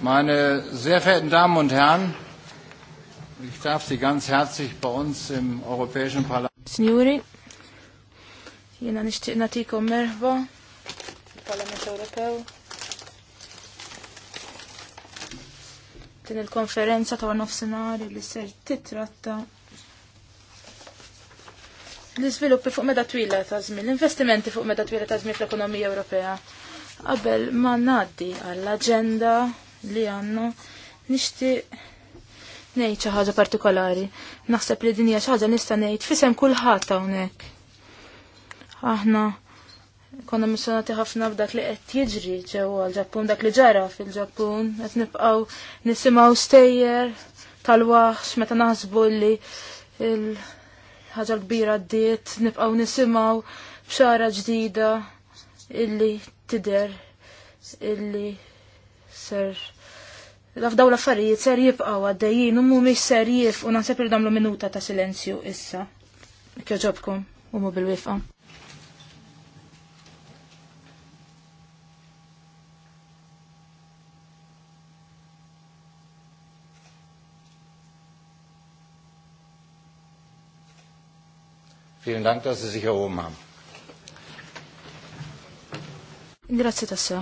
Meine sehr verehrten Damen und Herren, ich darf Sie ganz herzlich bei uns im Europäischen Parlament. Signori, jena nishtiq natikom merħba, Parlament Ewropew. Din il-konferenza ta' nofsinhar li ser titratta l-iżviluppi fuq meda twila ta' żmien, l-investimenti fuq meda twila ta' żmien fl-ekonomija Ewropea. Qabel ma ngħaddi għall agenda li għanna nixtieq ngħid xi ħaġa partikolari. Naħseb li din hija xi ħaġa nista' ngħid fisem kulħadd hawnhekk. Aħna konna missjonati ħafna b'dak li qed jiġri ġewwa l-Ġappun dak li ġara fil-Ġappun qed nibqgħu nisimgħu stejjer tal-waħx meta naħsbu li l-ħaġa kbira ddiet nibqgħu nisimgħu b'xara ġdida illi tider illi ser laf daw l-affarijiet ser jibqaw għaddejjin u mhumiex ser jif u naħseb li damlu minuta ta' silenzju issa. Kjoġobkom u mu bil-wifqa. Vielen Dank, dass Sie sich erhoben haben. Grazie tassew.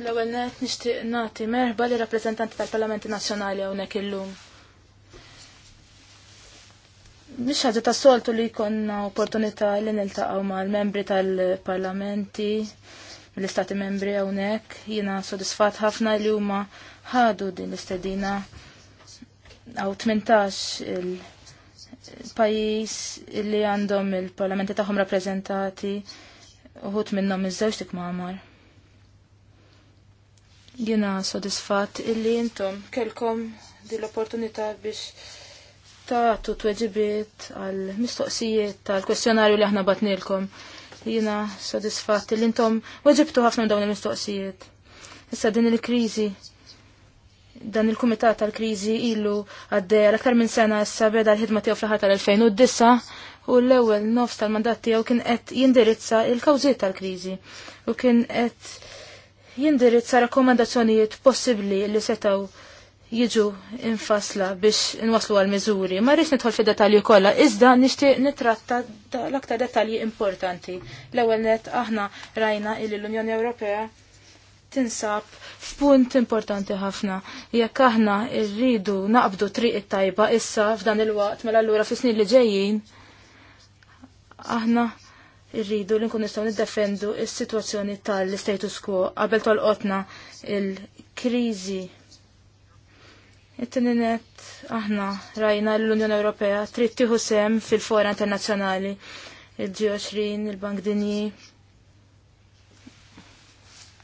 L-ewwel net nixtieq nagħti merħba li rappreżentanti tal-Parlamenti Nazzjonali hawnhekk illum. Mhix ħaġa ta' soltu li jkollna opportunità li niltaqgħu mal-membri tal-parlamenti mill istati membri hawnhekk. Jiena sodisfat ħafna li huma ħadu din l-istedina għaw 18 il-pajis li għandhom il-parlamenti tagħhom rappreżentati uħut minnhom iż-żewġ dik ma' Jena sodisfat illi jintom kelkom di l-opportunità biex taħtu tweġibiet għal-mistoqsijiet tal-kwestjonarju li aħna batnilkom. Jena sodisfat illi jintom weġibtu ħafna dawn il-mistoqsijiet. Issa din il-krizi dan il-Kumitat tal-Krizi ilu għaddej l-aktar minn sena issa beda l-ħidma tiegħu fl-ħar tal-2009 u l-ewwel nofs tal-mandat tiegħu kien qed jindirizza il-kawżiet tal-kriżi u kien qed jindirizza rakkomandazzjonijiet possibbli li setaw jiġu infasla biex inwaslu għal miżuri. Ma rridx nidħol fi dettalji kollha, iżda nixtieq nitratta l-aktar dettalji importanti. L-ewwel net aħna rajna li l-Unjoni Ewropea tinsab f'punt importanti ħafna. Jekk aħna rridu naqbdu triq it-tajba issa f'dan il-waqt mela allura fis-snin li ġejjin aħna irridu li nkun nistgħu niddefendu is-sitwazzjoni tal-status quo qabel tolqotna il-kriżi. It-tininet aħna rajna l-Unjoni Ewropea trid tieħu sem fil-fora internazzjonali il-G20, il-Bank Dinji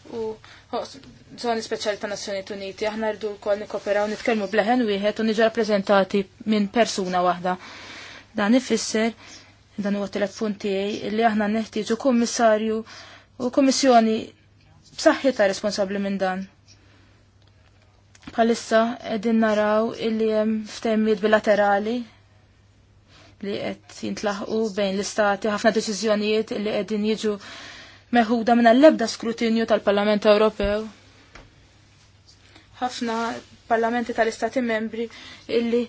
u żoni oh, speċjali ta' nazzjonijiet Uniti. Aħna rridu wkoll nikkoperaw nitkellmu bleħen wieħed u niġu rappreżentati minn persuna waħda. Dan ifisser dan huwa telefon tiegħi li aħna neħtieġu kummissarju u kummissjoni b'saħħitha responsabbli minn dan. Bħalissa qegħdin naraw illi hemm f'temmijiet bilaterali li qed jintlaħqu bejn l-istati ħafna deċiżjonijiet li qegħdin jiġu meħuda minn l-ebda skrutinju tal-Parlament Ewropew. Ħafna parlamenti tal-istati membri illi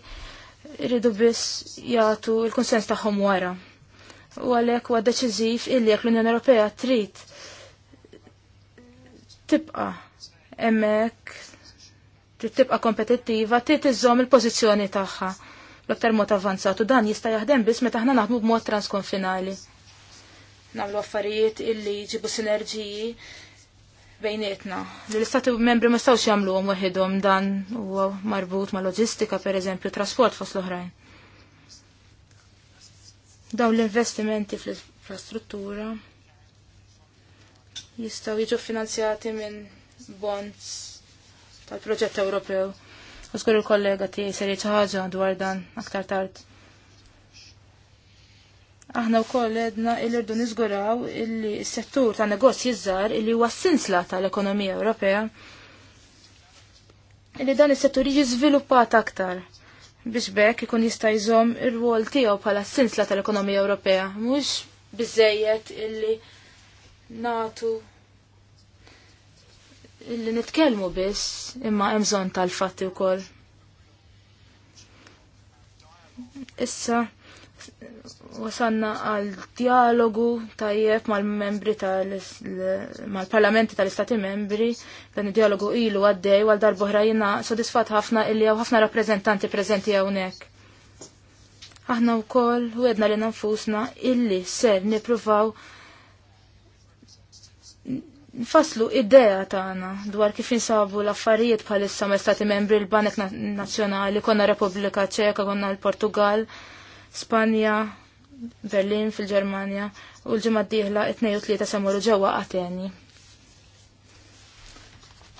rridu biss jagħtu l-kunsens tagħhom wara u għalhekk huwa deċiżiv illi għak l-Unjoni Ewropea trid tibqa' hemmhekk tibqa' kompetittiva trid iżżomm il-pożizzjoni tagħha l-aktar mod u dan jista' jaħdem biss meta aħna naħdmu b'mod transkonfinali. Nagħmlu affarijiet illi jġibu sinerġiji bejnietna. L-istati membri ma stawx jagħmluhom waħedhom dan huwa marbut ma' loġistika pereżempju trasport fost l-oħrajn. Dawn l-investimenti fl-infrastruttura jistgħu jiġu finanzjati minn bonds tal-proġett Ewropew. Użgur il-kollega tiegħi seri xi ħaġa dwar dan aktar tard aħna wkoll edna il-irdu niżguraw illi s-settur ta' negozji żgħar illi huwa sinsla tal-ekonomija Ewropea illi dan is-settur jiġi żviluppat aktar biex bekk ikun jista' jżomm ir-rwol tiegħu bħala silsla tal-ekonomija Ewropea. Mhux biżejjed illi natu illi nitkellmu biss imma hemm bżonn tal-fatti wkoll. Issa wasanna għal dialogu tajjeb mal-membri mal-parlamenti tal-istati membri dan id-dialogu ilu għaddej għal darbohra jina sodisfat ħafna illi għaw ħafna rappresentanti prezenti għawnek. Aħna u koll u għedna li nanfusna illi ser nipruvaw nfaslu idea tagħna dwar kif insabu l-affarijiet bħalissa ma' stati membri l-Banek Nazzjonali, konna Repubblika Ċeka, konna l-Portugal, Spanja, Berlin fil-Ġermanja u l-ġimgħa d-dieħla it-tnejn u tlieta samuru ġewwa għateni.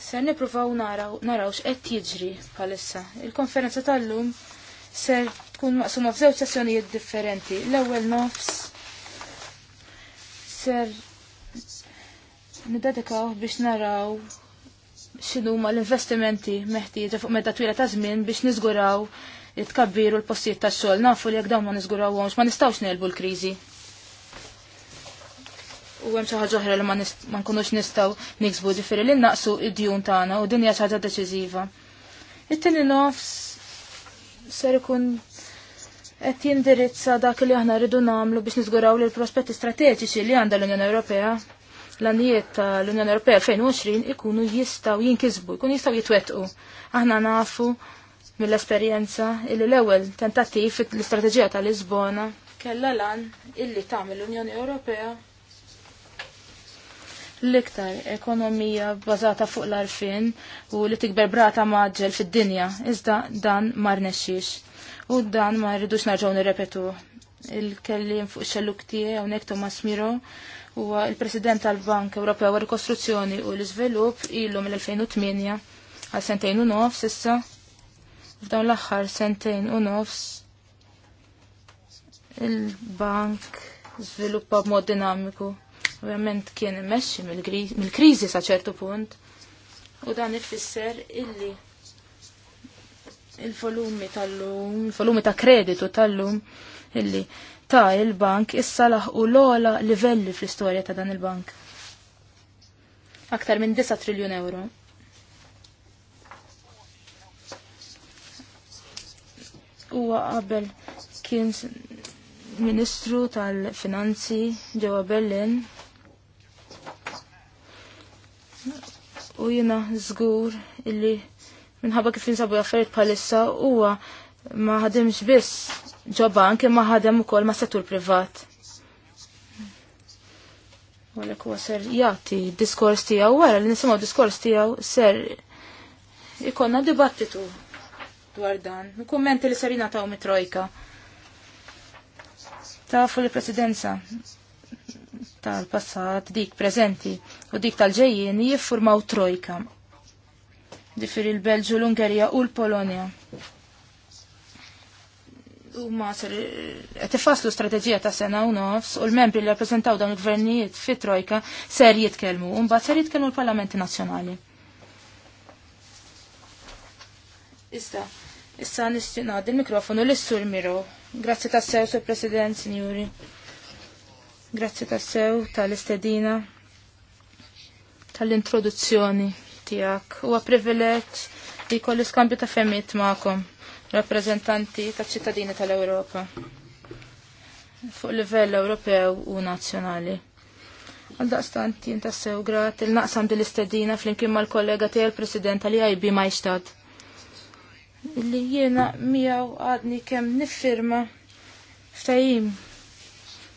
Ser nippruvaw naraw narawx qed jiġri bħalissa. Il-konferenza tal-lum ser tkun maqsuma f'żewġ sessjonijiet differenti. L-ewwel nofs ser nidedikaw biex naraw x'inhuma l-investimenti meħtieġa fuq medda twila ta' żmien biex niżguraw jitkabbiru l-postijiet ta' xogħol nafu li jekk dawn ma niżgurawhomx ma nistgħux nelbu l-kriżi. U hemm xi ħaġa oħra li ma nkunux nistgħu niksbu ġifiri li naqsu id-djun tagħna u din hija xi ħaġa deċiżiva. it nofs ser ikun qed jindirizza dak li aħna rridu nagħmlu biex niżguraw li l-prospetti strateġiċi li għandha l-Unjoni Ewropea l-għanijiet tal-Unjoni Ewropea 2020 ikunu jistaw jinkisbu, ikunu jistaw jitwetqu. Aħna nafu mill-esperjenza illi l-ewwel tentattiv fl-istrateġija tal-Lisbona kellha lan illi tagħmel l-Unjoni Ewropea l-iktar ekonomija bbażata fuq l-arfin u li tikber brata maġġel fid-dinja iżda dan ma rnexxix u dan ma rridux narġgħu nirrepetu il-kellim fuq xelluk tiegħi nekto Thomas huwa il-President tal-Bank Ewropew għal Rikostruzzjoni u l-Iżvilupp ilu mill-2008 għal sentejn u nofs issa F'dawn l-aħħar sentejn u nofs il-bank żviluppa b'mod dinamiku. Ovvjament kien immexxi mill-kriżi sa ċertu punt u dan ifisser illi il-volumi tal-lum, il-volumi ta' kreditu tal-lum illi ta' il-bank issa laħqu l-ola livelli fl-istorja ta' dan il-bank. Aktar minn 9 triljun euro. huwa qabel kien Ministru tal-Finanzi ġewwa Berlin u jiena żgur illi minħabba kif jinsabu affarijiet bħalissa huwa ma ħadimx biss ġobba anke ma ħadem ukoll ma' settur privat. Għalek huwa ser jagħti diskors tiegħu wara li nisimgħu diskors tiegħu ser ikonna dibattitu dwar dan. Kummenti li sarina taw mit-trojka. Tafu li presidenza tal-passat, dik prezenti u dik tal-ġejjien jiffurmaw trojka. Difir il-Belġu, l-Ungerija u l-Polonja. U ma ser qed ifasslu strateġija ta' sena u nofs u l-membri li rappreżentaw dawn il-gvernijiet fit trojka ser jitkellmu u mbagħad ser jitkellmu l-Parlamenti Nazzjonali. Issa, Issa nistinad il-mikrofonu l-Sur Miro. Grazzi tassew, Sur President, Signori. Grazzi tassew tal-istedina, tal-introduzzjoni tijak. Huwa għaprivileċ li kolli skambju ta' femmit ma'kom, rappresentanti ta' ċittadini tal-Europa, fuq livell Ewropew u nazzjonali. Għaldaqstant jintassew grat il-naqsam dil-istedina fl-imkien mal-kollega tiegħi l-President tal ma Majstad illi jiena miegħu għadni kemm niffirma ftajim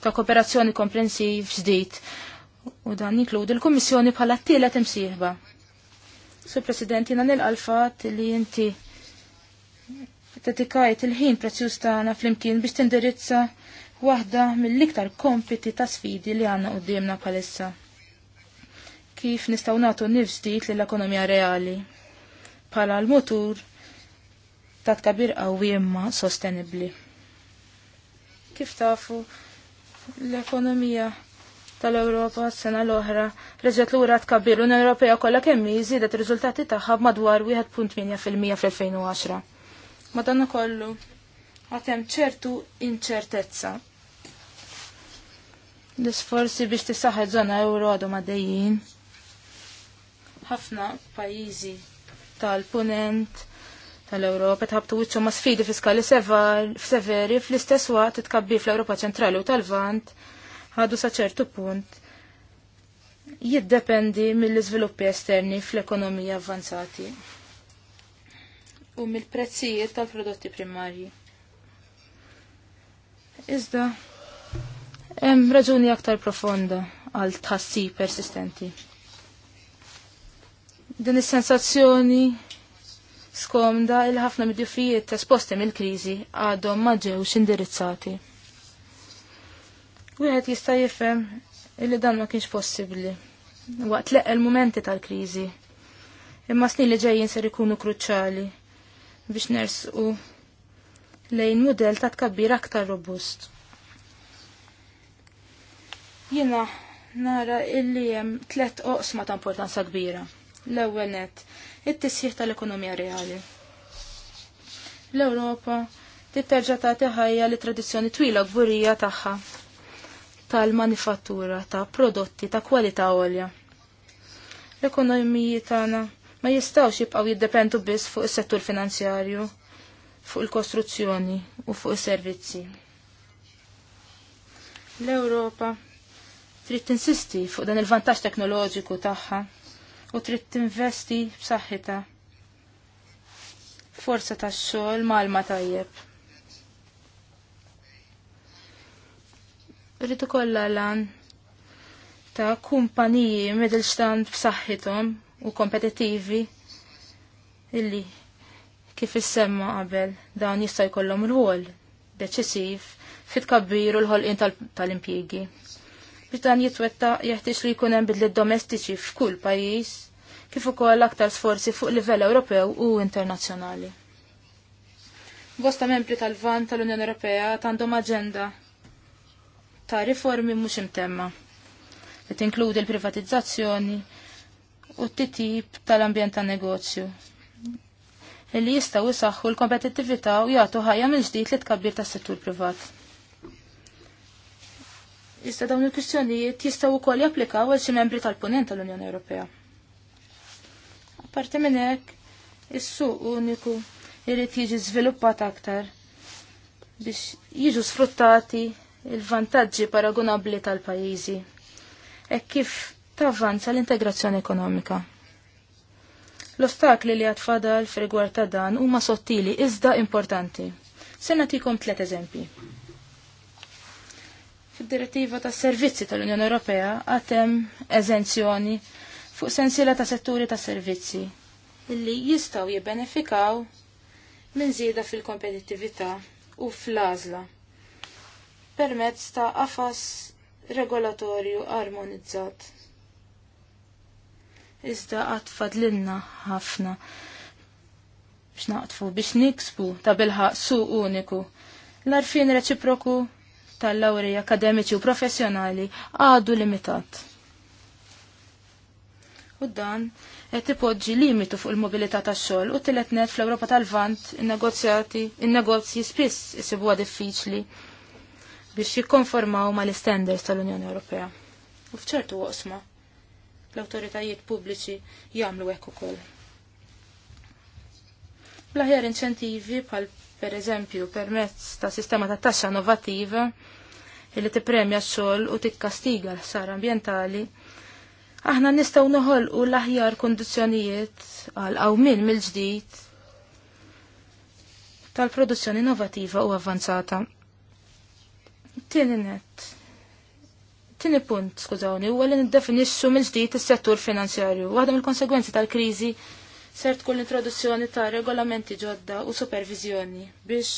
ta' kooperazzjoni komprensiv ġdid u dan jinkludi l-Kummissjoni bħala t-tielet imsieħba. Sur President, jiena nilqalfat li inti tetikajt il-ħin prezzjuż tagħna flimkien biex tindirizza waħda mill-iktar kompiti ta' sfidi li għandna qudiemna bħalissa. Kif nistgħu nagħtu nifs ġdid lill-ekonomija reali bħala l mutur ta' tkabir qawwi imma sostenibbli. Kif tafu l-ekonomija tal-Ewropa s-sena l-oħra reġgħet lura t-kabir l-Unjoni Ewropea kollha kemm jiżiedet riżultati tagħha madwar 1.8% fil 2010 Madankollu għad hemm ċertu inċertezza. L-isforzi biex tissaħħet żona euro għadu madejjin. Ħafna pajjiżi tal-punent tal-Ewropa tħabtu wiċċu ma' sfidi fiskali severi fl-istess waqt tkabbi fl-Ewropa ċentrali u tal-Vant ħadu sa' ċertu punt jiddependi mill-iżviluppi esterni fl-ekonomija avvanzati u mill-prezzijiet tal-prodotti primarji. Iżda, hemm raġuni aktar profonda għal tħassi persistenti. Din is-sensazzjoni skomda il ħafna mid-diffijiet esposti mill-kriżi għadhom ma ġewx indirizzati. Wieħed jista' jifhem illi dan ma kienx possibbli waqt l mumenti tal-kriżi. Imma snin li ġejjin ser ikunu kruċali biex nersqu lejn mudell ta' tkabbir aktar robust. Jiena nara illi hemm tliet oqsma ta' importanza kbira. L-ewwel net, it tisħiħ tal-ekonomija reali. L-Ewropa titterġa' tagħti ħajja li tradizzjoni twila gburija tagħha tal-manifattura ta' prodotti ta' kwalità għolja. L-ekonomiji tagħna ma jistgħux jibqgħu jiddependu biss fuq is-settur finanzjarju, fuq il-kostruzzjoni u fuq is-servizzi. L-Ewropa trid tinsisti fuq dan il-vantaġġ teknoloġiku tagħha u trid tinvesti b'saħħitha. Forsa tax-xogħol malma tajjeb. Rid ikollha lan ta' kumpaniji middle b'saħħithom u kompetittivi illi kif issemma qabel dawn jista' jkollhom rwol deċisiv fit kabbir u l-ħolqien tal-impjiegi. Tal biex dan jitwetta jeħtieġ li jkun hemm bidliet domestiċi f'kull pajjiż, kif ukoll aktar sforzi fuq livell Ewropew u internazzjonali. Bosta membri tal-van tal-Unjoni Ewropea għandhom aġenda ta' riformi mhux imtemma li tinkludi l-privatizzazzjoni u t-titib tal-ambjent ta' negozju li jistgħu jisaħħu l-kompetittività u jagħtu ħajja mill ġdid li tkabbir tas-settur privat. Issa dawn il-kwistjonijiet jistgħu wkoll japplikaw għal xi membri tal-punent tal-Unjoni Ewropea. Apparti minn hekk is-suq uniku jrid jiġi żviluppat aktar biex jiġu sfruttati il-vantaġġi paragunabbli tal-pajjiżi. E kif tavvanza l-integrazzjoni ekonomika. L-ostakli li għatfadal fil-rigward ta' dan huma sottili iżda importanti. Se nagħtikom tliet eżempji. Fid-direttiva tas servizzi tal-Unjoni Ewropea għatem eżenzjoni fuq sensiela ta' setturi ta' servizzi illi jistaw jibbenefikaw minn zida fil-kompetittività u fl-għażla permezz ta' qafas regolatorju armonizzat. Iżda għad fadlinna ħafna biex naqtfu biex niksbu ta' bilħaq su uniku. L-arfin reċiproku tal-lawri akademiċi u professjonali għadu limitat. U dan qed ipoġġi limitu fuq il-mobilità tax-xogħol u tillet net fl-Ewropa tal-Vant in-negozjati in-negozji spiss isibuha diffiċli biex jikkonformaw mal-istandards tal-Unjoni Ewropea. U fċertu waqsma l-awtoritajiet pubbliċi jagħmlu hekk ukoll. Bl-aħjar inċentivi pal per eżempju permezz ta' sistema ta' taxxa innovativa li tippremja s xogħol u tikkastiga l sar ambjentali, aħna nistgħu noħolqu l-aħjar kundizzjonijiet għal minn mill-ġdid tal-produzzjoni innovativa u avvanzata. Tieni net. Tieni punt, skużawni, huwa li niddefinixxu mill-ġdid is-settur finanzjarju. Waħda mill-konsegwenzi tal-kriżi ser tkun l-introduzzjoni ta' regolamenti ġodda u supervizjoni biex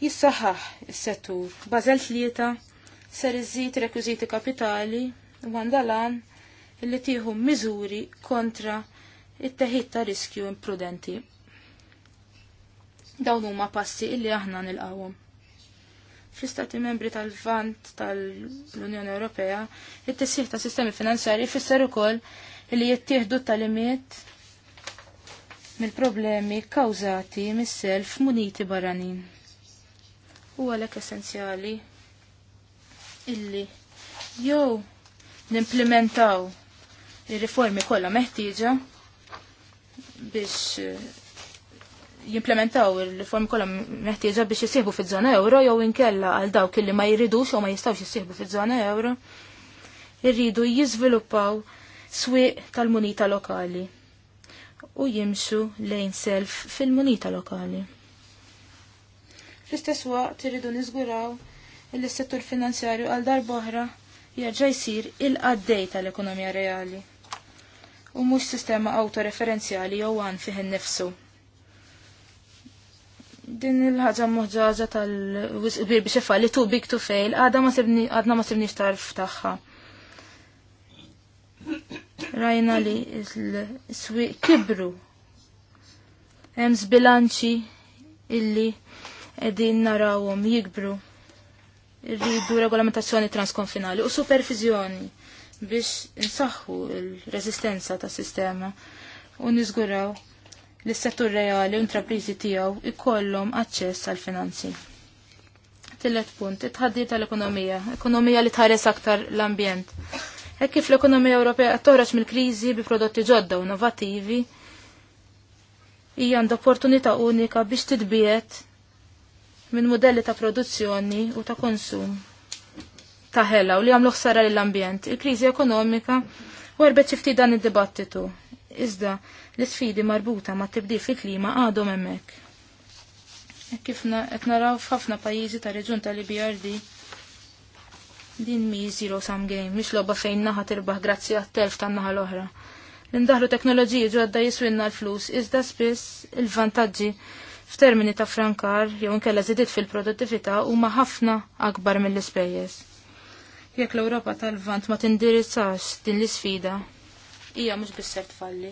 jissaħħaħ is-settur. Bażel tlieta ser iżid rekwiżiti kapitali u għandalan li tieħu miżuri kontra it-teħid ta' riskju imprudenti. Dawn huma passi illi aħna nilqawhom. Fl-istati membri tal-Vant tal-Unjoni Ewropea, it tisħiħ ta' sistemi finanzjarji fisser ukoll li jittieħdu tal-imiet mill-problemi kkawżati mis-self muniti barranin. U għalhekk essenzjali illi jew nimplementaw ir-riformi kollha meħtieġa biex eh, jimplementaw il-riformi kollha meħtieġa biex jisieħbu fiż-żona euro jew inkella għal dawk illi ma jridux jew ma jistgħux jisieħbu fiż-żona euro irridu jiżviluppaw swieq tal-munita lokali u jimxu lejn self fil-munita lokali. Fl-istess waqt irridu niżguraw il-settur finanzjarju għal darboħra jaġġa jsir il-qaddej tal-ekonomija reali u mhux sistema autoreferenzjali jew għan fih innifsu. Din il-ħaġa muħġaġa tal-wisqbir biex li too big to fail ma sibni għadna ma sibniex tarf tagħha Rajna li s-swiq kibru. Hemm bilanċi illi qegħdin narawhom jikbru. Irridu regolamentazzjoni transkonfinali u supervizjoni biex insaħħu l-reżistenza tas sistema u niżguraw li s-settur reali u intraprizi tiegħu ikollhom aċċess għal finanzi. Tillet punt, it-ħaddir tal-ekonomija, ekonomija li tħares aktar l-ambjent. Hekk kif l-ekonomija Ewropea qed toħroġ mill-kriżi bi prodotti ġodda u innovattivi, hija għandha opportunità unika biex titbiet minn modelli ta' produzzjoni u ta' konsum ta' ħela u li għamlu ħsara lill-ambjent. Il-kriżi ekonomika werbet xifti dan id-dibattitu. Iżda l-sfidi marbuta ma' tibdil fil-klima għadhom hemmhekk. E kif qed naraw f'ħafna pajjiżi ta' reġun tal-IBRD Din mi zero sum game, mish loba fejn naħa tirbaħ grazzi għat-telf tan naħa l-oħra. l teknoloġiju teknoloġiji ġodda jiswinna l-flus, iżda spiss il-vantagġi f'termini ta' frankar jew inkella żidiet fil-produttività huma ħafna akbar mill-ispejjeż. Jekk l-Ewropa tal-Vant ma tindirizzax din l-isfida, hija mhux bisser tfalli.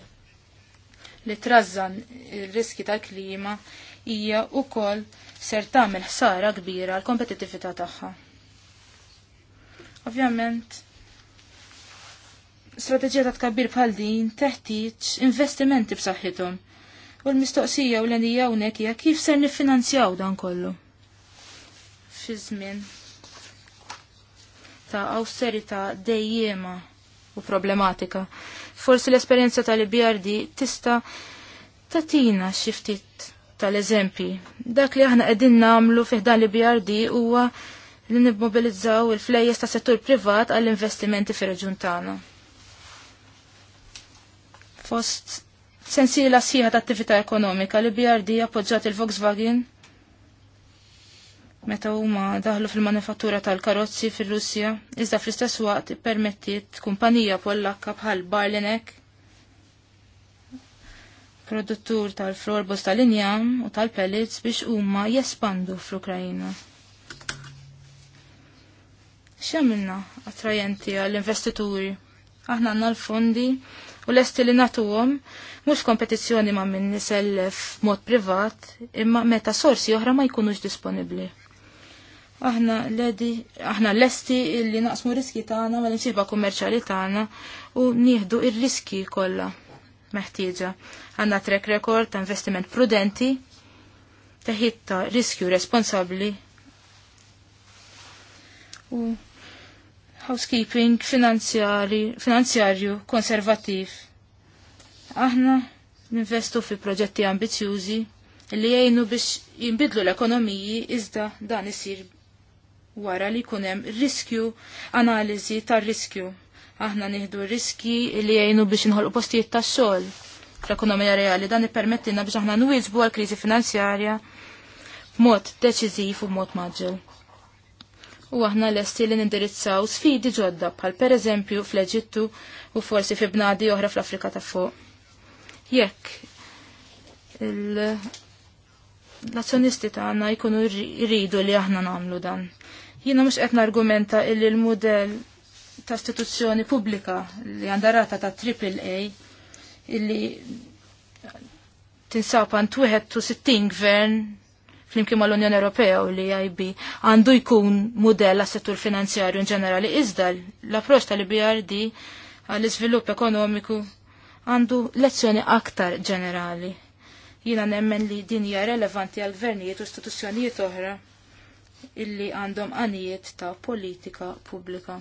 Li trażan ir-riski tal-klima hija wkoll ser tagħmel ħsara kbira għall kompetittività tagħha. Ovvjament, strateġija ta' tkabbir bħal din teħtieġ investimenti b'saħħithom. U l-mistoqsija u l-għenija hawnhekk hija kif ser niffinanzjaw dan kollu. Fi żmien ta' awsterità dejjema u problematika. Forsi l-esperjenza tal-BRD tista' tatina xi ftit tal-eżempji. Dak li aħna qegħdin nagħmlu fih dan li BRD huwa li nibmobilizzaw il-flejjes ta' settur privat għall-investimenti fir reġun tagħna. Fost sensila sħiħa ta' attività ekonomika li BRD appoġġat il-Volkswagen meta huma daħlu fil-manifattura tal-karozzi fir-Russja, iżda fl-istess waqt permettiet kumpanija Pollakka bħal Barlinek produttur tal-florbus tal-injam u tal-pellets biex huma jespandu fl-Ukrajina xemmina attrajenti għall-investituri. Aħna għanna l-fondi u l-esti li għom, mhux kompetizzjoni ma' minn nisellef mod privat imma meta sorsi oħra ma jkunux disponibbli. Aħna l-edi, aħna l-esti li naqsmu riski tagħna ma l-imsiba kummerċjali tagħna u nieħdu il riski kollha meħtieġa. Aħna track record ta' investiment prudenti, teħid ta' riskju responsabbli u housekeeping finanzjarju konservativ. Aħna ninvestu fi proġetti ambizjużi li jgħinu biex jimbidlu l-ekonomiji iżda dan isir wara li kunem riskju, analizi tar riskju. Aħna nieħdu riski li jgħinu biex inħolqu postijiet ta' xogħol fl-ekonomija reali dan ippermettilna biex aħna nwieġbu għal kriżi finanzjarja b'mod deċiżiv u b'mod maġġel u aħna lesti li nindirizzaw sfidi ġodda bħal pereżempju fl-Eġittu u forsi fi bnadi oħra fl-Afrika ta' fuq. Jekk l-azzjonisti tagħna jkunu jridu li aħna nagħmlu dan. Jiena mhux qed nargumenta illi l-mudell ta' istituzzjoni pubblika li għandha rata ta' AAA illi tinsab għand 61 gvern flimkien mal-Unjoni Ewropea u l-EIB għandu jkun modell għas-settur finanzjarju in ġenerali iżda l-approċċ tal-BRD għall-iżvilupp ekonomiku għandu lezzjoni aktar ġenerali. Jina nemmen li din hija relevanti għal gvernijiet u istituzzjonijiet oħra illi għandhom għanijiet ta' politika pubblika.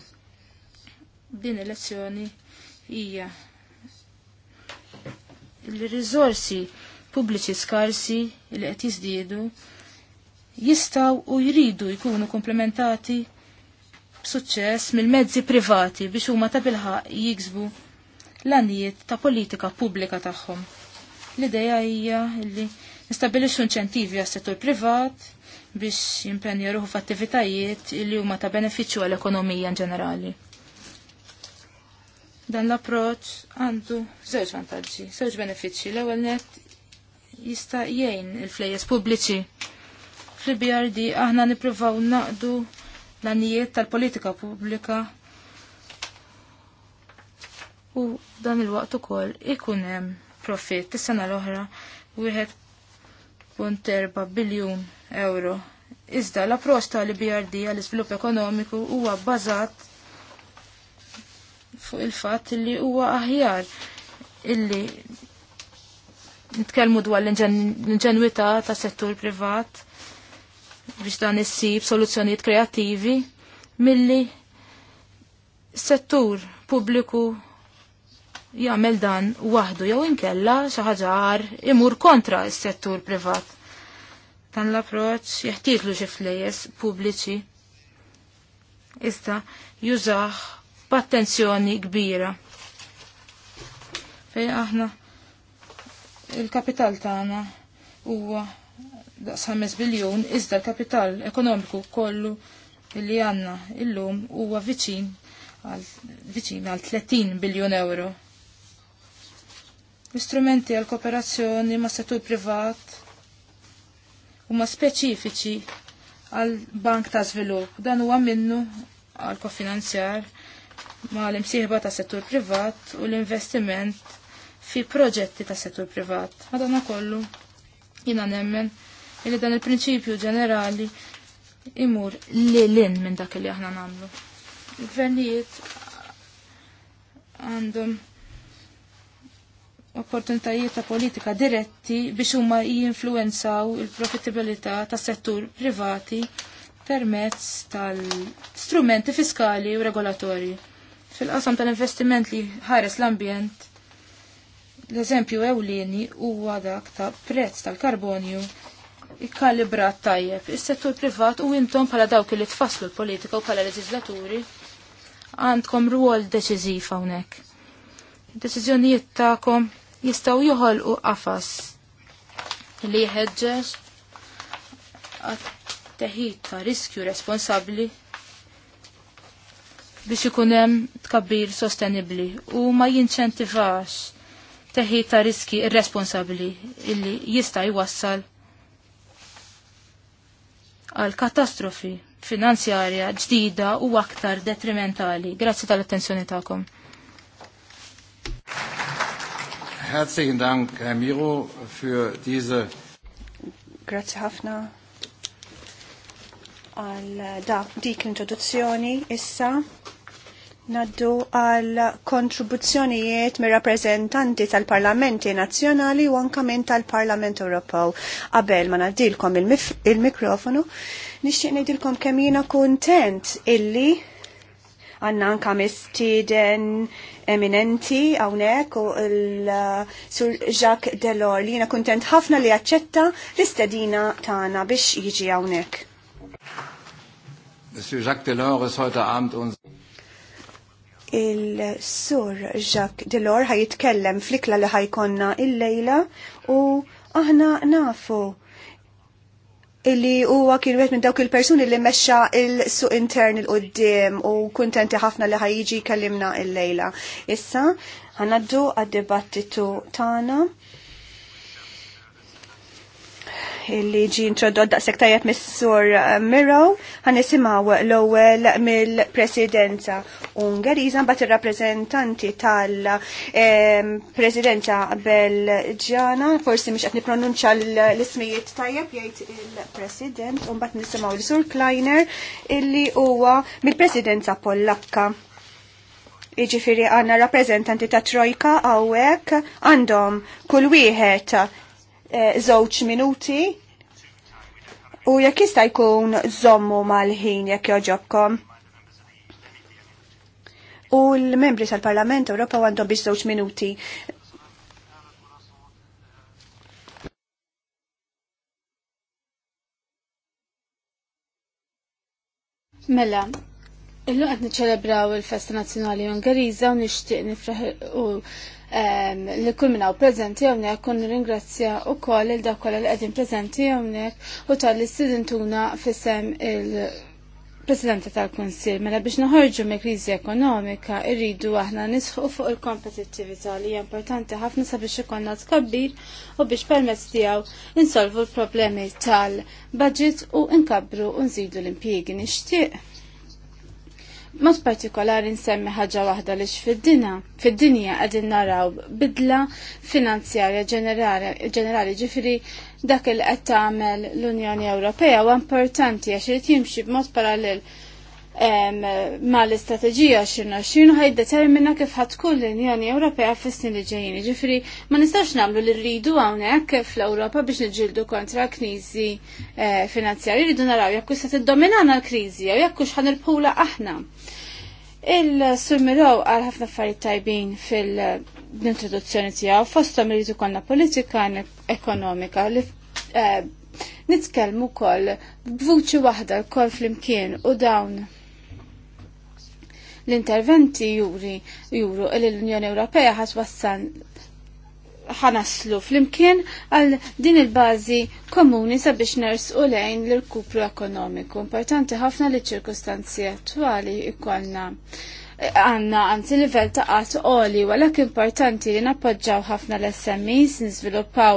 Din il-lezzjoni hija il-rizorsi pubbliċi skarsi li qed jiżdiedu jistaw u jridu jkunu komplementati b'suċċess mill-mezzi privati biex huma ta' bilħa jiksbu l-għanijiet ta' politika pubblika tagħhom. L-ideja hija li nistabilixxu inċentivi għas-settur privat biex jimpenja ruħu f'attivitajiet li huma ta' benefiċċju għall-ekonomija in ġenerali. Dan l-approċ għandu żewġ vantaġġi, żewġ benefiċċji. L-ewwel nett jista' jgħin il-flejjes pubbliċi Fil-BRD aħna nipruvaw naqdu l-anijiet tal-politika pubblika u dan il-waqt ukoll ikun hemm profitt is-sena l-oħra wieħed punt biljun euro. Iżda l-approċċ tal-BRD għall-iżvilupp ekonomiku huwa bbażat fuq il-fatt li huwa aħjar illi nitkellmu dwar l-inġenwità tas settur privat biex dan issib soluzzjonijiet kreattivi milli settur pubbliku jagħmel dan waħdu jew inkella xi ħaġa imur kontra s-settur privat. Dan l-approċċ jeħtieġlu xi flejes pubbliċi iżda jużah b'attenzjoni kbira. Fej aħna il-kapital tagħna huwa daqs 5 biljun iżda l-kapital ekonomiku kollu li għanna illum huwa viċin għal viċin għal 30 biljun euro. L-istrumenti għal kooperazzjoni ma' settur privat huma speċifiċi għal bank ta' svilup. Dan huwa minnu għal kofinanzjar ma' l-imsieħba ta' settur privat u l-investiment fi proġetti ta' settur privat. Madonna kollu jina nemmen illi dan il-prinċipju ġenerali imur li l-in minn dak li aħna namlu. Il-gvernijiet għandhom opportunitajiet ta' politika diretti biex huma jinfluenzaw il-profittibilità tas settur privati permezz tal-strumenti fiskali u regolatorji. Fil-qasam tal-investiment li ħares l-ambjent, l-eżempju ewlieni huwa dak ta' prezz tal-karbonju ikkalibrat tajjeb. Is-settur privat u intom bħala dawk li tfasslu l-politika u bħala leġislaturi għandkom ruol deċiżiv hawnhekk. Deċiżjonijiet tagħkom jistgħu joħolqu qafas li jħeġġeġ għat-teħid ta' riskju responsabbli biex ikun hemm tkabbir sostenibbli u ma jinċentivax teħid ta' riski irresponsabbli illi jista' jwassal għal katastrofi finanzjarja ġdida u aktar detrimentali. Grazzi tal-attenzjoni tagħkom. Herzlichen Dank, Herr Miro, für diese. Grazie ħafna għal dik l-introduzzjoni issa Naddu għal kontribuzzjonijiet mir rappresentanti tal-Parlamenti Nazzjonali u anka minn tal-Parlament Ewropew. Qabel ma naddilkom il-mikrofonu, nixtieq ngħidilkom kemm jiena kuntent illi għanna anka mistieden eminenti hawnhekk u l-sur Jacques Delors li jiena kuntent ħafna li jaċċetta l-istedina tagħna biex jiġi hawnhekk. Monsieur Jacques Delors heute Abend il-sur Jacques Delor ħajitkellem flikla li ħajkonna il-lejla u aħna nafu illi huwa kien wieħed minn dawk il-persuni li mexxa il-suq intern il qudiem u kuntenti ħafna li ħajjiġi kellimna il-lejla. Issa ħanaddu għad-dibattitu tagħna Illi ġi introdott daqshekk tajjeb mis-sur uh, Miro, ħanisimgħu l-ewwel mill-Presidenza Ungeriza mbagħad ir-rappreżentanti tal-Presidenza Belġjana, forsi mhux qed nippronunċja l-ismijiet tajjeb jgħid il-President, u mbagħad nisimgħu l-Sur Kleiner illi huwa mill-Presidenza Pollakka. Iġifiri għanna rappresentanti ta' Trojka għawek għandhom kull wieħed Eh, żewġ minuti u jekk jista' jkun żommu mal-ħin jekk joġobkom. U l-membri tal-Parlament Ewropa għandhom biex żewġ minuti. Mela, Illu għed niċċelebraw il-Festa Nazjonali Ungeriża u nixtieq nifraħ u ehm, li kull minna u prezenti għonek kun ringrazzja u koll il kolla li għedin prezenti għonek u tal l studentuna fissem il- Presidenta tal-Konsil, mela biex naħorġu me kriżi ekonomika, irridu aħna nisħu fuq il-kompetittività li hija importanti ħafna sabiex ikonna tkabbir u biex permezz tiegħu insolvu l-problemi tal-budget u nkabbru u nżidu l-impjiegi nixtieq Mod partikolari nsemmi ħaġa waħda li fid-dinja fid-dinja qegħdin naraw bidla finanzjarja ġenerali ġifiri dak il qed tagħmel l-Unjoni Ewropea u importanti għax irid jimxi b'mod parallel ma l-istrateġija xinu ħaj determina kif ħatkun l-Unjoni Ewropea fis-snin li ġejjin. Ġifri, ma nistax nagħmlu li rridu hawnhekk fl-Ewropa biex niġildu kontra kriżi eh, finanzjarji rridu naraw jekk se tiddominana l-kriżi jew jekk hux il-pula aħna. Il-Summiraw għal ħafna affarijiet tajbin fil-introduzzjoni tiegħu fosthom irridu konna politika ekonomika li eh, nitkellmu wkoll b'vuċi waħda l-kol flimkien u dawn L-interventi juri juru li l-Unjoni Ewropea ħas wassan ħanaslu fl-imkien għal din il-bazi komuni sabiex ners u lejn l kupru ekonomiku. Importanti ħafna li ċirkustanzi attuali ikkolna għanna għanzi livell ta' qat oli, għalak importanti li nappoġġaw ħafna l-SMEs, nizviluppaw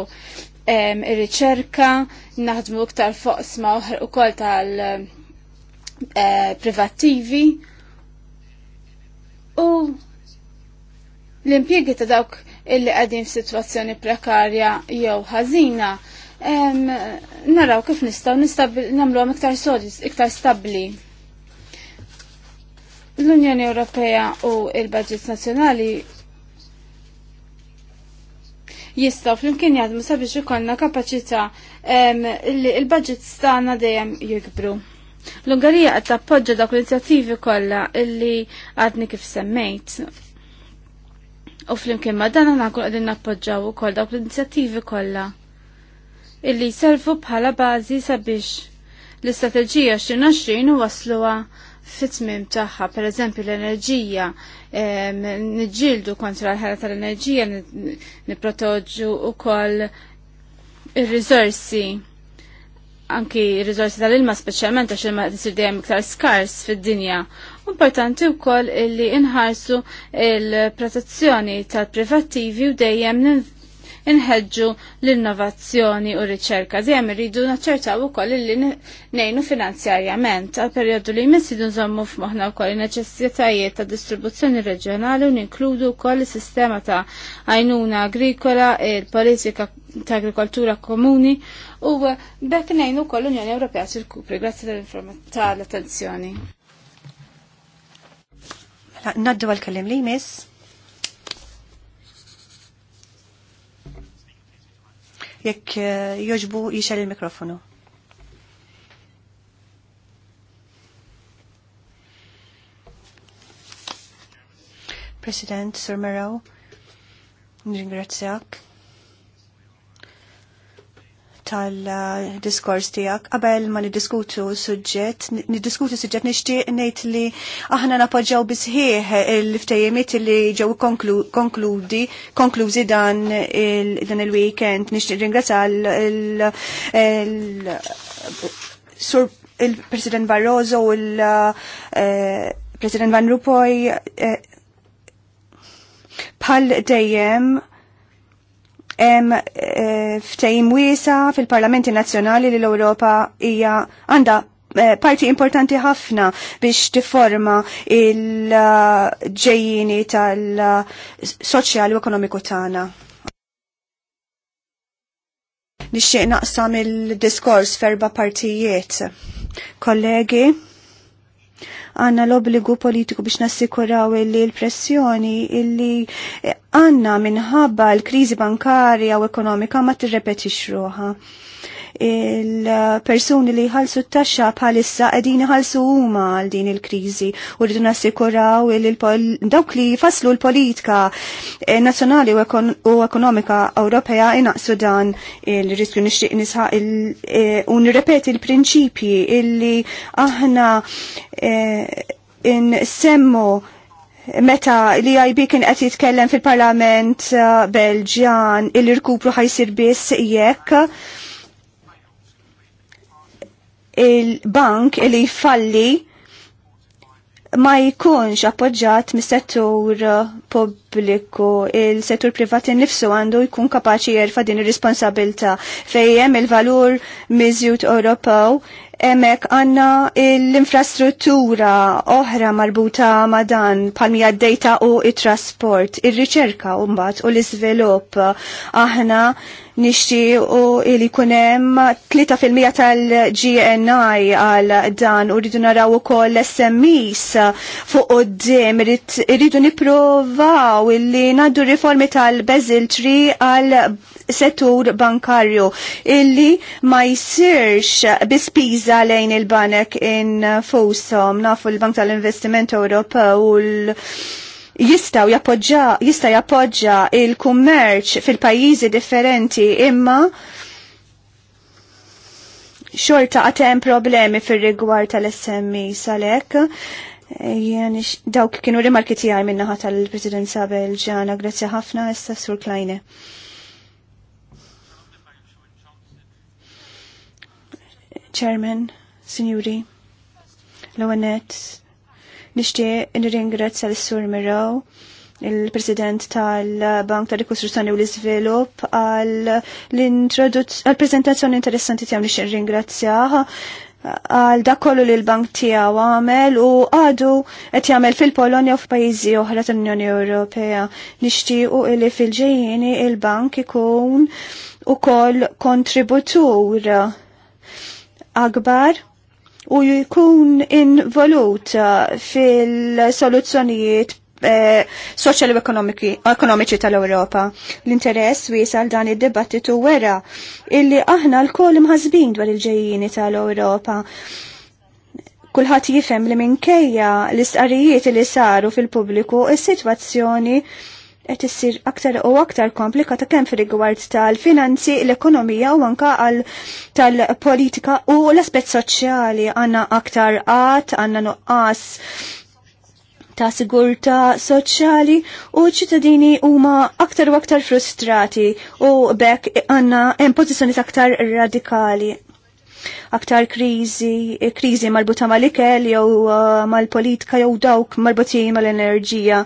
ir-riċerka, naħdmu iktar foqsma sma u kol tal-privattivi. Eh, u l impiegi ta' dawk illi għadin f'sitwazzjoni prekarja jew ħażina. Naraw kif nistgħu nistaw namlu iktar sodis, iktar stabbli. L-Unjoni Ewropea u il-Budget Nazzjonali jistaw flimkien jgħadmu sabiex ikollna kapaċità li l budget stana dejjem jikbru. L-Ungarija qed tappoġġa dawk l-inizjattivi kollha illi għadni kif semmejt. U flimkien ma dan aħna qegħdin nappoġġaw ukoll dawk l-inizjattivi kollha illi jservu bħala bażi sabiex l-istrateġija 2020 wasluha fit-tmim tagħha, pereżempju l-enerġija, niġġieldu kontra l-ħela tal-enerġija, nipprotoġġu ukoll ir-riżorsi anki r-rizorsi tal-ilma speċjalment għax ilma tisir dejjem iktar skars fid-dinja. Importanti wkoll illi inħarsu il-protezzjoni tal-privattivi u dejjem inħedġu l-innovazzjoni u r-riċerka. Dejjem irridu naċċertaw ukoll li ngħinu finanzjarjament għal periodu li jmiss idu nżommu f'moħħna wkoll il neċessitajiet ta' distribuzzjoni reġjonali u ninkludu wkoll is-sistema ta' għajnuna agrikola, il-politika ta' agrikoltura komuni u bekk nejnu wkoll l-Unjoni Ewropea tirkupri. Grazie tal-attenzjoni. Mela, naddu għal-kellim li jmiss. jekk eh, joġbu jixel il-mikrofonu. President, Sir Merrow, ringrazzjak tal-diskors tijak. Qabel ma nidiskutu suġġett, nidiskutu suġġett nishtiq nejt li aħna napoġġaw bisħieħ il ftajemiet li ġew konkludi, konklużi dan il-weekend. Nishtiq ringrazza l-sur il-President Barroso u l-President eh, Van Rupoy bħal eh, dejjem Eh, ftejim wiesa fil-Parlamenti Nazzjonali li l-Ewropa hija għandha eh, parti importanti ħafna biex tiforma il-ġejjini tal-soċjali u ekonomiku tagħna. Nixtieq naqsam il-diskors ferba partijiet. Kollegi, għanna l-obligu politiku biex nassikuraw illi l-pressjoni illi għanna minħabba l-krizi bankarja u ekonomika ma t-repetix ruħa il-persuni li ħalsu t-taxxa bħalissa qegħdin ħalsu huma għal din il-kriżi u rridu nassikuraw dawk li faslu l-politika eh, nazzjonali u ekonomika Ewropea inaqsu dan il-riskju nixtieq nisħaq eh, u nirrepeti l-prinċipji illi aħna eh, nsemmu meta li IB kien qed jitkellem fil-Parlament Belġjan il rkupru ħajsir biss jekk il-bank li jfalli ma jkunx appoġġat mis-settur pubbliku, il-settur privati nifsu għandu jkun kapaċi jerfa din ir-responsabilta fejjem il-valur miżjut Ewropew Emek għanna l-infrastruttura oħra marbuta ma' dan palmija d-dejta u il trasport il-riċerka umbat u l-izvelop. Aħna nixti u il kunem 3% tal-GNI għal dan u rridu naraw u koll SMIs fuq u d-dim. Rridu niprovaw il-li naddu riformi tal-Bezil 3 għal settur bankarju illi ma jsirx bispiża lejn il-banek infushom nafu l-Bank tal-Investiment Ewropew u jistaw jappoġġa jista' jappoġġa il-kummerċ fil-pajjiżi differenti imma xorta għatem problemi fil-rigward tal-SMI e salek. Jani, dawk kienu rimarki tijaj minnaħa tal-presidenza Belġana, grazzi ħafna, issa sur Klajne. Chairman, Signori, Lawanet, nishtiq nirringrezza l-Sur Miraw, il-President tal-Bank tal-Rikostruzzjoni u l-Izvilupp għal l-prezentazzjoni interessanti tiegħu nixtieq ringrazzjah għal dak kollu li l-bank tiegħu għamel u għadu qed jagħmel fil-Polonja u f'pajjiżi oħra tal-Unjoni Ewropea. Nixtiequ li fil-ġejjieni il-bank ikun ukoll kontributur akbar u jkun involut eh, fil-soluzzjonijiet soċjal eh, soċjali u ekonomiċi tal-Ewropa. L-interess wisal dan id-dibattitu wera illi aħna l-koll mħazbin dwar il-ġejjini tal-Ewropa. Kulħadd jifhem li minkejja l-istqarijiet li saru fil-pubbliku is-sitwazzjoni qed issir aktar u aktar komplikata kemm fir-rigward tal-finanzi, l-ekonomija u anka tal-politika u l-aspett soċjali għandna aktar qatt, għandna nuqqas ta' sigurta soċjali u ċittadini huma aktar u aktar frustrati u bekk għandna hemm pożizzjoni aktar radikali aktar krizi, krizi marbuta mal-ikel jew uh, mal-politika jew dawk marbuti mal-enerġija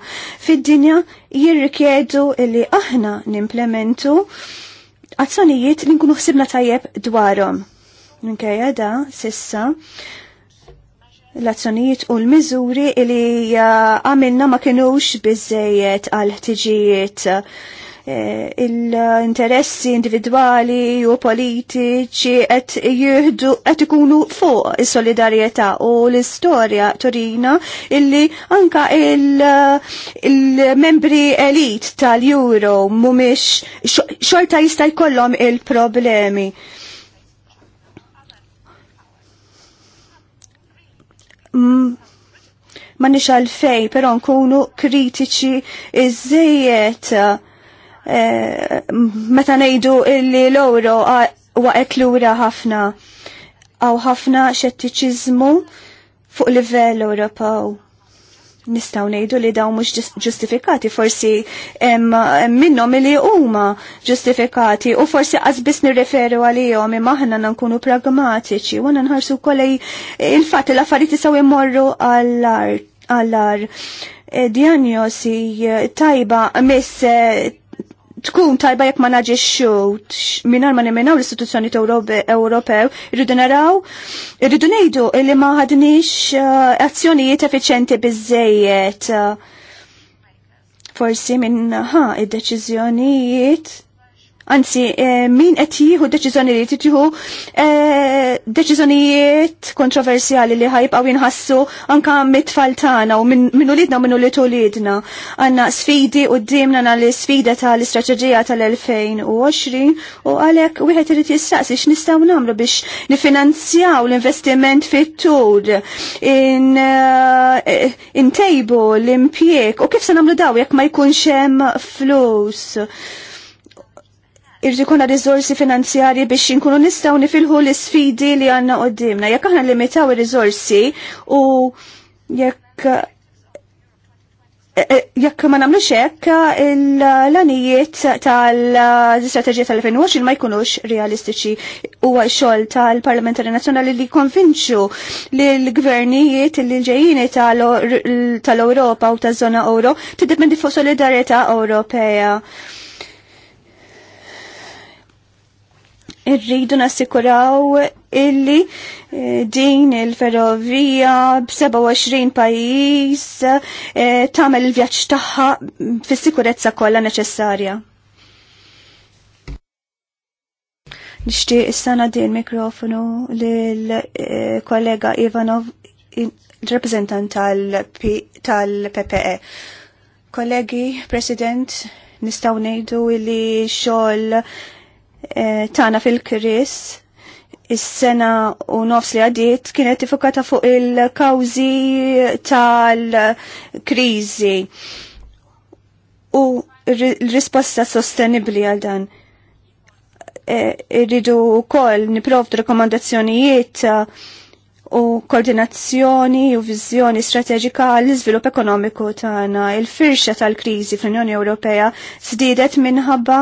fid-dinja jirrikjedu illi aħna nimplementu azzjonijiet li nkunu ħsibna tajjeb dwarhom. Minkejja da sissa l-azzjonijiet u l-miżuri li uh, għamilna ma kienux biżejjed għal ħtiġijiet Eh, l-interessi individuali u politiċi qed jieħdu qed ikunu fuq is-solidarjetà u l-istorja Torina illi anka il-membri il elit tal-Euro mhumiex xorta jista' jkollhom il-problemi. Mm, ma nix għalfej, pero nkunu kritiċi iżejiet Eh, meta ngħidu li l oro waqgħet lura ħafna għaw ħafna xettiċiżmu fuq livell Ewropew nistaw nejdu li daw mux ġustifikati, forsi minnom li huma ġustifikati u forsi għazbis nirreferu għalihom imma aħna nkunu pragmatiċi u nħarsu kolej il-fat l affarijiet jisaw imorru għall-ar. Eh, Diagnosi tajba miss eh, tkun tajba jekk ma xut mingħajr ma niminaw l-istituzzjoni Ewropew, irridu naraw, irridu ngħidu li ma ħadniex eh, azzjonijiet effiċenti bizzejiet. Forsi minn id-deċiżjonijiet anzi eh, min qed jieħu deċiżjonijiet jieħu eh, deċiżjonijiet kontroversjali li ħajbqgħu jinħassu anka mit-tfal tagħna u minn ulidna u minn uliet ulidna. Għandna sfidi quddiemna għandna l-sfida tal-istrateġija tal-2020 u għalhekk wieħed irid jistaqsi x'nistgħu nagħmlu biex nifinanzjaw l-investiment fit-tur intejbu eh, l-impjieg u kif se nagħmlu daw jekk ma jkunx hemm flus irrikuna rizorsi finanzjari biex jinkunu nistaw nifilħu l-sfidi li għanna qoddimna. Jekk aħna limitaw ir-rizorsi u jekk eh, eh, jekk ma namlu hekk l-anijiet tal-istrateġija tal-2020 ma jkunux realistiċi huwa xogħol tal-Parlamentari Nazzjonali li konvinċu li l-gvernijiet li l-ġejjini tal-Ewropa u taż-żona t tiddependi fuq solidarieta Ewropea. irridu nassikuraw illi eh, din il-ferrovija b-27 pajis eh, tamel il-vjaċ taħħa fis-sikurezza kollha neċessarja. Nishtiq issana din mikrofonu lil-kollega eh, Ivanov, il-reprezentant tal-PPE. Kollegi, President, nistaw nejdu illi xogħol Eh, tana fil-Kris is-sena u nofs li għadiet kienet tifukata fuq il-kawzi tal-krizi u l-risposta sostenibli għal dan. Eh, irridu e, kol niprovdu rekomandazzjonijiet u koordinazzjoni u viżjoni strateġika għall iżvilupp ekonomiku tagħna. Il-firxa tal-kriżi fl-Unjoni Ewropea sdiedet minħabba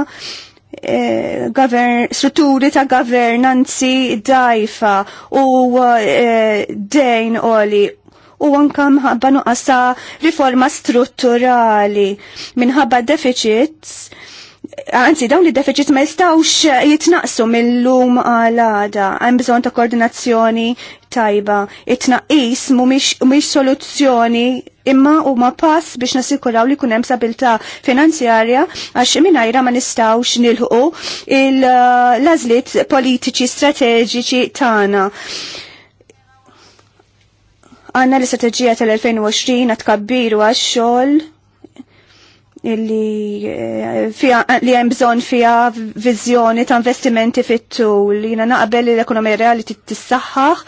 Eh, govern, strutturi ta' governanzi dajfa u eh, dejn oli u għankam mħabba nuqqasa riforma strutturali minħabba deficits Anzi, dawn li deficit ma jistawx eh, jitnaqsu mill-lum għal-għada, għan bżon ta' koordinazzjoni tajba. Itnaqis mumiex soluzzjoni imma u ma pass biex nasikuraw li kunem sabilta finanzjarja għax minajra ma nistawx nilħu il-lazlit eh, politiċi strateġiċi tana. Għanna l-istrateġija tal-2020 għat kabbiru għax xol li eh, fija li hemm bżonn fiha viżjoni ta' investimenti fit-tul li jiena naqbel li l-ekonomija reali tissaħħaħ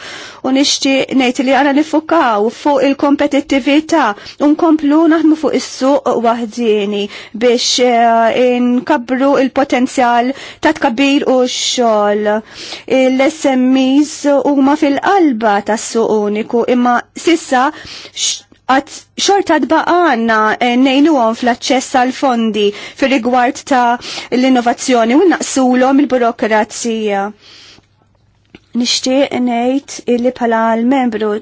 u nixtieq ngħid li għana nifukaw fuq il-kompetittività u nkomplu naħdmu fuq is-suq waħdieni biex eh, inkabru il-potenzjal ta' tkabbir u x-xogħol. L-SMEs huma fil-qalba tas-suq uniku imma sissa għat xorta tbaqa għanna eh, nejnu għon fl-access għal fondi fil rigward ta' l-innovazzjoni u naqsulom il-burokrazija. Nishtiq nejt illi pala l-membru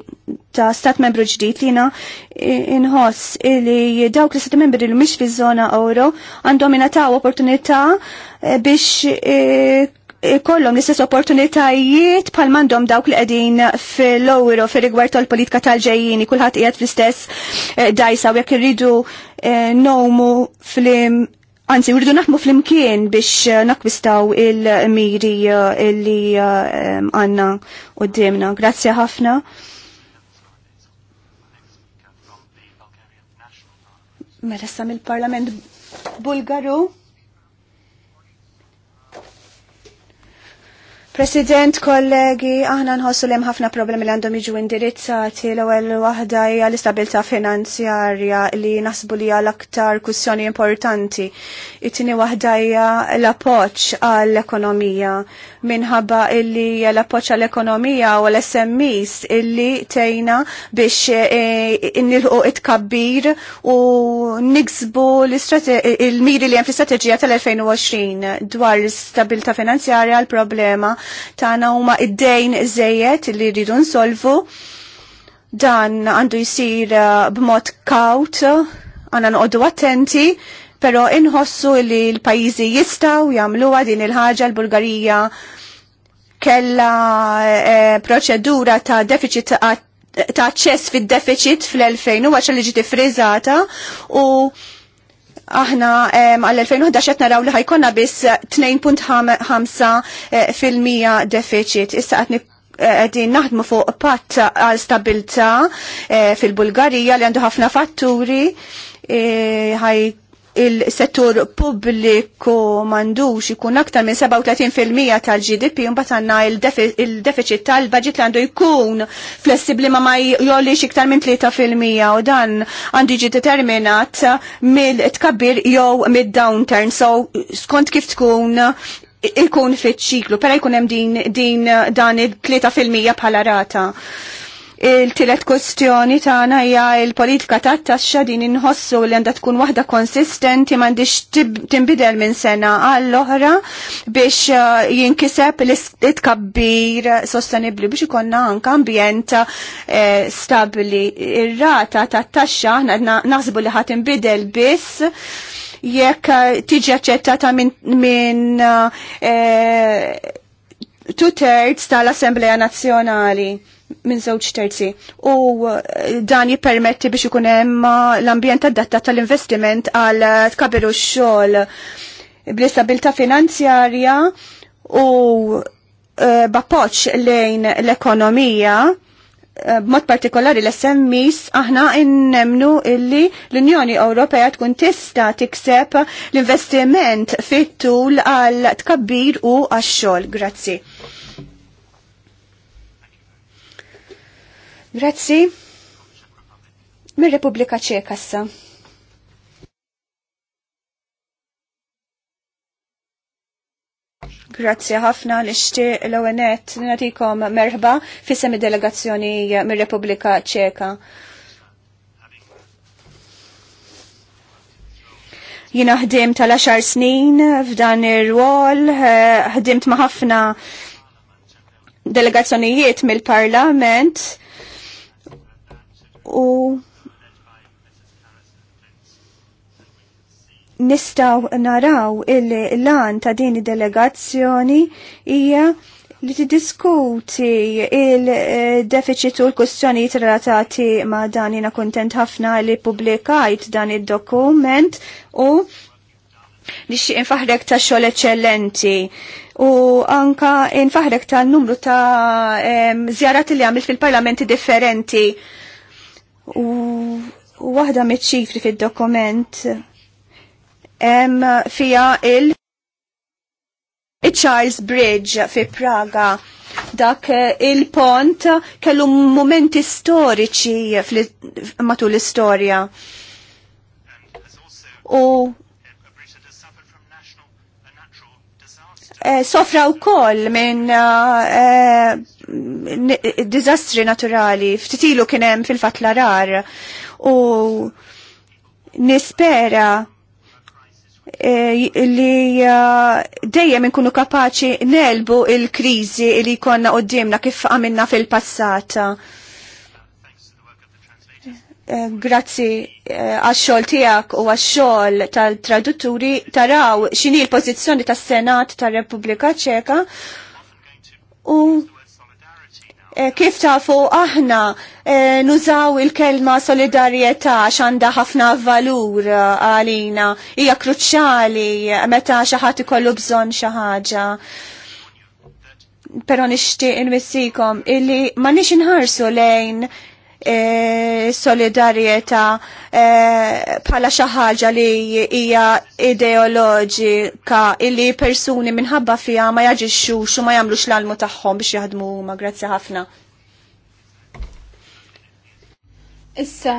ta' stat membru ġdijt lina eh, inħoss illi dawk li stat membru li mish fi zona euro għandhom ta' opportunità eh, biex ikollhom l-istess opportunitajiet pal mandom dawk li qegħdin fil-lowero fil rigward tal-politika tal-ġejjini kulħadd qiegħed fl-istess eh, dajsa u jekk irridu eh, nomu flim Anzi, rridu naħmu fl-imkien biex eh, nakwistaw il-miri li għanna u d-demna. Grazie ħafna. Mela sam il-Parlament Bulgaru. President, kollegi, aħna nħossu li ħafna problemi li għandhom jiġu indirizzati l-ewwel waħda hija l-istabilità finanzjarja li nasbu li l-aktar kussjoni importanti. It-tieni waħda hija l-appoġġ għall-ekonomija minħabba illi l-appoġġ għall-ekonomija u l-SMEs illi tejna biex eh, nilħu it-kabbir u niksbu il-miri li hemm fl-istrateġija tal-2020 dwar l-istabilità finanzjarja l-problema Tana huma id-dejn żejjed li rridu nsolvu. Dan għandu jsir uh, b'mod kaut, għandna noqogħdu attenti, però inħossu li l-pajjiżi jistgħu jagħmluha din il-ħaġa l-Bulgarija kella eh, proċedura ta' deficit ta' ċess fid-deficit fl-2000 u għaxa li ġiti frizzata u aħna għall-2011 qed naraw li ħajkonna biss 2.5 eh, fil-mija deficit. Issa qed eh, għedin naħdmu fuq patt għal stabilta eh, fil-Bulgarija li għandu ħafna fatturi il-settur pubbliku mandux ikun aktar minn 37% tal-GDP un batanna il-deficit tal-budget li għandu jkun flessibli ma ma jolli iktar minn 3% u dan għandu jġi determinat mill-tkabbir jew mid-downturn. So skont kif tkun ikun fit ċiklu, pera jkun hemm din, din dan il-3% bħala rata. Il-tilet kustjoni tagħna hija l-politika tat-taxxa din inħossu li għandha tkun waħda konsistenti m'għandix tinbidel minn sena għall-oħra biex uh, jinkiseb l-itkabbir sostenibbli biex ikonna anke ambjent eh, stabbli. Ir-rata tat-taxxa aħna naħsbu li ħadd inbidel biss jekk uh, tiġi aċċettata minn uh, eh, two-thirds tal-Assembleja Nazzjonali minn żewġ terzi u uh, dan jippermetti biex ikun hemm uh, l-ambjent adatta tal-investiment għal uh, tkabiru x-xogħol bl-istabilità finanzjarja u b'appoġġ lejn l-ekonomija b'mod partikolari l-SMIs aħna innemnu illi l-Unjoni Ewropea tkun tista tikseb l-investiment fit-tul għal tkabbir u għax-xogħol. Grazzi. Grazzi. Mir-Repubblika Ċeka issa. Grazzi ħafna li xtieq l-ONET natikom merħba fissem delegazzjoni mir-Repubblika Ċeka. Jina ħdimt tal għaxar snin f'dan ir-rwol, eh, ħdimt ma' ħafna delegazzjonijiet mill-Parlament u nistaw naraw il-lan ta' din delegazzjoni hija li tiddiskuti il-deficit u l-kustjoni relatati ma' dan jina kontent ħafna li publikajt dan il-dokument u nixtieq infaħrek ta' xol eċċellenti u anka infaħrek ta' numru ta' zjarat li għamil fil-parlamenti differenti. U waħda mit-ċifri fid-dokument hemm fija il Charles Bridge fi Praga dak eh, il-pont kellu momenti storiċi matul l-istorja. U Eh, sofra u koll minn eh, dizastri naturali, ftitilu kienem fil-fat larar u nispera eh, li dejjem inkunu kapaċi nelbu il-krizi li konna qoddimna kif għamilna fil-passata. Eh, grazzi eh, għax-xogħol tiegħek u għax-xogħol tal-tradutturi taraw x'inhi l-pożizzjoni tas-Senat tar-Repubblika Ċeka u eh, kif tafu aħna nużaw il-kelma solidarjetà xanda ħafna valur għalina hija kruċjali meta xi ħadd ikollu bżonn xi ħaġa pero nixtieq inwissikom illi ma nix inħarsu lejn E, solidarieta e, pala xaħġa ħaġa li hija ideoloġika illi persuni minħabba fija ma jaġixxux u ma jagħmlux l-almu tagħhom biex jaħdmu huma. Grazzi ħafna. Issa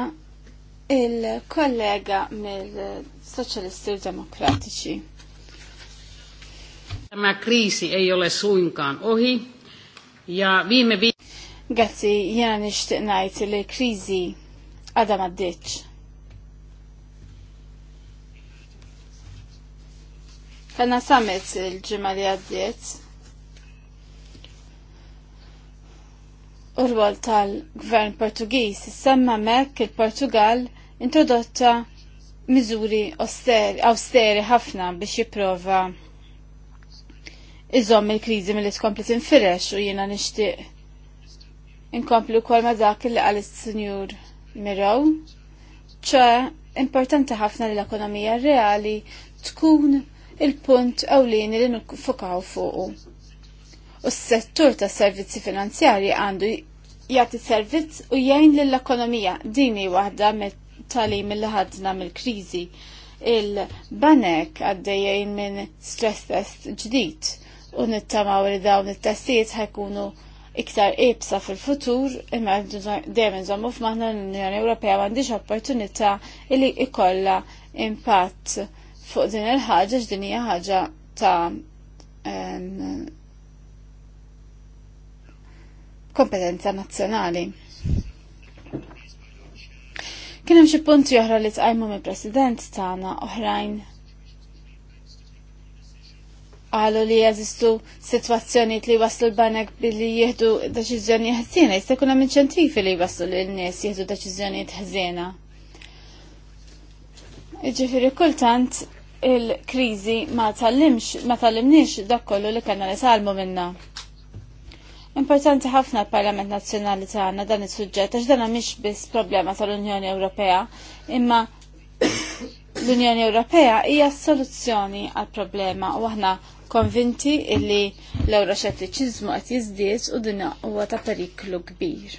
il-kollega mill-Soċjalisti Demokratiċi. Tämä kriisi ei ole suinkaan ohi ja viime vi Grazzi, jena nishtiq najt li krizi għada maddiċ. Kanna samet il-ġimma li għaddiet. Urwal tal-gvern Portugiż semma mek il-Portugal introdotta miżuri austeri ħafna biex jipprova iżomm il-kriżi mill-li tkompli tinfirex u jiena nixtieq inkomplu kol ma dak li għal sinjur Mirow, ċe importanti ħafna li l-ekonomija reali tkun il-punt ewlieni li nfukaw fuqu. U s-settur ta' servizzi finanzjari għandu jagħti servizz u jgħin lill-ekonomija. Dini waħda mit-talim li ħadna mill-kriżi. Il-banek jgħin minn stress test ġdid u nittamaw li dawn it-testijiet ħajkunu iktar ibsa fil-futur imma dejjem f-maħna l-Unjoni Ewropea m'għandix opportunità li ikolla impatt fuq din il-ħaġa x'din hija ħaġa ta' kompetenza nazzjonali. Kien hemm xi punti oħra li tqajmu mill-President tagħna oħrajn għalu li jazistu situazzjoni li waslu l-banek billi jihdu deċizjoni ħazina, jista' jkun hemm li waslu l-nies jihdu deċizjoni ħazina. Iġifiri kultant il-krizi ma tal-limx, ma tallimniex dak kollu li kanna li salmu minna. Importanti ħafna l-Parlament Nazzjonali tagħna dan is-suġġett għax dan mhix biss problema tal-Unjoni Ewropea, imma l-Unjoni Ewropea hija soluzzjoni għal problema u aħna konvinti illi l-euroxettiċizmu qed jiżdied u dina huwa ta' periklu kbir.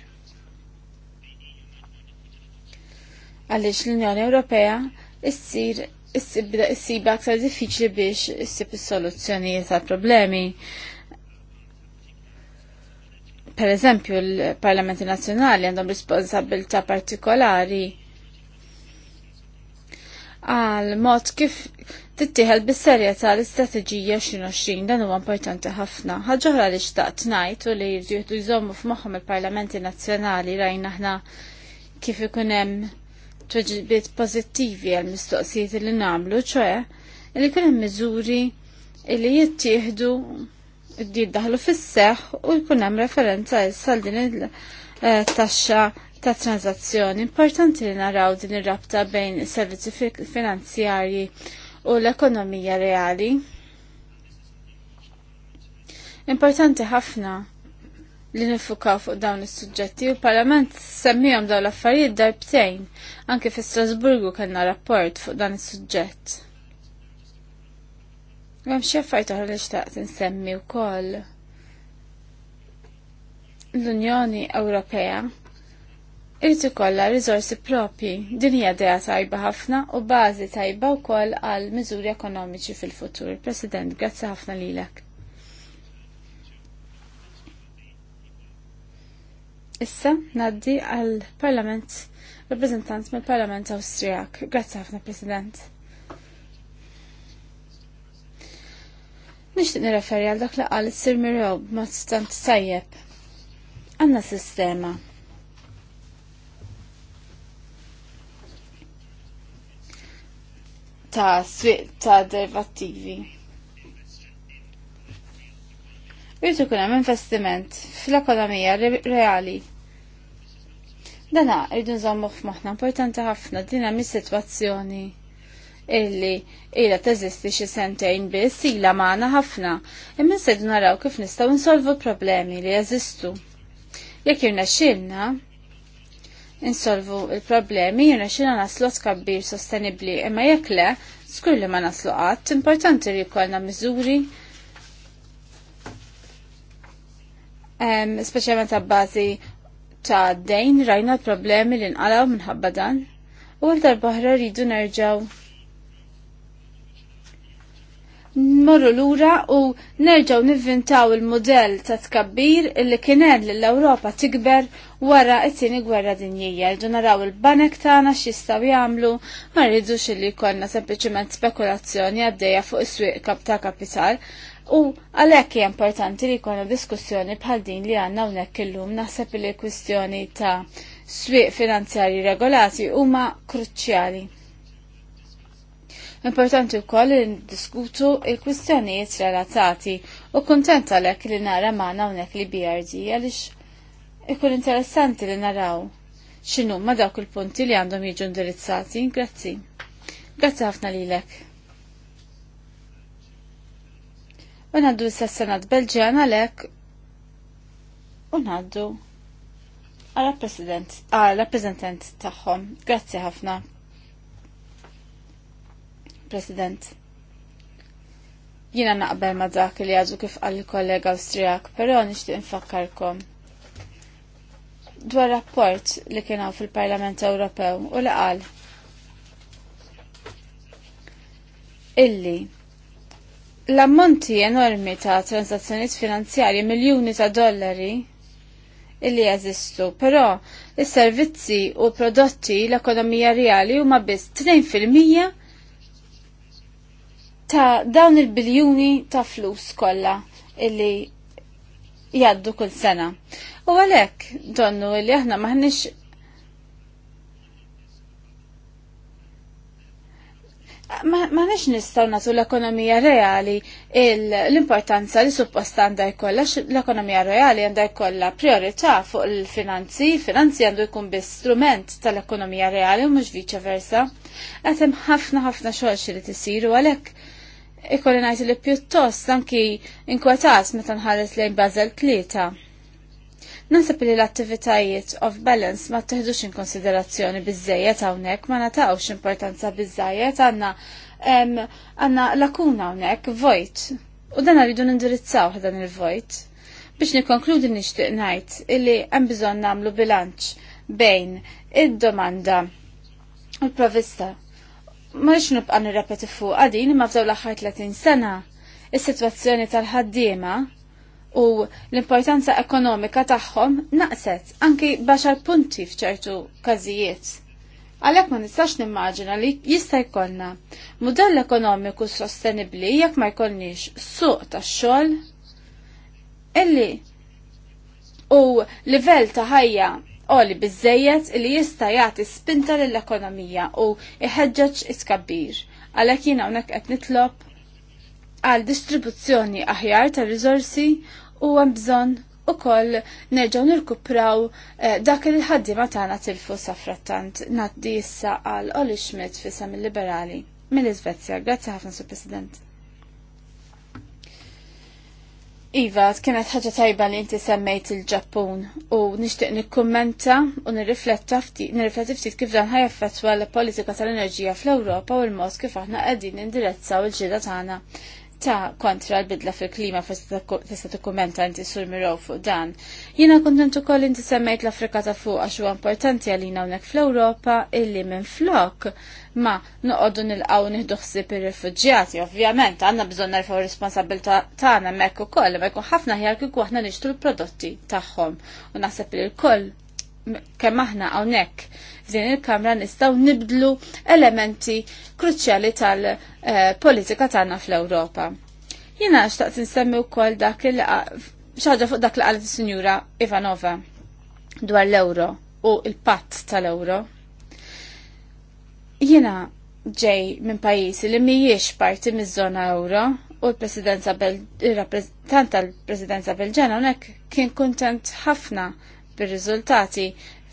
Għaliex l-Unjoni Ewropea issir issibda issiba aktar diffiċli biex issib is-soluzzjonijiet ta' problemi. Per eżempju, l-Parlamenti Nazzjonali għandhom responsabilità partikolari għal mod kif tittieħel bis-serjetà l-istrateġija 2020 dan huwa importanti ħafna. Ħaġoħra li xtaqt ngħid u li jridu jżommu f'moħħhom il-Parlamenti Nazzjonali rajna aħna kif ikun hemm tweġibiet pożittivi għal mistoqsijiet li nagħmlu, ċoe li jkun hemm miżuri li jittieħdu daħlu fis-seħħ u jkun hemm referenza sal din il-taxxa ta' tranzazzjoni. Importanti li naraw din ir-rabta bejn is-servizzi finanzjarji u l-ekonomija reali. Importanti ħafna li nifukaw fuq dawn is-suġġetti u l-Parlament semmihom dawn l-affarijiet darbtejn anke fi Strasburgu kellna rapport fuq dan is-suġġett. Hemm xi affarijiet oħra li xtaqt insemmi wkoll. L-Unjoni Ewropea Irrid ikollha riżorsi propji, din hija idea tajba ħafna u bażi tajba wkoll għal miżuri ekonomiċi fil-futur. President, grazzi ħafna lilek. Issa naddi għal Parlament rappresentant mill parlament Awstrijak. Grazzi ħafna President. Nixtieq nirreferi għal dak li qal Sir Mirob ma' stant tajjeb. Għandna sistema ta' swiq ta' derivattivi. Irrid ikun hemm investiment fl-ekonomija reali. Dana rridu nżommu f'moħħna importanti ħafna dina mis-sitwazzjoni illi ila teżisti xi sentejn biss ila magħna ħafna, imma se naraw kif nistgħu nsolvu problemi li jeżistu. Jekk irna xilna, insolvu il-problemi jirna xina naslu tkabbir sostenibli imma jekk le, skur li ma naslu qatt, importanti li jkollna miżuri um, speċjalment ta' bażi ta' dejn rajna l-problemi li nqalaw minħabba dan u għal darbaħra rridu nerġaw Morru lura u nerġaw nivvintaw il-modell ta' tkabbir illi kienem l-Europa tikber wara it-tieni gwerra dinjija rridu naraw il-banek tagħna x'jistgħu jagħmlu ma rridux illi jkollna sempliċement spekulazzjoni għaddejja fuq is-swieq kap ta' kapital u għalhekk hija importanti li jkollna diskussjoni bħal din li għandna hawnhekk illum naħseb li kwistjoni ta' swieq finanzjarji regolati huma kruċjali. Importanti u koll li diskutu il-kwistjonijiet relatati u kontenta għalhekk li nara maħna hawnhekk li BRD għalix ikun interessanti li naraw xinu ma dawk il-punti li għandhom jiġu indirizzati. Grazzi. Grazzi ħafna lilek. U ngħaddu s-Senat Belġjan għalhekk u ngħaddu għal-rappresentant taħħom. tagħhom. Grazzi ħafna. President. Jina naqbel ma dak li għadu kif għall kollega Awstrijak, pero nixtieq infakkarkom dwar rapport li kienaw fil-Parlament Ewropew u li qal illi l-ammonti enormi ta' transazzjonijiet finanzjarji miljuni ta' dollari illi jazistu, però is-servizzi u prodotti l-ekonomija reali huma biss 2% ta' dawn il-biljuni ta' flus kollha illi jaddu kull sena. U għalek, donnu, li aħna maħnix ma nix nistaw natu l-ekonomija reali l-importanza li supposta għanda jkolla l-ekonomija reali għanda jkolla priorita fuq il-finanzi, finanzi għandu jkun bi strument tal-ekonomija reali u mux viċa versa. Għatem ħafna ħafna xoħx li t-siru għalek ikolli najt li pjuttost anki inkwetas meta nħares lejn bazel tlieta. Nasab li l-attivitajiet of balance ma teħdux in konsiderazzjoni bizzejiet hawnhekk, ma natawx importanza bizzejiet għandna għanna lakuna hawnhekk, vojt. U dan rridu nindirizzaw dan il-vojt. Biex nikkonkludi nixtieq ngħid illi hemm bżonn nagħmlu bilanċ bejn id-domanda u l-provista. Ma rridx nibqa' nirrepeti fuq għadin imma f'dawn l-aħħar 30 sena is-sitwazzjoni tal-ħaddiema u l-importanza ekonomika tagħhom naqset anki baxar punti f'ċertu każijiet. Għalhekk ma nistax nimmaġina li jista' jkollna mudell ekonomiku sostenibbli jekk ma jkollniex suq tax-xogħol illi u livell ta' ħajja oli biżejjed li jista' jagħti spinta lill-ekonomija u iħeġġeġ it Għalhekk jiena hawnhekk qed nitlob għal distribuzzjoni aħjar ta' riżorsi u hemm bżonn ukoll nerġgħu nirkupraw eh, dak il ħaddima tagħna tilfu safrattant ngħaddi issa għal Oli Schmidt fisem il-Liberali mill-Iżvezja. Grazzi ħafna Sur President. Iva, kienet ħaġa tajba li inti semmejt il-Ġappun u nixtieq nikkummenta u nirrifletta ftit nirrifletti ftit kif dan ħajaffettwa l-politika tal-enerġija fl-Ewropa u l-mod kif aħna qegħdin indirezzaw il ġida tagħna ta' kontra l-bidla fil-klima tista' dokumenta inti sur miraw fuq dan. Jiena kontentu koll inti semmejt l-Afrika ta' fuq għax huwa importanti għalina hawnhekk fl-Ewropa illi minn flok ma noqogħdu nilqgħu nieħdu ħsieb ir-refuġjati. Ovvjament għandna bżonn nerfgħu responsabilità tagħna hemmhekk ukoll, ma jkun ħafna ħjar kieku aħna nixtru l-prodotti tagħhom. U naħseb li l-koll kemm aħna hawnhekk Din il-Kamra nistgħu nibdlu elementi kruċjali tal-politika tagħna fl-Ewropa. Jiena xtaqt nsemmi wkoll dak il xaġa fuq dak li qalet is-Sinjura Ivanova dwar l-euro u il-patt tal-euro. Jiena ġej minn pajjiżi li mhijiex parti miż-żona euro u l-presidenza il-rappresentant tal-presidenza Belġana unek kien kontent ħafna bir-riżultati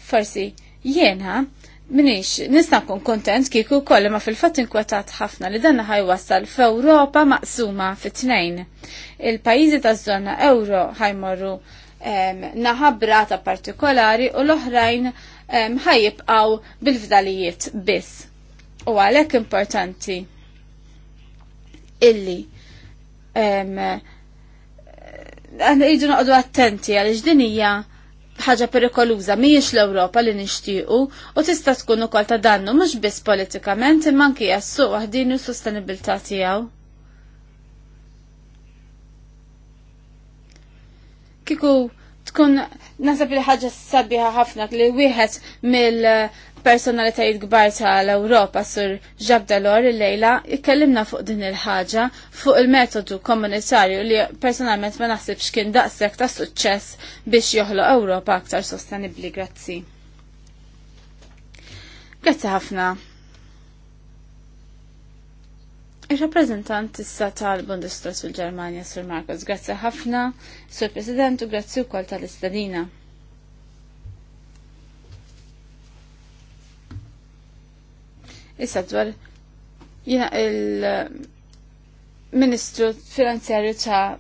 forsi Jena, Minix, nista' nkun kontent kieku koll ma fil-fatt inkwetat ħafna li danna ħajwassal f'Ewropa maqsuma fit-tnejn. Il-pajjiżi taż-żona euro ħajmorru naħabra ta' partikolari u l-oħrajn jibqaw bil-fdalijiet biss. U għalhekk importanti illi għan iġdu naqdu attenti għal ġdinija hija ħaġa perikoluża mhijiex l-Ewropa li nixtiequ u tista' tkun ukoll ta' dannu mhux biss politikament imma anki għas-suq waħdin u sostenibilità tiegħu. Kiku tkun nasab li ħaġa sabiħa ħafna li wieħed mill- personalitajiet gbar tal-Ewropa sur Jacques Delors il-lejla ikkellimna fuq din il-ħaġa fuq il-metodu komunitarju li personalment ma naħsibx kien daqshekk ta' suċċess biex joħloq Ewropa aktar sostenibbli. Grazzi. Grazzi ħafna. Il-rappresentant issa tal-Bundestag fil-Germania, Sir Marcos, grazzi ħafna, Sur President u grazzi wkoll tal-istadina. Issa dwar jina il-Ministru Finanzjarju ta'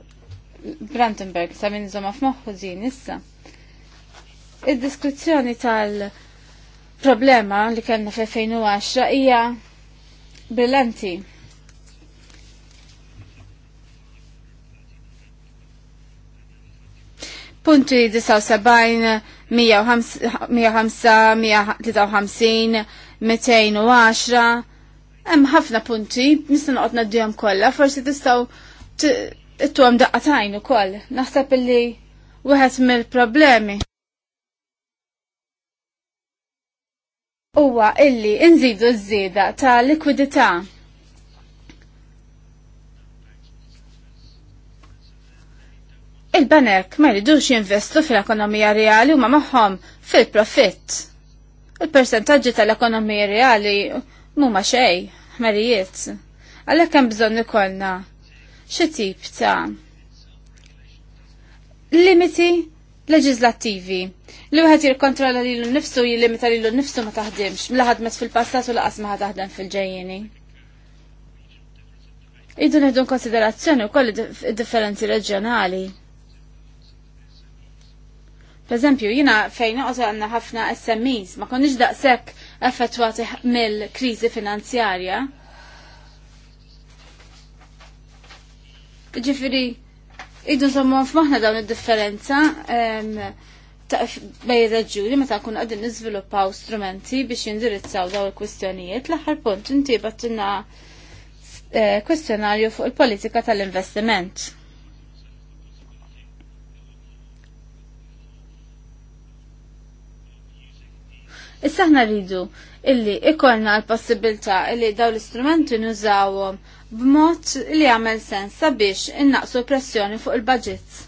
Brandenburg ta' minn zoma f'moħħu din issa. id diskrizzjoni tal-problema li kellna fl-2010 hija brillanti. Punti 79, 105, 153, 210, hemm ħafna punti, nista' noqgħod ngħaddihom kollha, forsi tistgħu ittuhom daqqatajn ukoll. Naħseb illi wieħed mill-problemi. huwa illi nżidu ż-żieda ta' likwidità. Il-banek ma jridux jinvestu fil-ekonomija reali u ma maħħom fil-profitt il-percentagġi tal-ekonomija reali mumma xej, marijiet. Għalhekk hemm bżonn ikollna xi tip ta' limiti leġislattivi li wieħed jirkontrolla lilu nnifsu jillimita lilu nnifsu ma taħdimx, mla ħadmet fil-passat u laqas ma taħdem fil ġejjini Idu nieħdu konsiderazzjoni wkoll differenzi reġjonali. Per jina fejn għozu għanna ħafna SMEs, ma konniġ daqsek effettwati mill-krizi finanzjarja. Ġifiri, idu zommu f'maħna dawn id-differenza bej ma meta kun għadin nizviluppaw strumenti biex jindirizzaw daw il-kwistjonijiet l-aħħar punt intibat eh, kwistjonarju fuq il-politika tal-investiment. Issa ħna rridu illi ikolna l-possibilità illi daw l-istrumenti nużawhom b'mod li jagħmel sens sabiex innaqsu pressjoni fuq il-budgets.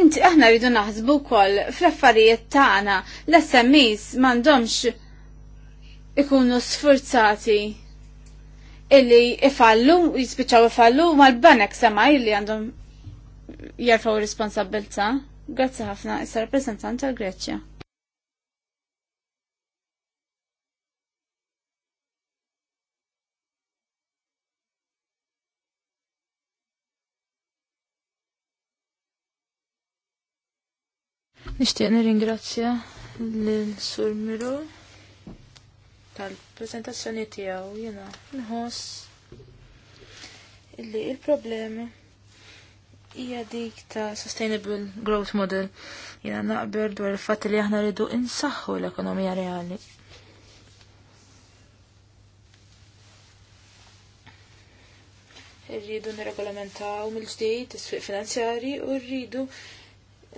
Inti aħna rridu naħsbu wkoll fl-affarijiet tagħna l-SMEs m'għandhomx ikunu sfurzati illi ifallu, jispiċaw ifallu, ma l-banek semaj illi għandhom jarfaw responsabilta. Grazzi ħafna, issa rappresentant tal-Greċja. Nishtiq nirringrazzja lil Sur Miro tal-prezentazzjoni tiegħu jiena nħos illi il-problemi hija dik ta' Sustainable Growth Model jiena naqber dwar il fat li aħna rridu insaħħu l-ekonomija reali. Rridu nirregolamentaw mill-ġdid is-swieq finanzjari u rridu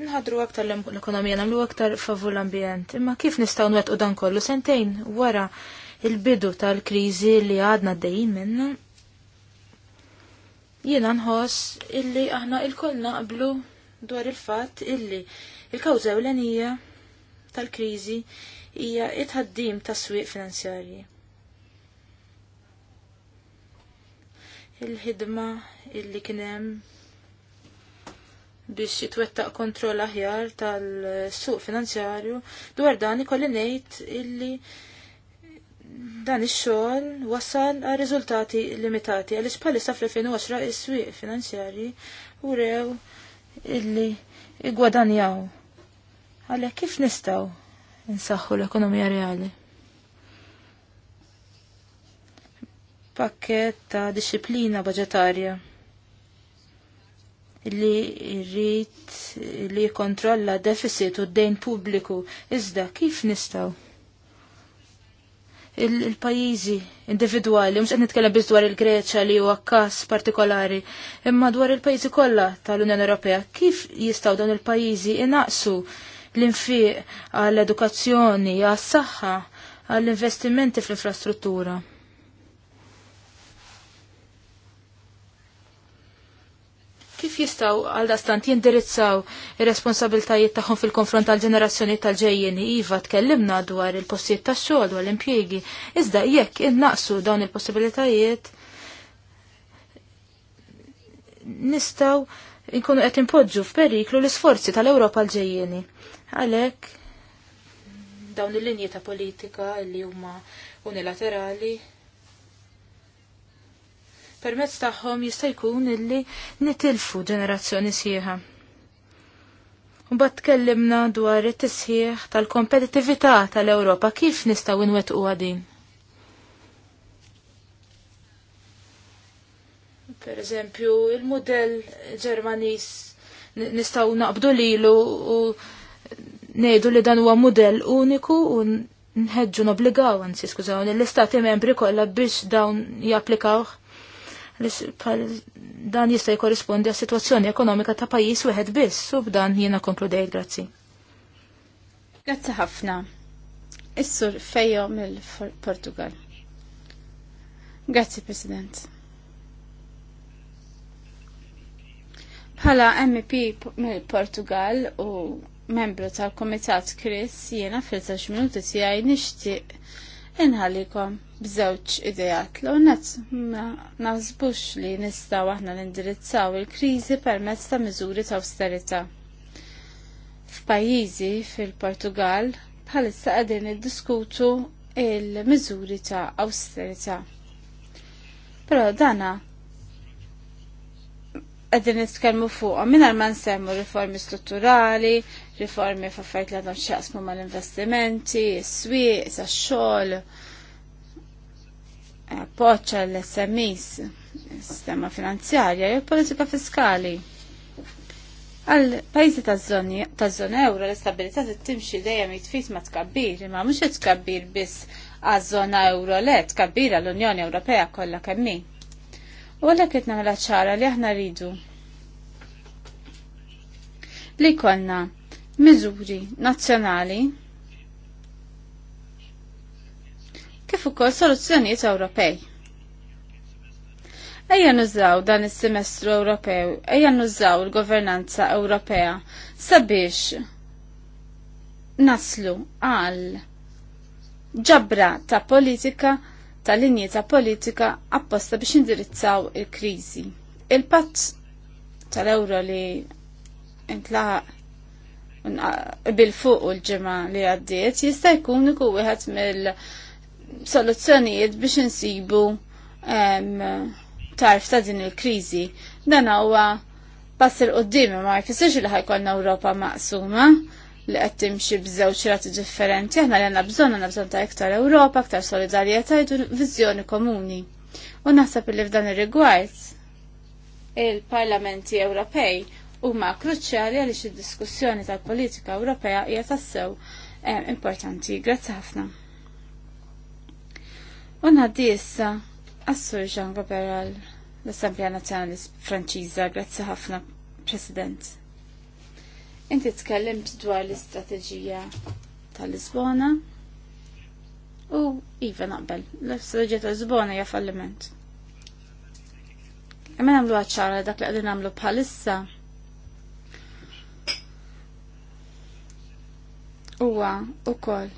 nħadru aktar l-ekonomija, namlu aktar favur l-ambjent. Imma kif nistaw nwet u dan kollu sentejn wara il-bidu tal-krizi li għadna d-dejjin minna? Jiena nħoss illi aħna il-koll naqblu dwar il-fat illi il-kawza ewlenija tal-krizi hija it-ħaddim tas-swieq finanzjarji. Il-ħidma illi kienem biex jitwettaq kontroll aħjar tal-suq finanzjarju dwar dan ikolli ngħid illi dan ix-xogħol wassal għal riżultati limitati għaliex bħalissa fl-2010 is-swieq finanzjarji urew illi igwadanjaw. Għalhekk kif nistgħu nsaħħu l-ekonomija reali? Pakket ta' disciplina budgetarja li rrit li kontrolla deficit u d-dejn publiku. Iżda, kif nistaw? il-pajizi il individuali, mux għed nitkellem biz dwar il-Greċa li huwa kas partikolari, imma dwar il-pajizi kollha tal-Unjoni Ewropea, kif jistaw dawn il-pajizi inaqsu l-infiq għall-edukazzjoni, għas-saħħa, għall-investimenti fl-infrastruttura? Kif jistaw għal dastant jindirizzaw ir-responsabiltajiet tagħhom fil-konfront tal-ġenerazzjoni tal-ġejjien iva tkellimna dwar il-postijiet tax-xogħol dwar l-impjiegi, iżda jekk innaqsu dawn il-possibilitajiet nistaw inkunu qed impoġġu f'periklu l-isforzi tal-Ewropa l-ġejjeni. Għalhekk dawn il-linji ta' politika li huma unilaterali Permezz tagħhom jista' jkun illi nitilfu ġenerazzjoni sieħa. Mbagħad tkellimna dwar it-tisħiħ tal-kompetittività tal-Ewropa kif nistgħu nwettquha din. Per eżempju, il-modell Ġermanis nistgħu naqbdu lilu u ngħidu li dan huwa modell uniku u nħedġu nobligaw, anzi skużaw, l-istati membri kollha biex dawn japplikawh dan jista' jkorrispondi għas situazzjoni ekonomika ta' pajjiż wieħed biss u b'dan jiena konkludejt grazzi. Grazzi ħafna. Is-sur fejjo mill-Portugal. Grazzi President. Bħala MP mill-Portugal u membru tal-Komitat Kris jiena fil-10 minuti tiegħi nixtieq inħallikom bżewġ idejat l ma naħsbux li nistaw aħna nindirizzaw il-kriżi permezz ta' miżuri ta' austerita. F'pajjiżi fil-Portugal bħalissa qegħdin iddiskutu il-miżuri ta' austerita. Però dana qegħdin nitkellmu fuqhom mingħajr ma nsemmu riformi strutturali, riformi f'affarijiet li għandhom x'jaqsmu mal-investimenti, is-swieq, s xogħol eh, poċa l smis sistema finanzjarja, jew politika fiskali. Għal pajzi ta' zon euro l-istabilità timxi dejjem jitfis ma' tkabbir, ma' mhux qed tkabbir biss għaż euro le tkabbir għall unjoni Ewropea kollha kemm U għalhekk qed nagħmilha ċara li aħna rridu li konna miżuri nazzjonali kif ukoll soluzzjonijiet Ewropej. Ejja nużaw dan is-semestru Ewropew, ejja nużaw il-governanza Ewropea sabiex naslu għal ġabra ta' politika ta' linji ta' politika apposta biex indirizzaw il-krizi. Il-patt tal-euro li intlaħaq bil-fuq u l-ġimgħa li għaddiet jista' jkun iku wieħed mill-soluzzjonijiet biex insibu tarf ta' din il-kriżi. Dan huwa pass il qoddim ma jfissirx li ħajkollna Ewropa maqsuma li qed timxi b'żewġ rati differenti, aħna li għandna bżonn għandna bżonn ta' iktar Ewropa, iktar solidarjetà u viżjoni komuni. U naħseb li f'dan ir-rigward il-Parlamenti Ewropej huma kruċjali għaliex id-diskussjoni tal-politika Ewropea hija tassew eh, importanti. Grazzi ħafna. U ngħaddi issa għas-Sur Jean Goberal l-Assemblea Nazzjonali Franċiża, grazzi ħafna, President. Inti tkellimt dwar l-istrateġija tal-Lisbona u iva naqbel, l-istrateġija tal-Lisbona hija falliment. Imma nagħmlu ċara dak li qegħdin nagħmlu bħalissa huwa kol.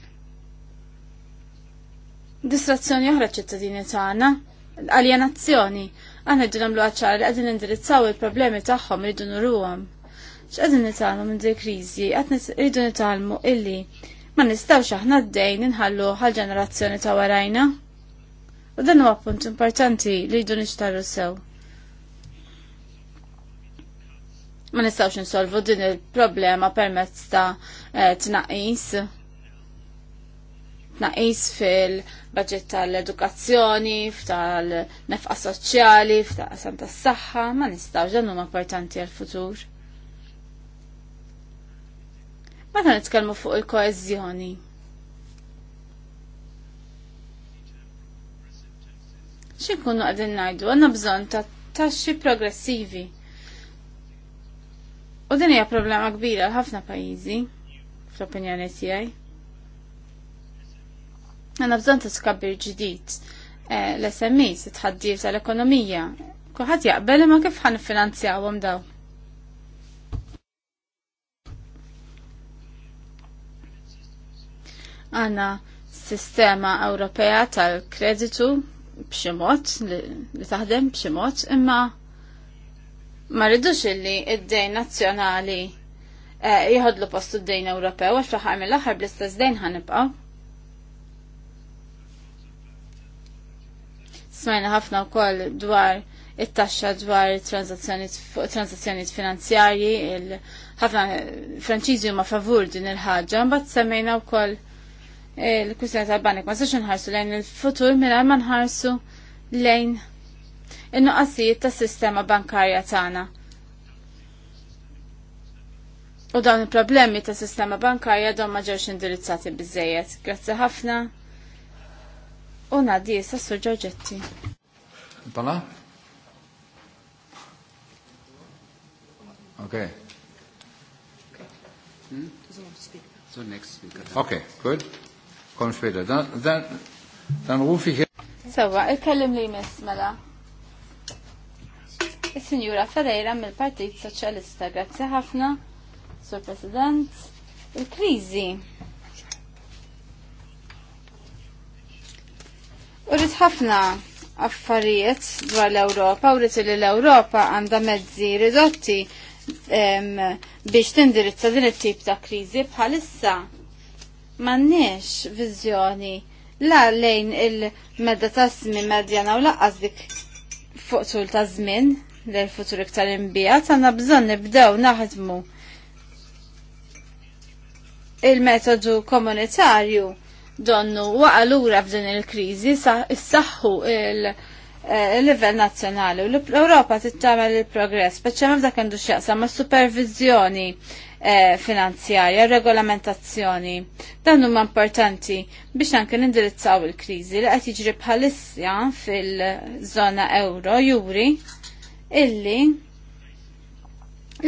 distrazzjoni oħra ċittadini tagħna, alienazzjoni. għandna ġdu nagħmlu ċara li qegħdin indirizzaw il-problemi tagħhom iridu nuruhom. X'qegħdin nitalmu minn din kriżi, qed iridu nitalmu illi ma nistgħux aħna d-dejn inħallu ħal-ġenerazzjoni ta' warajna. U dan huwa punt importanti li jdu nixtaru sew. ma nistawx nsolvu din il-problema permezz ta' eh, tnaqis tnaqis fil-budget tal-edukazzjoni, tal-nefqa soċjali, f'taqsam tas-saħħa, ma nistawx dan huma importanti għal-futur. Meta nitkellmu fuq il-koeżjoni. X'inkunu qegħdin ngħidu, għandna bżonn ta' taxxi progressivi. U din hija problema kbira ħafna pajjiżi, fl-opinjoni tiegħi. Għandna bżonn ta' skabbir ġdid eh, l-SMEs, it tal-ekonomija. Kulħadd jaqbel imma kif ħan finanzjawhom daw. Għanna sistema Ewropea tal-kreditu b'xi mod li taħdem b'xi mod imma ma rridux illi id-dejn nazzjonali eh, jħodlu postu d-dejn Ewropew għax fl l mill-aħħar bl-istess dejn ħanibqgħu. Smajna ħafna wkoll dwar it-taxxa dwar transazzjonijiet finanzjarji, ħafna Franċiżi huma favur din il-ħaġa, mbagħad semmejna wkoll il-kwistjoni tal-banek ma sax nħarsu lejn il-futur mingħajr ma nħarsu lejn in-nuqqasijiet tas-sistema bankarja tagħna. U dawn il-problemi ta' sistema bankarja dawn ma ġewx indirizzati biżejjed. Grazzi ħafna. U ngħaddi issa Sur Ġorġetti. Bala? Okay. Hmm? So next speaker. Okay, good. Kom Dan Dann, dann, dann Sawa, so, ich kallim mela. Is-Sinjura Ferreira mill-Partit Soċjalista. Grazzi ħafna, Sur President. Il-kriżi. Urrit ħafna affarijiet dwar l-Ewropa u li l-Ewropa għandha mezzi ridotti biex tindirizza din it-tip ta' kriżi bħalissa. M'għandniex viżjoni la lejn il-medda ta' żmien medjana u laqqas dik fuq tul ta' żmien l-futur iktar imbijat, għanna bżon nibdew naħdmu il-metodu komunitarju donnu waqalura f'din il-krizi issaħħu eh, il-level nazzjonali u l-Europa tittamel il-progress, ma f'dak għandu x'jaqsam ma' supervizjoni eh, finanzjarja, regolamentazzjoni. Dan huma importanti biex anke nindirizzaw il-kriżi li qed jiġri bħalissja fil-żona euro juri illi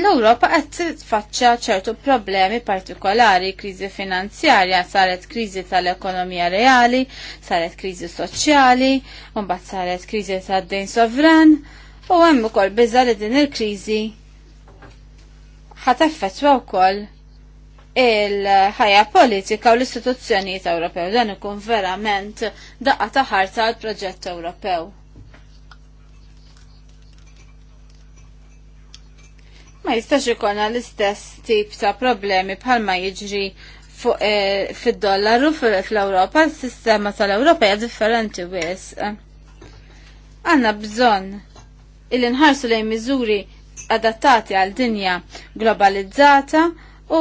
L-Europa qed titfaċċa ċertu problemi partikolari, kriżi finanzjarja, saret kriżi tal-ekonomija reali, saret kriżi soċjali, mbagħad saret kriżi tad-dejn sovran, u hemm ukoll biża li din il-kriżi ħat effettwa wkoll il-ħajja politika u l-istituzzjonijiet Ewropew dan ikun verament daqqa ta' ħarta għal proġett Ewropew. ma jistax ikonna l-istess tip ta' problemi bħalma jiġri eh, fid-dollaru fl-Ewropa, s-sistema tal-Ewropa hija differenti wis. Għanna bżonn il nħarsu lejn miżuri adattati għal dinja globalizzata u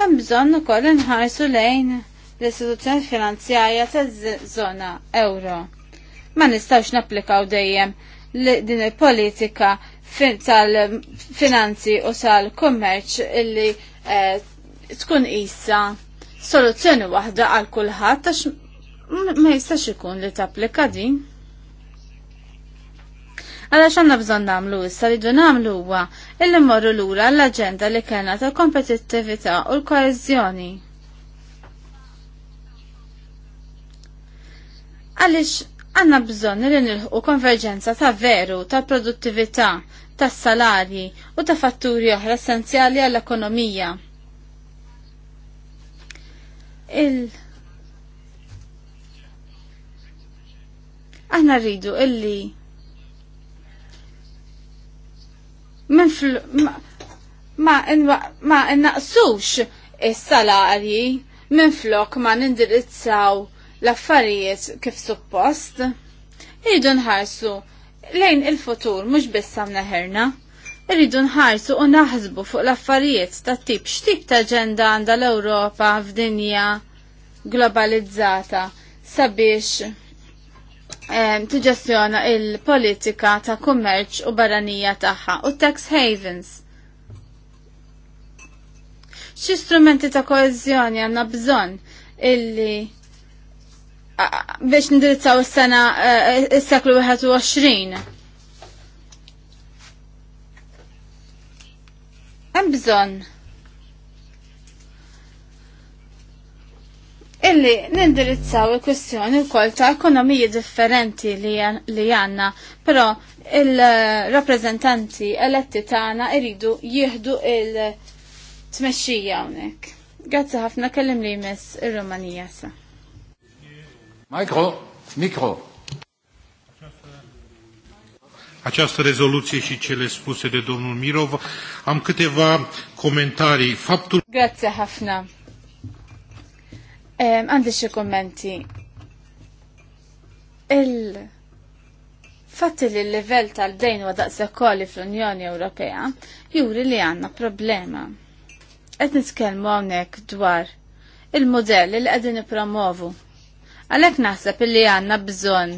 hemm bżonn ukoll inħarsu lejn l-istituzzjoni finanzjarja taż-żona euro. Ma nistgħux napplikaw dejjem din il-politika tal-finanzi u tal-kummerċ illi eh, tkun issa soluzzjoni waħda għal kulħadd għax ma jistax ikun li tapplika din. Għalax għanna bżon namlu issa li dun namlu huwa illi morru lura l-agenda li kena ta' kompetittività u l-koezjoni. Għalix Għanna bżonn li nilħu konverġenza ta' veru, ta' produttività, ta' salarji u ta' fatturi oħra essenzjali għall-ekonomija. Il- Aħna rridu illi minn fl ma, ma, naqsux is-salarji minn flok ma nindirizzaw l-affarijiet kif suppost, rridu nħarsu lejn il-futur mhux biss neħerna. rridu nħarsu u naħsbu fuq l-affarijiet ta' tip x'tip ta' ġenda għandha l-Ewropa f'dinja globalizzata sabiex ehm, tiġestjona il-politika ta' kummerċ u barranija tagħha u tax havens. Xi strumenti ta' koeżjoni għandna bżonn illi biex nindirizzaw is-sena eh, is-seklu 21. Hemm bżonn illi nindirizzaw il-kwestjoni wkoll ta' ekonomiji differenti li għandna, però il-rappreżentanti eletti tagħna iridu jieħdu il-tmexxija hawnhekk. Grazzi ħafna kellim li jmiss ir-Rumanija sa'. Mikro, mikro. Această rezoluție și cele spuse de domnul Mirov, am câteva comentarii. Faptul... Grazie, Hafna. Ehm, għandi xie kommenti. Il... Fatti li l-level tal-dejn wa daqsa koli fl-Unjoni Ewropea juri li għanna problema. Qed nitkellmu hawnhekk dwar il modelli li qegħdin nippromovu Għalek naħseb illi għanna bżon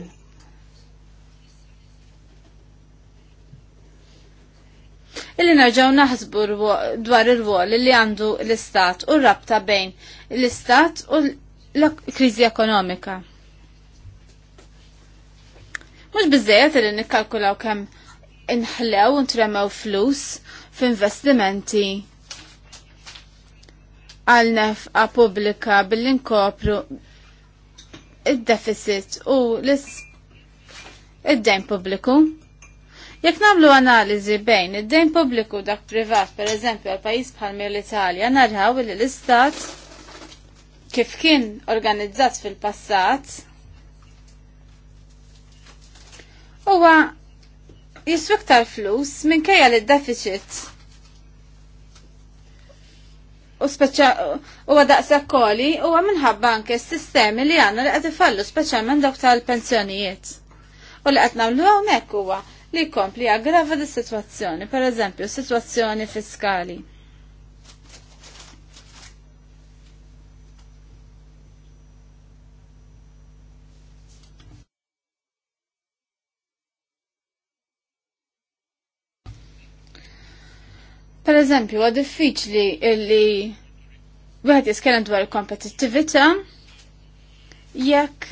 illi nerġaw naħsbu dwar ir-rwol li għandu l-istat u rabta bejn l-istat u l-krizi ekonomika. Mux bizzejet illi nikkalkulaw kem inħlew u ntremew flus f'investimenti għal nefqa pubblika billi nkopru id-deficit u id-dejn pubbliku. Jekk nagħmlu analiżi bejn id-dejn pubbliku dak privat, pereżempju għal pajjiż bħal mir l-Italja, narħaw li l-Istat kif kien organizzat fil-passat huwa jiswiktar flus minkejja kajja l deficit u speċa u għadaqsa koli u minħabba anke s-sistemi li għanna li għad ifallu speċjalment dawk tal-pensjonijiet. U li għad namlu għawnek huwa li kompli aggrava di situazzjoni, per eżempju, situazzjoni fiskali. Per eżempju, għad diffiċli illi wieħed jiskellem dwar il-kompetittività jekk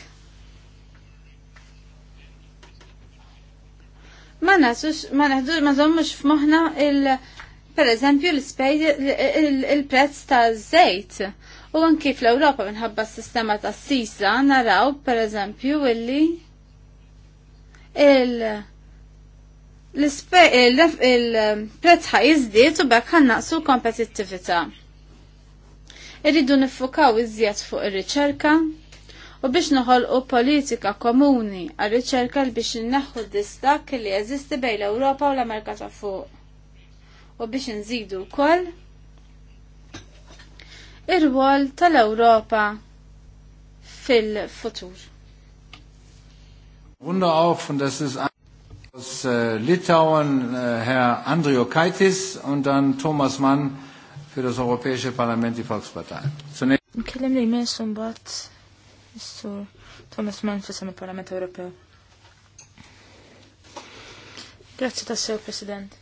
ma nasux ma naħdur ma żommux f'moħħna il- per eżempju il-prezz ta' żejt. U anki fl-Ewropa minħabba s-sistema ta' sisa naraw per eżempju illi il- il-prezz ħa jizdiet u bekk l kompetittività. Irridu nifukaw iżjed fuq ir-riċerka u biex noħolqu politika komuni għal riċerka li biex inneħħu d-distak li jeżisti bejn l-Ewropa u l-Amerika ta' fuq. U biex nżidu wkoll ir-rwol tal-Ewropa fil-futur. Wunder auf, und das ist Aus äh, Litauen äh, Herr Andrio Kaitis und dann Thomas Mann für das Europäische Parlament, die Volkspartei. Zunächst. Thomas Mann fissam il-Parlament Ewropew. Grazzi tassew, President.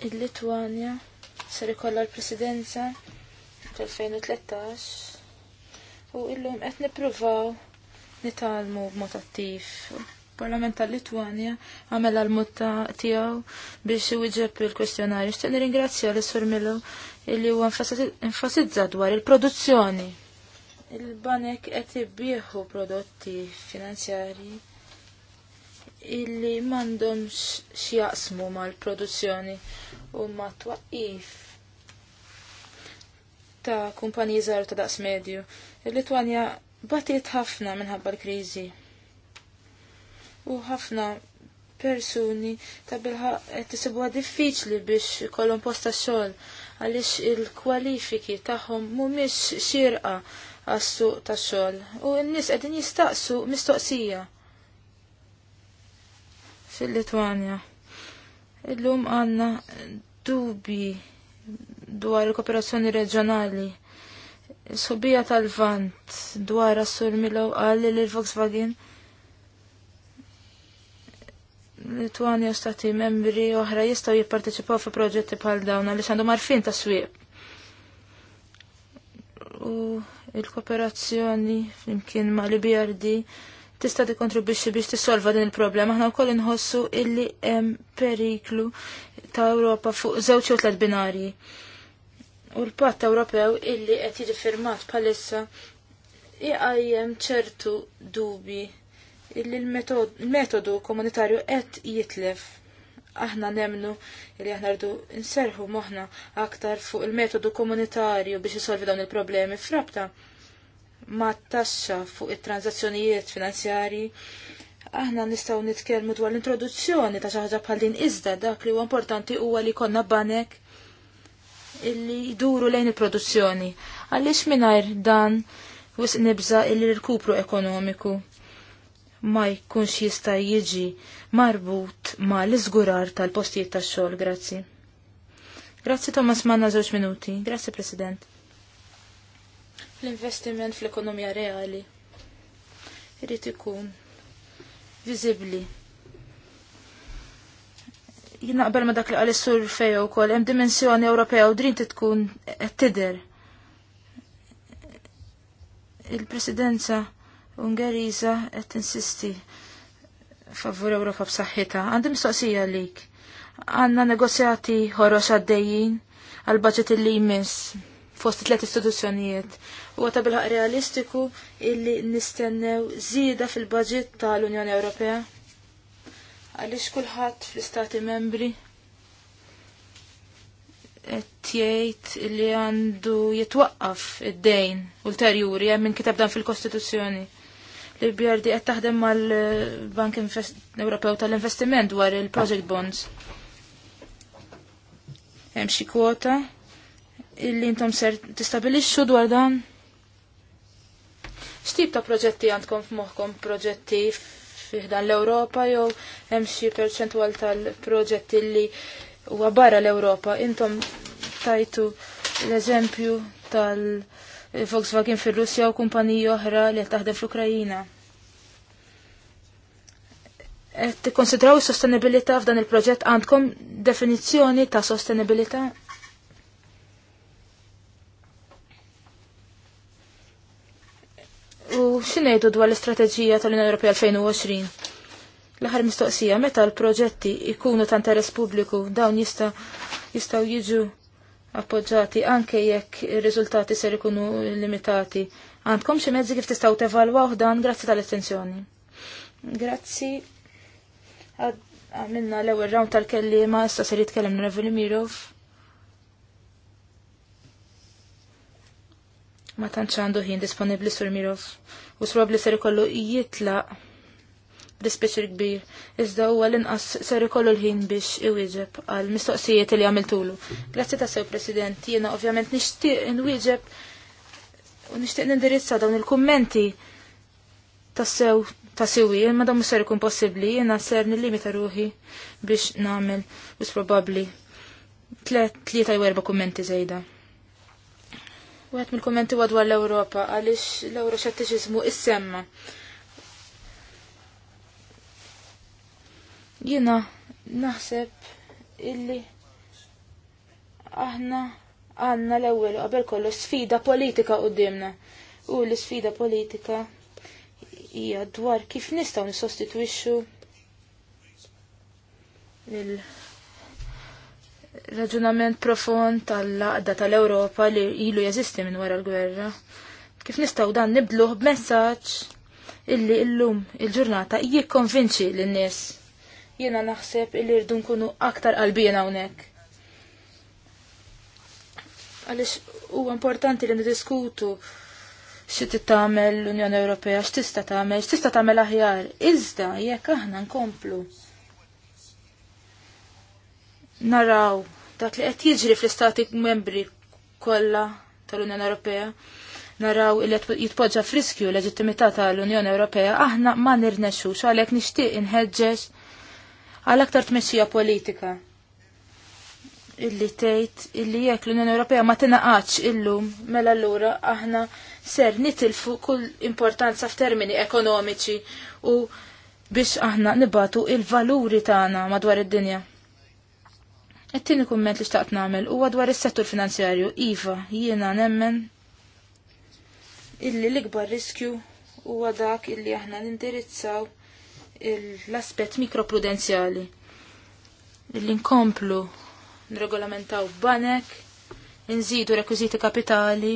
Il-Litwanja ser ikollha l-Presidenza tal-2013 u illum qed nippruvaw nitalmu b'mod attiv. Parlament tal-Litwanja għamel għal-mutta tijaw biex iwiġeb il-kwestjonarju. Xtaq nirringrazzja l-Sur Milo illi huwa enfasizza dwar il-produzzjoni. Il-banek qed ibbieħu prodotti finanzjari illi m'għandhomx x'jaqsmu mal-produzzjoni u ma twaqqif ta' kumpaniji żgħar ta' daqs medju. Il-Litwanja batiet ħafna minħabba l-kriżi. U ħafna persuni ta' bilħa tisibuha diffiċli biex kolom posta xogħol għaliex il-kwalifiki tagħhom mhumiex xirqa għas-suq tax-xogħol u n-nies għedin jistaqsu mistoqsija fil-Litwanja. Illum għandna dubi dwar il-kooperazzjoni reġjonali Subija tal-vant dwar Sur Milo għalli l-Volkswagen Litwani u stati membri oħra jistaw jipparteċipaw fi proġetti pal dawna li għandhom marfin ta' swieq. U il-kooperazzjoni flimkien ma' li BRD tista' kontribuċi biex tissolva din il-problema. Aħna wkoll inħossu illi hemm periklu ta' Ewropa fuq żewġ u tliet binarji. U l-Patt Ewropew illi qed jiġi firmat bħalissa iqajjem ċertu dubi illi l-metodu komunitarju qed jitlef. Aħna nemnu illi aħna rdu nserħu moħna aktar fuq il-metodu komunitarju biex isolvi dawn il-problemi frabta ma taxxa fuq it-tranzazzjonijiet finanzjari. Aħna nistgħu nitkellmu dwar l-introduzzjoni ta' xi ħaġa bħal din iżda dak li huwa importanti huwa li konna banek illi jduru lejn il-produzzjoni. Għaliex mingħajr dan wisq nibża illi l-kupru ekonomiku ma jkunx jista' jiġi marbut ma l-iżgurar tal-postijiet tax-xogħol, grazzi. Grazzi Thomas Manna żewġ minuti. Grazzi President. L-investiment fl-ekonomija reali irid ikun viżibbli jinaqbel ma dak li għal sur u kol, hemm dimensjoni Ewropea u drinti tkun qed tidher. Il-Presidenza Ungeriża qed tinsisti favur Ewropa b'saħħitha. Għandi mistoqsija għalik. Għandna negozjati ħoros għaddejjin għal budget li jmiss fost tliet istituzzjonijiet u għata bil-ħak realistiku illi nistennew żieda fil-budget tal-Unjoni Ewropea għaliex kulħadd fl-istati membri qed jgħid li għandu jitwaqqaf id-dejn ulterjuri hemm minn kitab dan fil-Kostituzzjoni. Li bjardi qed taħdem mal-Bank Ewropew tal-Investiment dwar il-Project Bonds. Hemm xi kwota illi intom ser tistabilixxu dwar dan? X'tip ta' proġetti għandkom f'moħħkom proġetti fiħdan l-Ewropa jew hemm xi perċentwal tal-proġetti li huwa barra l-Ewropa. Intom tajtu l-eżempju tal-Volkswagen fir-Russja u kumpaniji oħra li taħdem fl-Ukrajina. Qed tikkonsidraw is-sostenibilità f'dan il-proġett għandkom definizzjoni ta' sostenibilità? xinejdu dwar l-istrateġija tal-Unjoni Ewropea 2020? L-aħħar mistoqsija, meta l-proġetti ikunu ta' interess pubbliku dawn jista' jistgħu jiġu appoġġati anke jekk ir-riżultati ser ikunu limitati. Għandkom xi mezzi kif tistgħu tevalwaw dan grazzi tal-attenzjoni. Grazzi. Għamilna l-ewwel round tal kelliema issa se jitkellem Revel Mirov. ma tantx għandu ħin disponibbli sur Miros. u probabli ser ikollu jitlaq b'dispiċir kbir, iżda huwa l-inqas ser ikollu l-ħin biex iwieġeb għal mistoqsijiet li għamiltulu. Grazzi ta' sew President, jiena ovvjament nixtieq nwieġeb u nixtieq nindirizza dawn il-kummenti ta' sew ta' siwi, ma dawn ser ikun possibbli, jiena ser limita ruħi biex nagħmel u tlet, tlieta jwerba kummenti żejda. Wieħed mill kommenti għadwar dwar l-Ewropa għaliex l is-semma. Jiena naħseb illi aħna għandna l-ewwel qabel kollu sfida politika qudiemna. U l-sfida politika hija dwar kif nistgħu nissostitwixxu il raġunament profond tal-laqda tal-Ewropa li ilu jeżisti minn wara l-gwerra. Kif nistaw dan nibdluh b'messaġġ illi illum il-ġurnata jikkonvinċi lin-nies. Jiena naħseb illi rridu nkunu aktar qalbien hawnhekk. Għaliex huwa importanti li niddiskutu xi tagħmel l-Unjoni Ewropea, x'tista' tagħmel, x'tista' tagħmel aħjar, iżda jekk aħna nkomplu naraw dak li qed jiġri fl-istati membri kollha tal-Unjoni Ewropea naraw il jitpoġġa friskju l-leġittimità tal-Unjoni Ewropea, aħna ma nirnexxux għalhekk nixtieq inħeġġeġ għal aktar tmexxija politika. Illi tgħid illi jekk l-Unjoni Ewropea ma tingħaqadx illum mela allura aħna ser nitilfu kull importanza f'termini ekonomiċi u biex aħna nibatu il-valuri tagħna madwar id-dinja. Et-tieni kumment li xtaqt nagħmel huwa dwar is-settur finanzjarju. Iva, jiena nemmen illi l-ikbar riskju huwa dak illi aħna nindirizzaw l-aspett mikroprudenzjali. Illi nkomplu nregolamentaw banek, nżidu rekwiżiti kapitali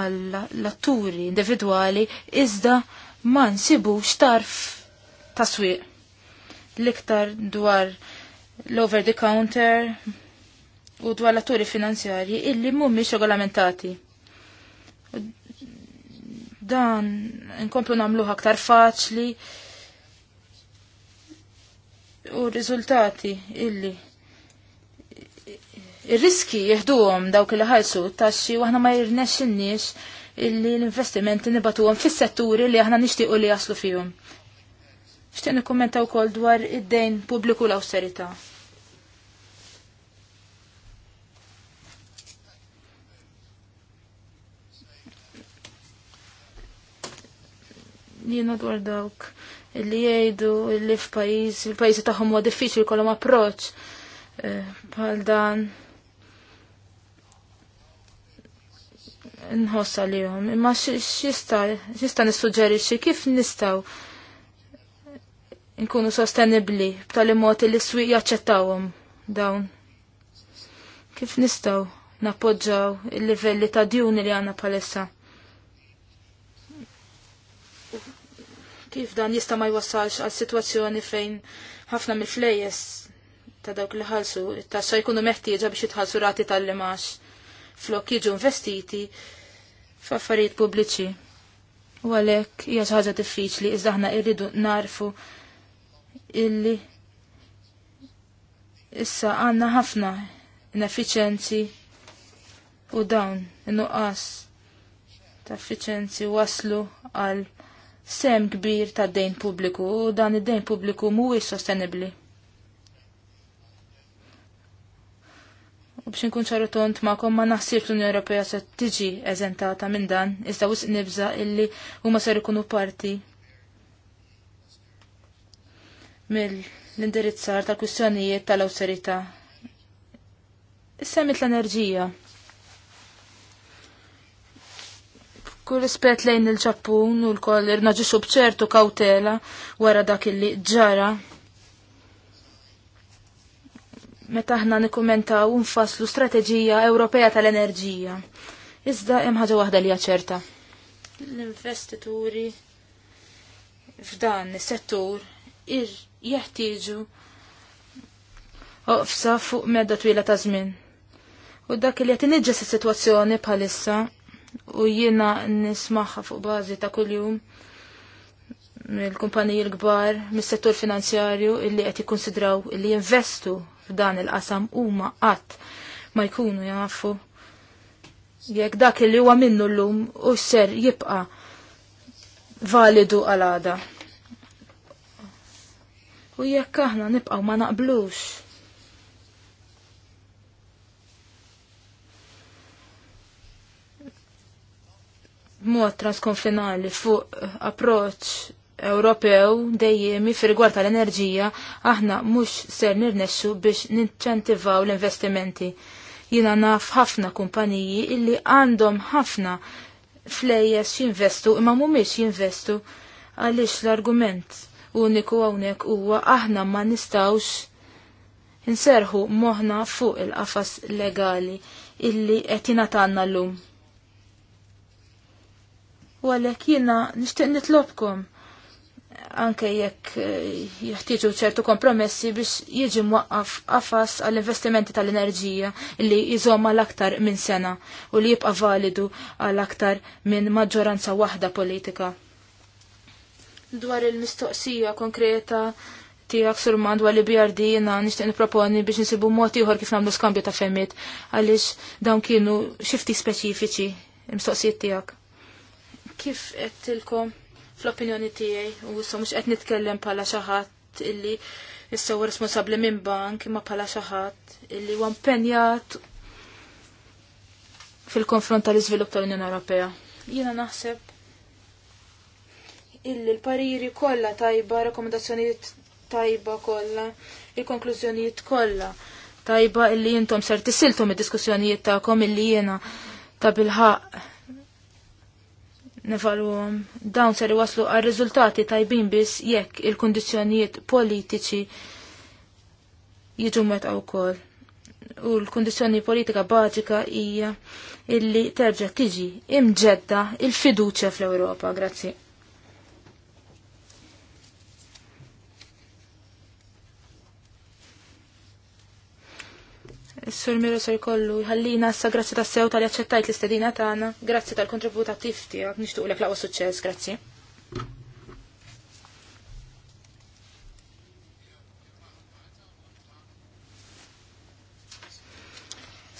għall-atturi individwali iżda ma nsibux tarf taswiq l-iktar dwar l-over the counter u dwar l finanzjarji illi mhumiex regolamentati. Dan inkomplu nagħmluh aktar faċli u r-riżultati illi ir-riski jihduhom dawk il ħajsu taxxi u aħna ma jirnexxinniex illi l-investimenti nibatuhom fis-setturi li aħna nixtiequ li jaslu fihom. kommenta u wkoll dwar id-dejn pubbliku l-awsterità. jina dwar dawk illi jgħidu illi f'pajjiż il-pajjiżi tagħhom huwa diffiċli jkollhom approċċ eh, bħal dan li jom. Imma x'jista' nissuġġerixxi kif nistgħu nkunu sostenibbli b'tali mod li s-swieq jaċċettawhom dawn. Kif nistgħu nappoġġaw il-livelli ta' djuni li għandna bħalissa. Kif dan jista' ma jwassalx għal sitwazzjoni fejn ħafna mill-flejjes ta' dawk li ħalsu ta' taxxa jkunu meħtieġa biex jitħalsu rati tal-limax flok jiġu investiti f'affarijiet pubbliċi. U għalhekk hija xi ħaġa diffiċli iżda aħna rridu narfu illi issa għandna ħafna ineffiċjenzi u dawn in-nuqqas ta' effiċenzi waslu għal sem kbir ta' dejn pubbliku u dan id-dejn pubbliku mhuwiex sostenibbli. U biex nkun ċarutont tont ma naħsibx l-Unjoni Ewropea se tiġi eżentata minn dan, iżda wisq nibża illi huma ser ikunu parti mill-indirizzar tal kwistjonijiet tal awserita Is-semmit l-enerġija. Kull rispett lejn il-Ġappun u l-koll irnaġixu bċertu kautela wara dak illi ġara. Meta aħna nikkumentaw nfasslu strateġija Ewropea tal-enerġija. Iżda hemm ħaġa waħda li ċerta. L-investituri f'dan is-settur jeħtieġu oqfsa fuq medda twila ta' żmien. U dak li qed iniġġes is-sitwazzjoni bħalissa u jiena nismaħħa fuq bażi ta' kuljum mill-kumpaniji l-kbar, mis-settur finanzjarju illi qed jikkonsidraw illi jinvestu f'dan il-qasam huma qatt ma jkunu jafu jekk dak li huwa minnu llum u ser jibqa' validu għal għada. U jekk aħna nibqgħu ma naqblux mod transkonfinali fuq approċ Ewropew dejjemi fi rigward tal-enerġija aħna mhux ser nirnexxu biex ninċentivaw l-investimenti. Jina naf ħafna kumpaniji illi għandhom ħafna flejjes jinvestu imma mhumiex jinvestu għaliex l-argument uniku hawnhekk huwa aħna ma nistgħux inserħu moħna fuq il-qafas legali illi qed jingħatanna llum. U għalhekk jiena nixtieq nitlobkom anke jekk eh, jeħtieġu ċertu kompromessi biex jiġi mwaqqaf qafas għall-investimenti tal-enerġija li jizoma l-aktar minn sena u li jibqa' validu għal aktar minn maġġoranza waħda politika. Dwar il-mistoqsija konkreta tiegħek surmand dwar li BRD nixtieq nipproponi biex insibu mod ieħor kif nagħmlu skambju ta' femmiet għaliex dawn kienu xifti speċifiċi il-mistoqsijiet tiegħek. Kif għedtilkom fl-opinjoni tijaj, u so mux għed nitkellem pala xaħat illi jissaw responsabli minn bank, imma pala xaħat illi penjat fil-konfront tal-izvilup tal-Unjoni Ewropea. Jina naħseb illi l-pariri kolla tajba, rekomendazzjonijiet tajba kolla, il-konklużjonijiet kolla tajba illi jintom ser tisiltom id-diskussjonijiet ta'kom illi jena ta' bilħaq nevaluhom. Dawn ser waslu għal riżultati tajbin biss jekk il-kundizzjonijiet politiċi jiġu metqaw ukoll. U l-kundizzjoni politika baġika hija illi terġa' tiġi imġedda il-fiduċja fl-Ewropa. Grazzi. Sur Miro sur kollu, jħallina sa grazzi ta' sew tal jaċċettajt l-istedina tagħna, grazzi tal-kontribut tifti tiegħek, nixtuq lek laqwa suċċess, grazzi.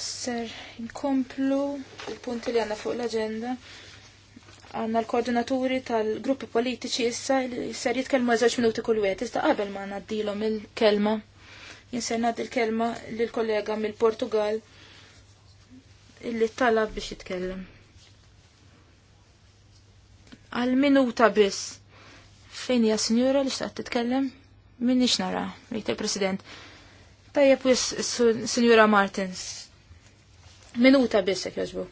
Ser inkomplu il-punti li għanna fuq l-agenda għanna l-koordinaturi tal-gruppi politiċi issa ser jitkellmu għazġ minuti kull wieħed, issa qabel ma għandilhom il-kelma. Jinsenna il-kelma l-kollega mill-Portugal illi talab biex jitkellem. Għal minuta biss. Fejn hija sinjura li xtaqt titkellem? Min nix nara, jgħid il-President. Tajjeb wis sinjura Martins. Minuta biss jek jazbu.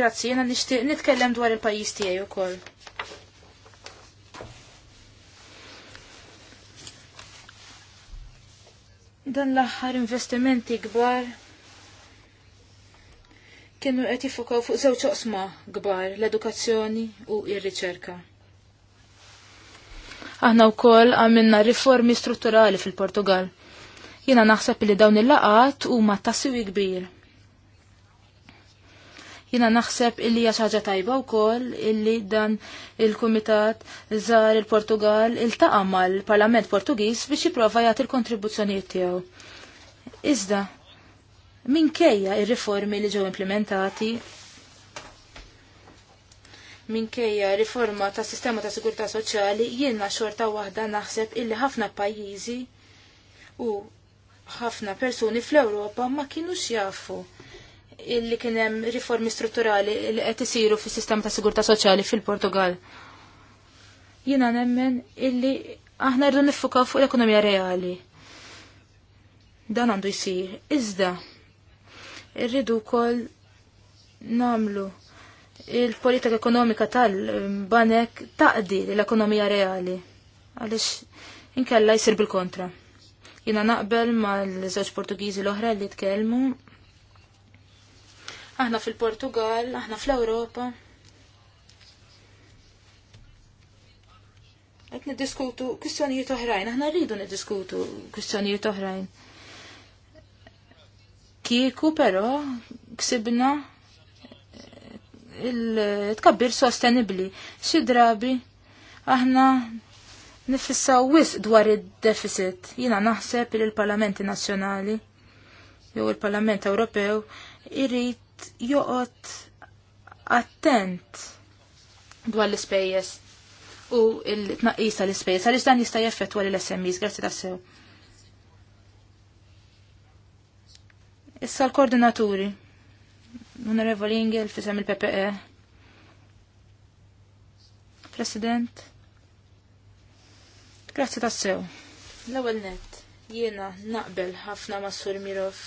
Grazzi, jena nixtieq nitkellem dwar il-pajis tiegħi wkoll. Dan l-aħħar investimenti kbar kienu qed jifokaw fuq żewġ oqsma kbar, l-edukazzjoni u r-riċerka. Aħna wkoll għamilna riformi strutturali fil-Portugal. Jiena naħseb li dawn il-laqat huma tassewi kbir. Jina naħseb illi hija tajba tajba wkoll illi dan il-Kumitat żar il-Portugal iltaqa' mal-Parlament Portugiż biex jipprova jagħti il kontribuzzjonijiet tiegħu. Iżda, minkejja il riformi li ġew implementati minkejja riforma ta' sistema ta' sigurta' soċjali jiena xorta waħda naħseb illi ħafna pajjiżi u ħafna persuni fl-Ewropa ma kienux jafu illi kien hemm riformi strutturali li qed isiru fis-sistema ta' sigurtà soċjali fil-Portugal. Jiena nemmen illi aħna rridu niffukaw fuq l-ekonomija reali. Dan għandu jsir. Iżda rridu wkoll namlu il-politika ekonomika tal-banek taqdi l-ekonomija reali. Għalix inkella jisir bil-kontra. Jina naqbel ma l-żewġ Portugiżi l-oħra li tkellmu aħna fil-Portugal, aħna fl-Ewropa. Qed niddiskutu kwistjonijiet oħrajn, aħna rridu niddiskutu kwistjonijiet oħrajn. Kieku però ksibna eh, il-tkabbir sostenibli. Xi drabi aħna nifissaw wis dwar id-deficit. Jina naħseb il-Parlamenti Nazzjonali jew il-Parlament Ewropew irrit joqot attent dwar l-ispejjeż u l-tnaqqis tal-ispejjeż għaliex dan jista' jaffettwa l SMEs grazzi tassew. Issa l-koordinaturi. Onorevoli Ingel, fisem il-PPE. President. Grazzi tassew. L-ewwel net, jiena naqbel ħafna ma' Sur Mirov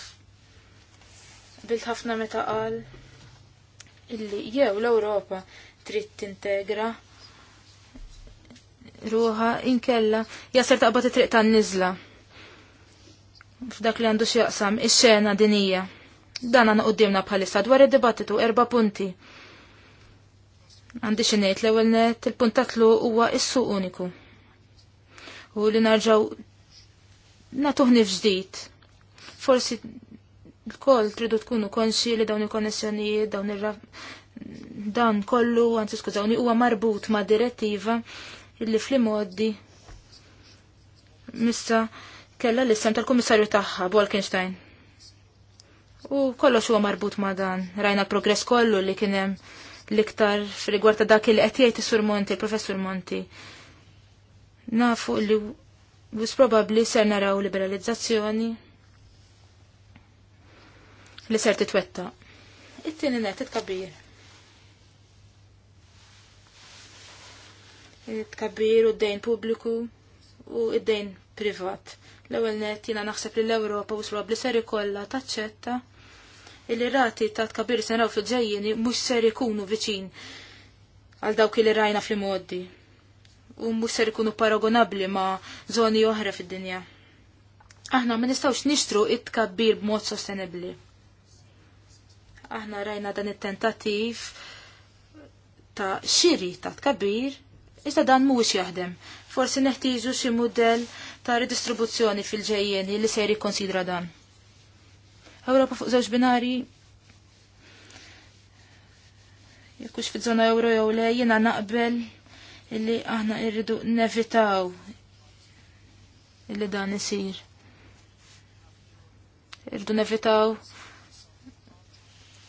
bil ħafna meta qal illi jew l-Ewropa trid tintegra ruha inkella jasser taqbad titriq triq tan-niżla. F'dak li għandu x'jaqsam ix-xena dinija. Dan għana qoddimna bħalissa dwar id-dibattitu erba punti. Għandi xinejt l-ewwel net il-puntatlu huwa is-suq uniku. U li narġaw natuħni f'ġdid. Forsi kol koll tridu tkunu konxi li dawn il-konnessjonijiet, dawn il dan kollu, għanzi skużawni, huwa marbut ma' direttiva illi fl-modi missa kella l-issem tal-komissarju tagħha Bolkenstein. U kollox huwa marbut ma' dan, rajna progress kollu li kienem l-iktar f'rigward ta' dak li qed jgħid is-Sur Monti, il-Professur Monti. Nafu li wis probabbli ser naraw liberalizzazzjoni li ser titwetta. It-tieni net it kabir it kabir u d-dejn pubbliku u id-dejn privat. L-ewwel net jiena naħseb li l-Ewropa waslob li ser ikollha taċċetta li rati ta' tkabir naraw fil-ġejjini mhux ser ikunu viċin għal dawk li rajna fil modi u mhux ser ikunu paragonabli ma' żoni oħra fid-dinja. Aħna ma nistgħux nixtru it-tkabbir b'mod sostenibbli. Aħna rajna dan it tentativ ta' xiri ta' tkabir, iżda dan mhuwiex jaħdem. Forsi neħtiżu xi mudell ta' redistribuzzjoni fil-ġejjeni li se jikkonsidra dan. Ewropa fuq żewġ binari jekkux fi żona euro jew le jiena naqbel illi aħna irridu nevitaw illi dan isir. Irridu nevitaw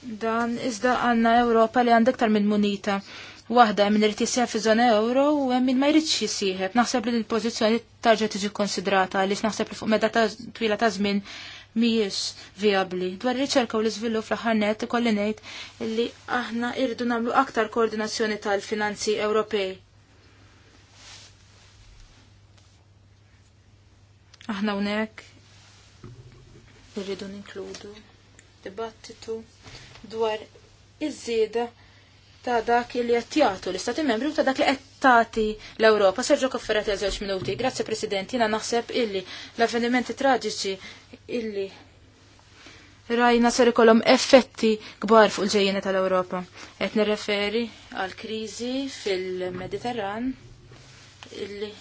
dan iżda għanna Ewropa li għandek tar minn munita. Waħda minn irid jisieħ fi żona euro u hemm min ma jridx jisieħeb. Naħseb li l-pożizzjoni tarġa' tiġi konsidrata għaliex naħseb li fuq meta twila ta' żmien mhijiex viabli. Dwar ir-riċerka u l-iżvilupp fl-aħħar net ikolli ngħid li aħna irridu nagħmlu aktar koordinazzjoni tal-finanzi Ewropej. Aħna hawnhekk irridu ninkludu dibattitu dwar iż-żieda ta' dak li qed jagħtu l-Istati Membri u ta' dak li qed tagħti l-Ewropa. Serġo Kofferati għal żewġ minuti. Grazzi President, jiena naħseb illi l-avvenimenti traġiċi illi rajna ser ikollhom effetti kbar fuq il-ġejjeni tal-Ewropa. Qed nirreferi għal kriżi fil-Mediterran illi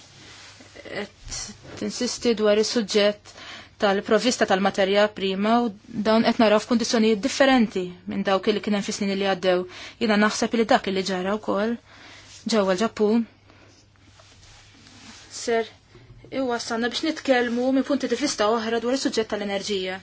qed tinsisti dwar is-suġġett tal-provista tal-materja prima u dawn qed naraw f'kundizzjonijiet differenti minn dawk li kien hemm fis-snin li għaddew. Jiena naħseb li dak li ġara wkoll ġewwa l-Ġappun ser sanna biex nitkellmu minn punti di vista oħra dwar is-suġġett tal-enerġija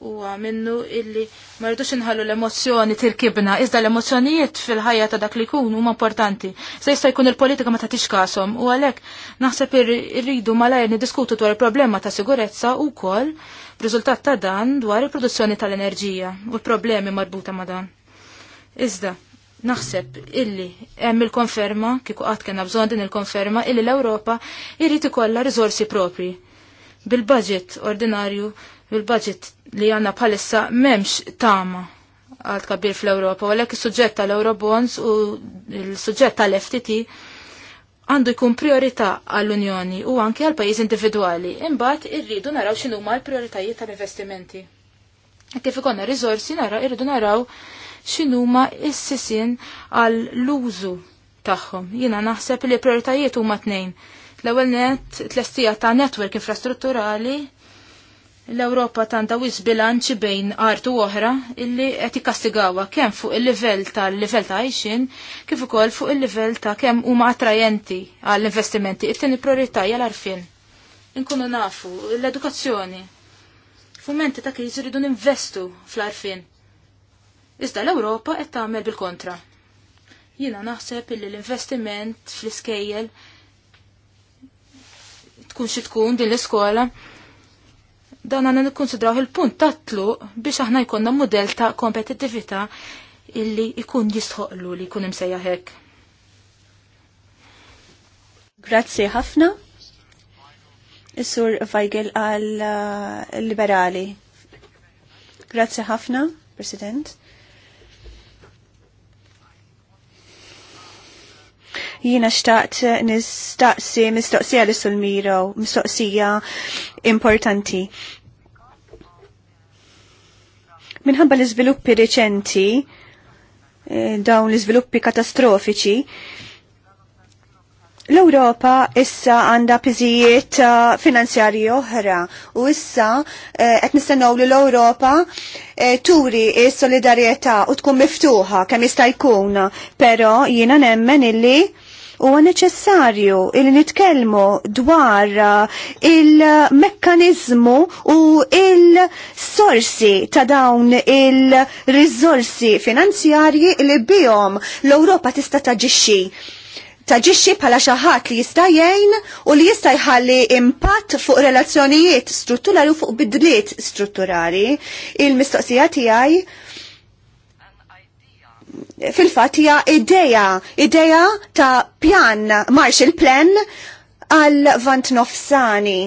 huwa minnu illi ma rridux inħallu l-emozjoni tirkibna, iżda l-emozjonijiet fil-ħajja ta' dak li jkun huma importanti. Se jista' jkun il-politika ma tagħtix kasom u għalhekk naħseb irridu malajr niddiskutu dwar il-problema ta' sigurezza wkoll riżultat ta' dan dwar il-produzzjoni tal-enerġija u l-problemi marbuta ma' dan. Iżda, naħseb illi hemm il-konferma, kieku qatt kellna bżonn din il-konferma, illi l-Ewropa irrid ikollha riżorsi propri bil-budget ordinarju Il-budget li għanna bħalissa memx tama għal kabir fl-Europa, u għalek il-sujġet tal-Eurobonds u il-sujġet tal-FTT għandu jkun priorità għall-Unjoni u anke għal pajjiż individwali. Imbagħad irridu naraw x'inhuma huma l-prijoritajiet tal-investimenti. Kif ikonna riżorsi naraw irridu naraw x'inhuma huma s-sisin għall użu tagħhom. Jiena naħseb li prioritajiet huma tnejn. L-ewwel net tlestija ta' netwerk infrastrutturali l-Ewropa tanda wis bilanċi bejn artu oħra illi qed ikkastigawa kemm fuq il-livell tal-livell ta' għajxin kif ukoll fuq il-livell ta' kemm huma attrajenti għall-investimenti. It-tieni priorità hija l-arfin. Inkunu nafu l-edukazzjoni. Fumenti ta' kriżi ridun ninvestu fl-arfin. Iżda l-Ewropa qed tagħmel bil-kontra. Jiena naħseb illi l-investiment fl-iskejjel tkun xi tkun din l-iskola dan għanna nikkonsidraw il-punt ta' biex aħna jkonna model ta' kompetitivita illi ikun jistħoqlu li jkun imsejja hekk. Grazzi ħafna. Is-sur Vajgel għal uh, liberali. Grazzi ħafna, President. Jina xtaqt eh, nistaqsi mistoqsija li sulmiro, mistoqsija importanti. Minħabba l iżviluppi reċenti, eh, dawn l iżviluppi katastrofiċi, l-Europa issa għanda piżijiet eh, finanzjarji oħra u issa qed nistennew li l-Europa turi s-solidarjetà u tkun miftuħa kemm jista' jkun, però jiena nemmen illi u neċessarju il nitkellmu dwar uh, il-mekkanizmu u il-sorsi ta' dawn il-rizorsi finanzjarji li bihom l-Ewropa tista' taġixxi taġixxi bħala xi ħadd li jista' jgħin u li jista' jħalli impatt fuq relazzjonijiet strutturali u fuq bidliet strutturali. Il-mistoqsija tiegħi fil-fat hija ideja, ideja ta' pjan Marshall Plan għal vant nofsani.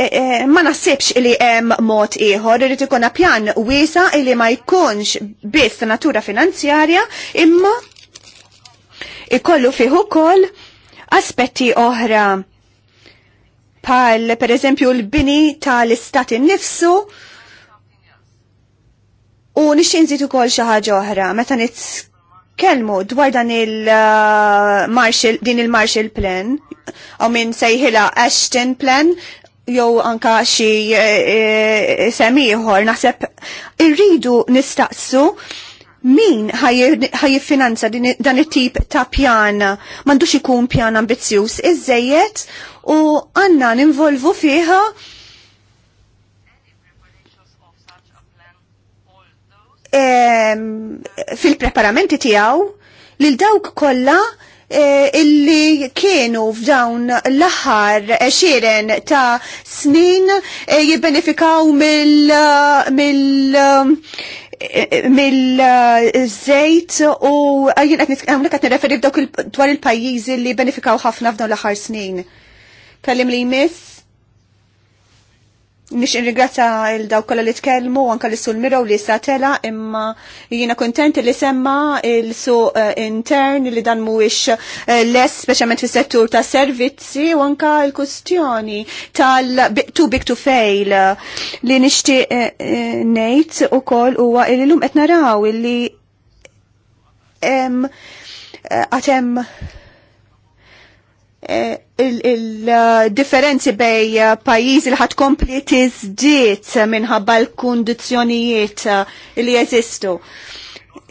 E, e, ma nasibx li hemm mod ieħor, irid ikun pjan wiesa li ma jkunx biss natura finanzjarja imma ikollu fih ukoll aspetti oħra pal per eżempju l-bini tal-istati nifsu U nixin zitu kol xaħġa oħra, meta nitkellmu dwar dan il-Marshall, uh, din il-Marshall Plan, u minn sejħila Ashton Plan, jew anka xi eh, eh, semiħor, naħseb irridu nistaqsu min ħajjiffinanza dan it-tip ta' pjan m'għandux ikun pjan ambizzjuż iżejjed u għandna ninvolvu fiha Ehm, fil-preparamenti tiegħu lil dawk kollha eh, illi kienu f'dawn l-aħħar xiren ta' snin eh, jibbenefikaw mill mill eh, mill-żejt u jien qed hawnhekk qed nirreferi f'dawk dwar il-pajjiżi li benefikaw ħafna f'dawn l-aħħar snin. Kellim li jmiss? nix inrigrata il-daw kolla li tkellmu anka li sul miraw li satela imma jina kontent li semma il-su eh, intern li dan muwix eh, less, specialment fis settur ta' servizzi u anka il-kustjoni tal too big to fail li nixti eh, nejt u koll u il-lum etnaraw li għatem Eh, il-differenzi eh, bej eh, pajjiżi li ħad kompli tiżdiet minħabba l-kundizzjonijiet li jeżistu.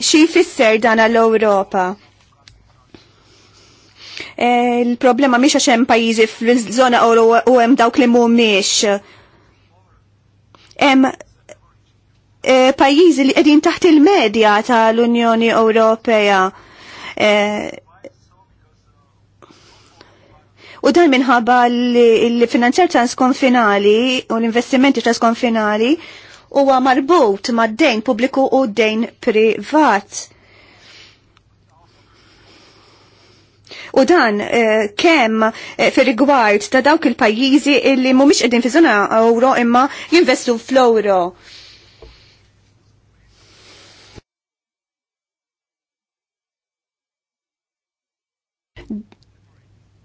Xi jfisser dan l-Ewropa? Il-problema mhix għax hemm pajjiżi fl-żona u hemm dawk li mhumiex. Hemm pajjiżi li qegħdin taħt il-medja tal-Unjoni Ewropea. U dan minħabba l-finanzjar transkonfinali u l-investimenti transkonfinali huwa marbut ma' dejn pubbliku u dejn privat. U dan eh, kemm eh, fir rigward ta' dawk il-pajjiżi illi mhumiex qegħdin fi żona euro imma jinvestu fl-euro.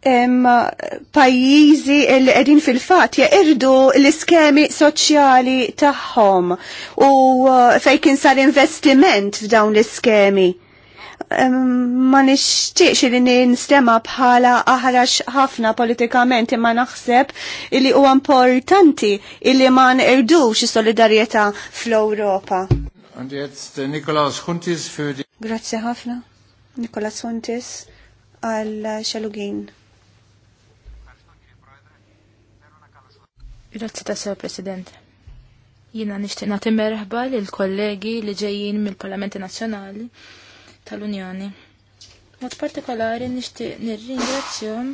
pajjiżi li qegħdin fil-fatt jeqirdu l-iskemi soċjali tagħhom u uh, fejn kien sar investiment f'dawn l-iskemi. Ma nixtieqx li ninstema bħala aħrax ħafna politikament imma naħseb li huwa importanti illi ma nqirdux is-solidarjetà fl-Ewropa. Äh, Grazzi ħafna, Nikolas Huntis għal xalugin. Grazzi ta' sew President. Jina nishtiq nagħti merħba lil kollegi li ġejjin mill-Parlamenti Nazzjonali tal-Unjoni. Mod partikolari nixtieq nirringrazzjom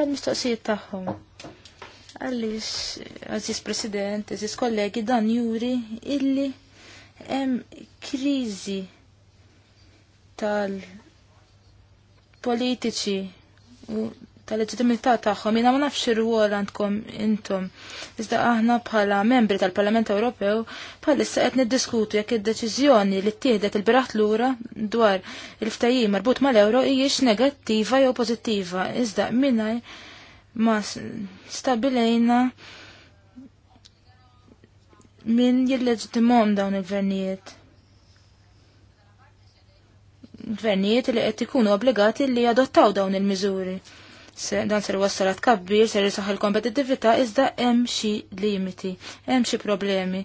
tal-mistoqsijiet tagħhom. Għaliex, Aziz President, Aziz kollegi, dan juri illi hemm kriżi tal-politiċi u tal-leġitimità tagħhom jiena ma nafx ir-rwol għandkom intom. Iżda aħna bħala membri tal-Parlament Ewropew bħalissa qed niddiskutu jekk id-deċiżjoni li ttieħdet il-biraħt lura dwar il-ftajim marbut mal-ewro hijiex negattiva jew pożittiva. Iżda minaj ma stabilejna min jilleġitimom dawn il-gvernijiet. Gvernijiet li qed ikunu obbligati li jadottaw dawn il-miżuri dan ser wassal kabbir, ser jisaħ il kompetitivita iżda hemm xi limiti, hemm xi problemi.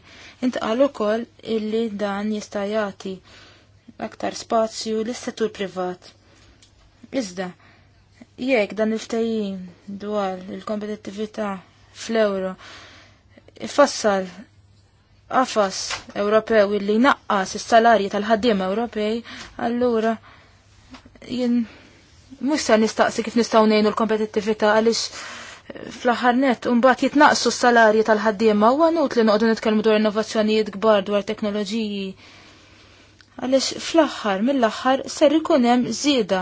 Intqal ukoll illi dan jista' jagħti aktar spazju lis-settur privat. Iżda, jekk dan il-ftejjin dwar il-kompetittività fl-euro ifassal qafas Ewropew illi naqqas is-salarji tal-ħaddiem Ewropej, allura jien Mux se nistaqsi kif nistgħu nejnu l kompetittivita għaliex eh, fl-aħħar net mbagħad jitnaqsu s-salarji tal-ħaddiema u għanut li noqogħdu nitkellmu dwar innovazzjonijiet kbar dwar teknoloġiji. Għaliex fl-aħħar mill-aħħar ser ikunem hemm żieda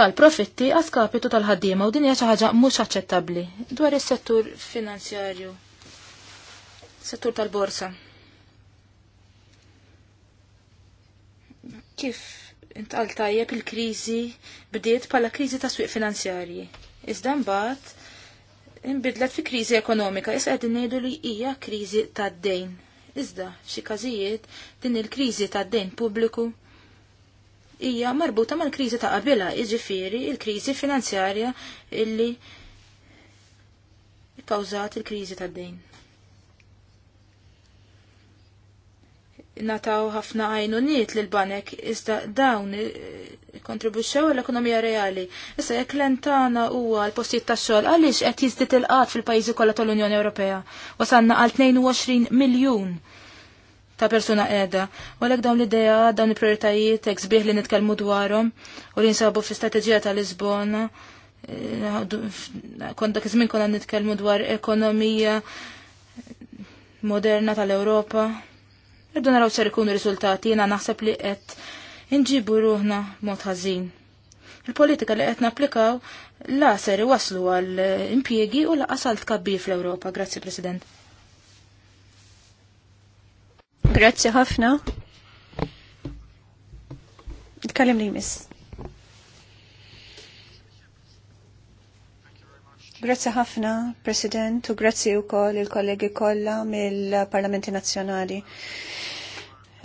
tal-profitti għaskapitu tal-ħaddiema u din hija xi ħaġa mhux aċċettabbli dwar is-settur finanzjarju. Settur tal-borsa. Kif intqal tajjeb il-kriżi bdiet bħala kriżi ta' swieq finanzjarji. Iżda mbagħad inbidlet fi kriżi ekonomika, issa qegħdin ngħidu li hija kriżi tad-dejn. Iżda xi każijiet din il-kriżi tad-dejn pubbliku hija marbuta mal-kriżi ta' qabilha, jiġifieri il-kriżi finanzjarja illi kkawżat il-kriżi tad-dejn. nataw ħafna għajnuniet lil banek iżda dawn kontribuxxew l-ekonomija reali. Issa jekk lentana huwa l-postijiet tax-xogħol għaliex qed jizdit il-qat fil-pajjiżi kollha tal-Unjoni Ewropea. Wasanna għal 22 miljun ta' persuna qiegħda. U għalhekk dawn l-idea, dawn il-prioritajiet hekk sbieħ li nitkellmu dwarhom u li nsabu fl-istrateġija tal-Lisbona. Kont dak iż-żmien konna nitkellmu dwar ekonomija moderna tal-Ewropa Irdu naraw ser ikunu riżultati jiena naħseb li qed inġibu ruħna mod ħażin. Il-politika li qed napplikaw la ser waslu għal impjiegi u laqas għal tkabbi fl-Ewropa. Grazzi President. Grazzi ħafna. Tkallim li miss. Grazzi ħafna, President, u grazie u koll il-kollegi kollha mill-Parlamenti Nazzjonali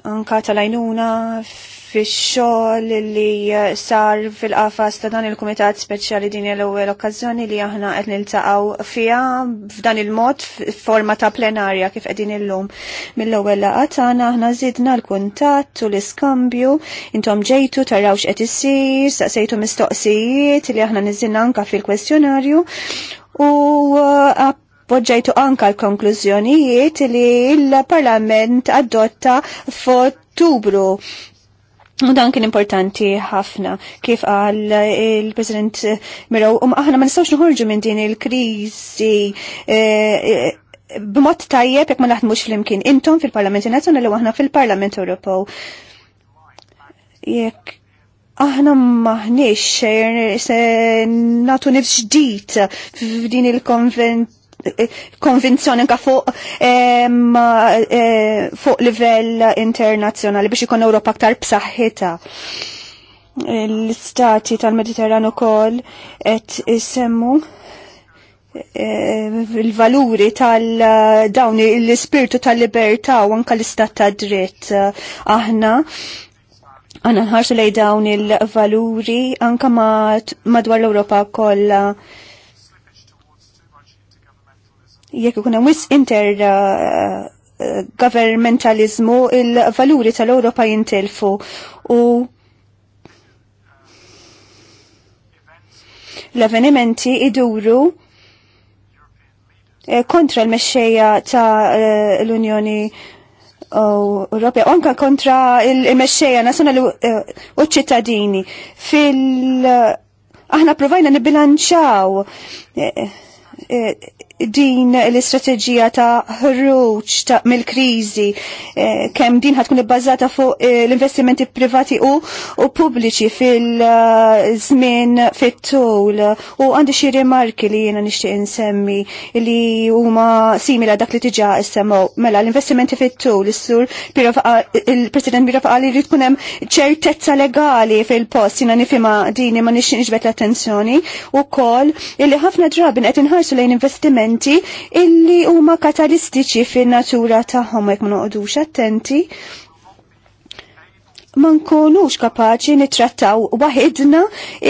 anka tal-għajnuna fix-xogħol li sar fil-qafas ta' dan il-Kumitat Speċjali din l-ewwel okkażjoni li aħna qed niltaqgħu fiha f'dan il-mod forma ta' plenarja kif qegħdin illum mill-ewwel laqgħa tagħna aħna żidna l-kuntatt u l-iskambju intom ġejtu tarawx qed isir, saqsejtu mistoqsijiet li aħna niżilna anka fil-kwestjonarju u uh, poġġajtu anka l-konklużjonijiet li l-Parlament adotta f'Ottubru. U dan kien importanti ħafna kif qal il-President Mirow, um aħna ma nistgħux noħorġu minn din il-kriżi eh, eh, b'mod tajjeb jekk ma naħdmux flimkien intom fil-Parlamenti Nazzjonali u aħna fil-Parlament Ewropew. Jekk aħna maħniex eh, se natu nifs ġdid f'din il-konvent konvinzjoni ka fuq eh, fuq livell internazzjonali biex ikun Ewropa aktar b'saħħitha. L-istati tal-Mediterran ukoll qed isemmu eh, il-valuri tal-dawn l-ispirtu tal-libertà u anka l-istat ta' dritt aħna għanna nħarsu lej dawn il-valuri anka madwar l-Europa kollha jekk ikun hemm wisq inter uh, uh, governmentalizmu il-valuri tal-Ewropa jintilfu u l-avvenimenti iduru eh, kontra l-mexxejja ta' eh, l-Unjoni Ewropea, anka kontra l mexxejja nazzjonali eh, u ċittadini. Fil- aħna provajna nibilanċaw din l-istrateġija ta' ħruġ ta' mill-kriżi eh, kemm din ħatkun ibbażata fuq eh, l-investimenti privati u u pubbliċi fil-żmien fit-tul u għandi xi rimarki li jiena nixtieq insemmi li huma simili għal dak li tiġa issemgħu mela l-investimenti fit-tul is-sur il-President Bira qal li tkun hemm ċertezza legali fil-post jiena nifhimha din ma nixtieq niġbed l-attenzjoni wkoll illi ħafna drabi qed inħarsu lejn investimenti elementi illi huma katalistiċi fin-natura tagħhom jekk ma noqogħdux attenti ma nkunux kapaċi nitrattaw wahidna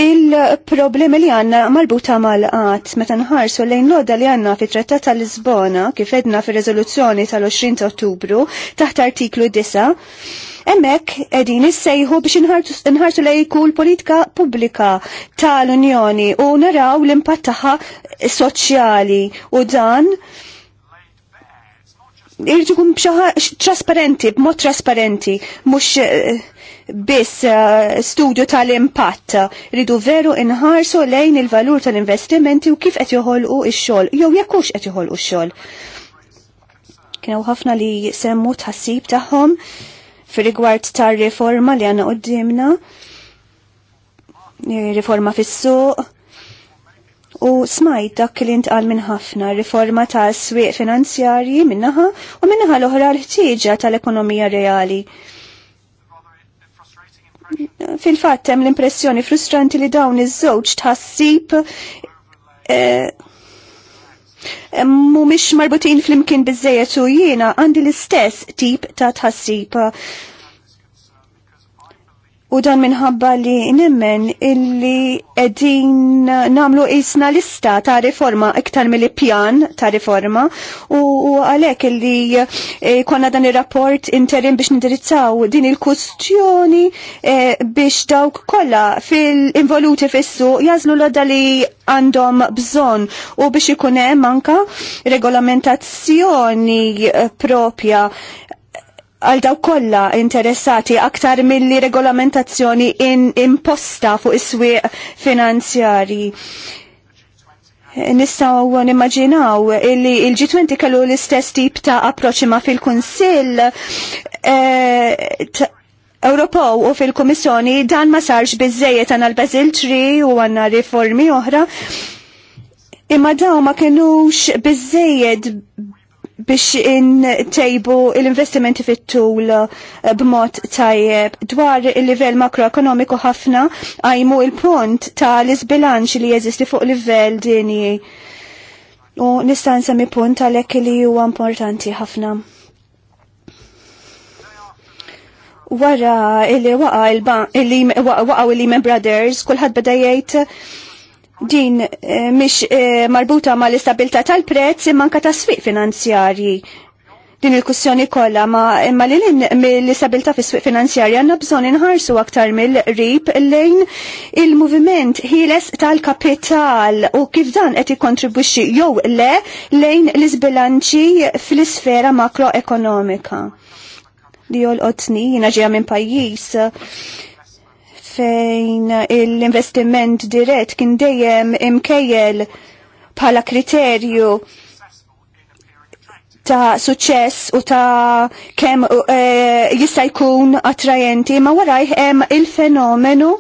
il-problemi li għanna marbuta mal-qat. Meta nħarsu lejn loda li għanna fi trattat tal-Lisbona kif edna fi rezoluzzjoni tal-20 Ottubru taħt artiklu 9, emmek edin issejħu biex nħarsu lej kull politika publika tal-Unjoni u naraw l-impatt tagħha soċjali u dan irġikum trasparenti, b'mod trasparenti, mux eh, biss eh, studju tal-impatt. Ridu veru inħarsu lejn il-valur tal-investimenti u kif qed joħolqu x-xogħol jew jekk hux qed joħolqu x-xogħol. Kienu ħafna li semmu tħassib tagħhom fir-rigward tar-riforma li għandna qudiemna. Riforma fis-suq, U smajt dak li ntqal minn ħafna riforma ta' swieq finanzjarji minnaħa u minnaħa l-oħra l-ħtieġa tal-ekonomija reali fil-fatt hemm l-impressjoni frustranti li dawn iż-żewġ tħassib eh, eh, mhumiex marbutin flimkien bizzejet u jiena għandi l-istess tip ta' tħassib u dan minħabba li nemmen illi edin namlu isna lista ta' riforma iktar mill pjan ta' riforma u għalek illi e, konna dan il-rapport interim biex nindirizzaw din il-kustjoni e, biex dawk kolla fil-involuti fissu jazlu l-odda li għandhom bżon u biex ikunem manka regolamentazzjoni eh, propja għal daw kollha interessati aktar milli regolamentazzjoni in imposta fuq is-swieq finanzjari. Nistaw nimmaġinaw li il-G20 kellu l-istess tip ta' approċċi ma' fil-Kunsill e, Ewropew u fil-Kummissjoni dan ma sarx biżejjed għandna l-Basil u għandna riformi oħra. Imma daw ma kienux biżejjed biex intejbu l-investimenti fit-tul eh, b'mod tajjeb dwar il-livell makroekonomiku ħafna għajmu il-punt ta' l-izbilanċ li jeżisti fuq livell dinji. U nista' nsemmi punt għalhekk li huwa importanti ħafna. Wara illi waqaw il-li Brothers, kulħadd beda jgħid din mish eh, eh, marbuta ma l-istabilta tal-prezz manka ta' sfiq finanzjarji. Din il-kussjoni kollha ma imma li mill-istabilta fis sfiq finanzjari għandna bżonn inħarsu aktar mill-rib lejn il-moviment ħieles tal-kapital u kif dan qed ikkontribwixxi jew le lejn l-isbilanċi fl-isfera makroekonomika. Li jolqotni jiena ġejja minn pajjiż fejn l-investiment dirett kien dejjem imkejjel bħala kriterju ta' suċess u ta' kem e, jista' jkun attrajenti, ma warajh hemm il-fenomenu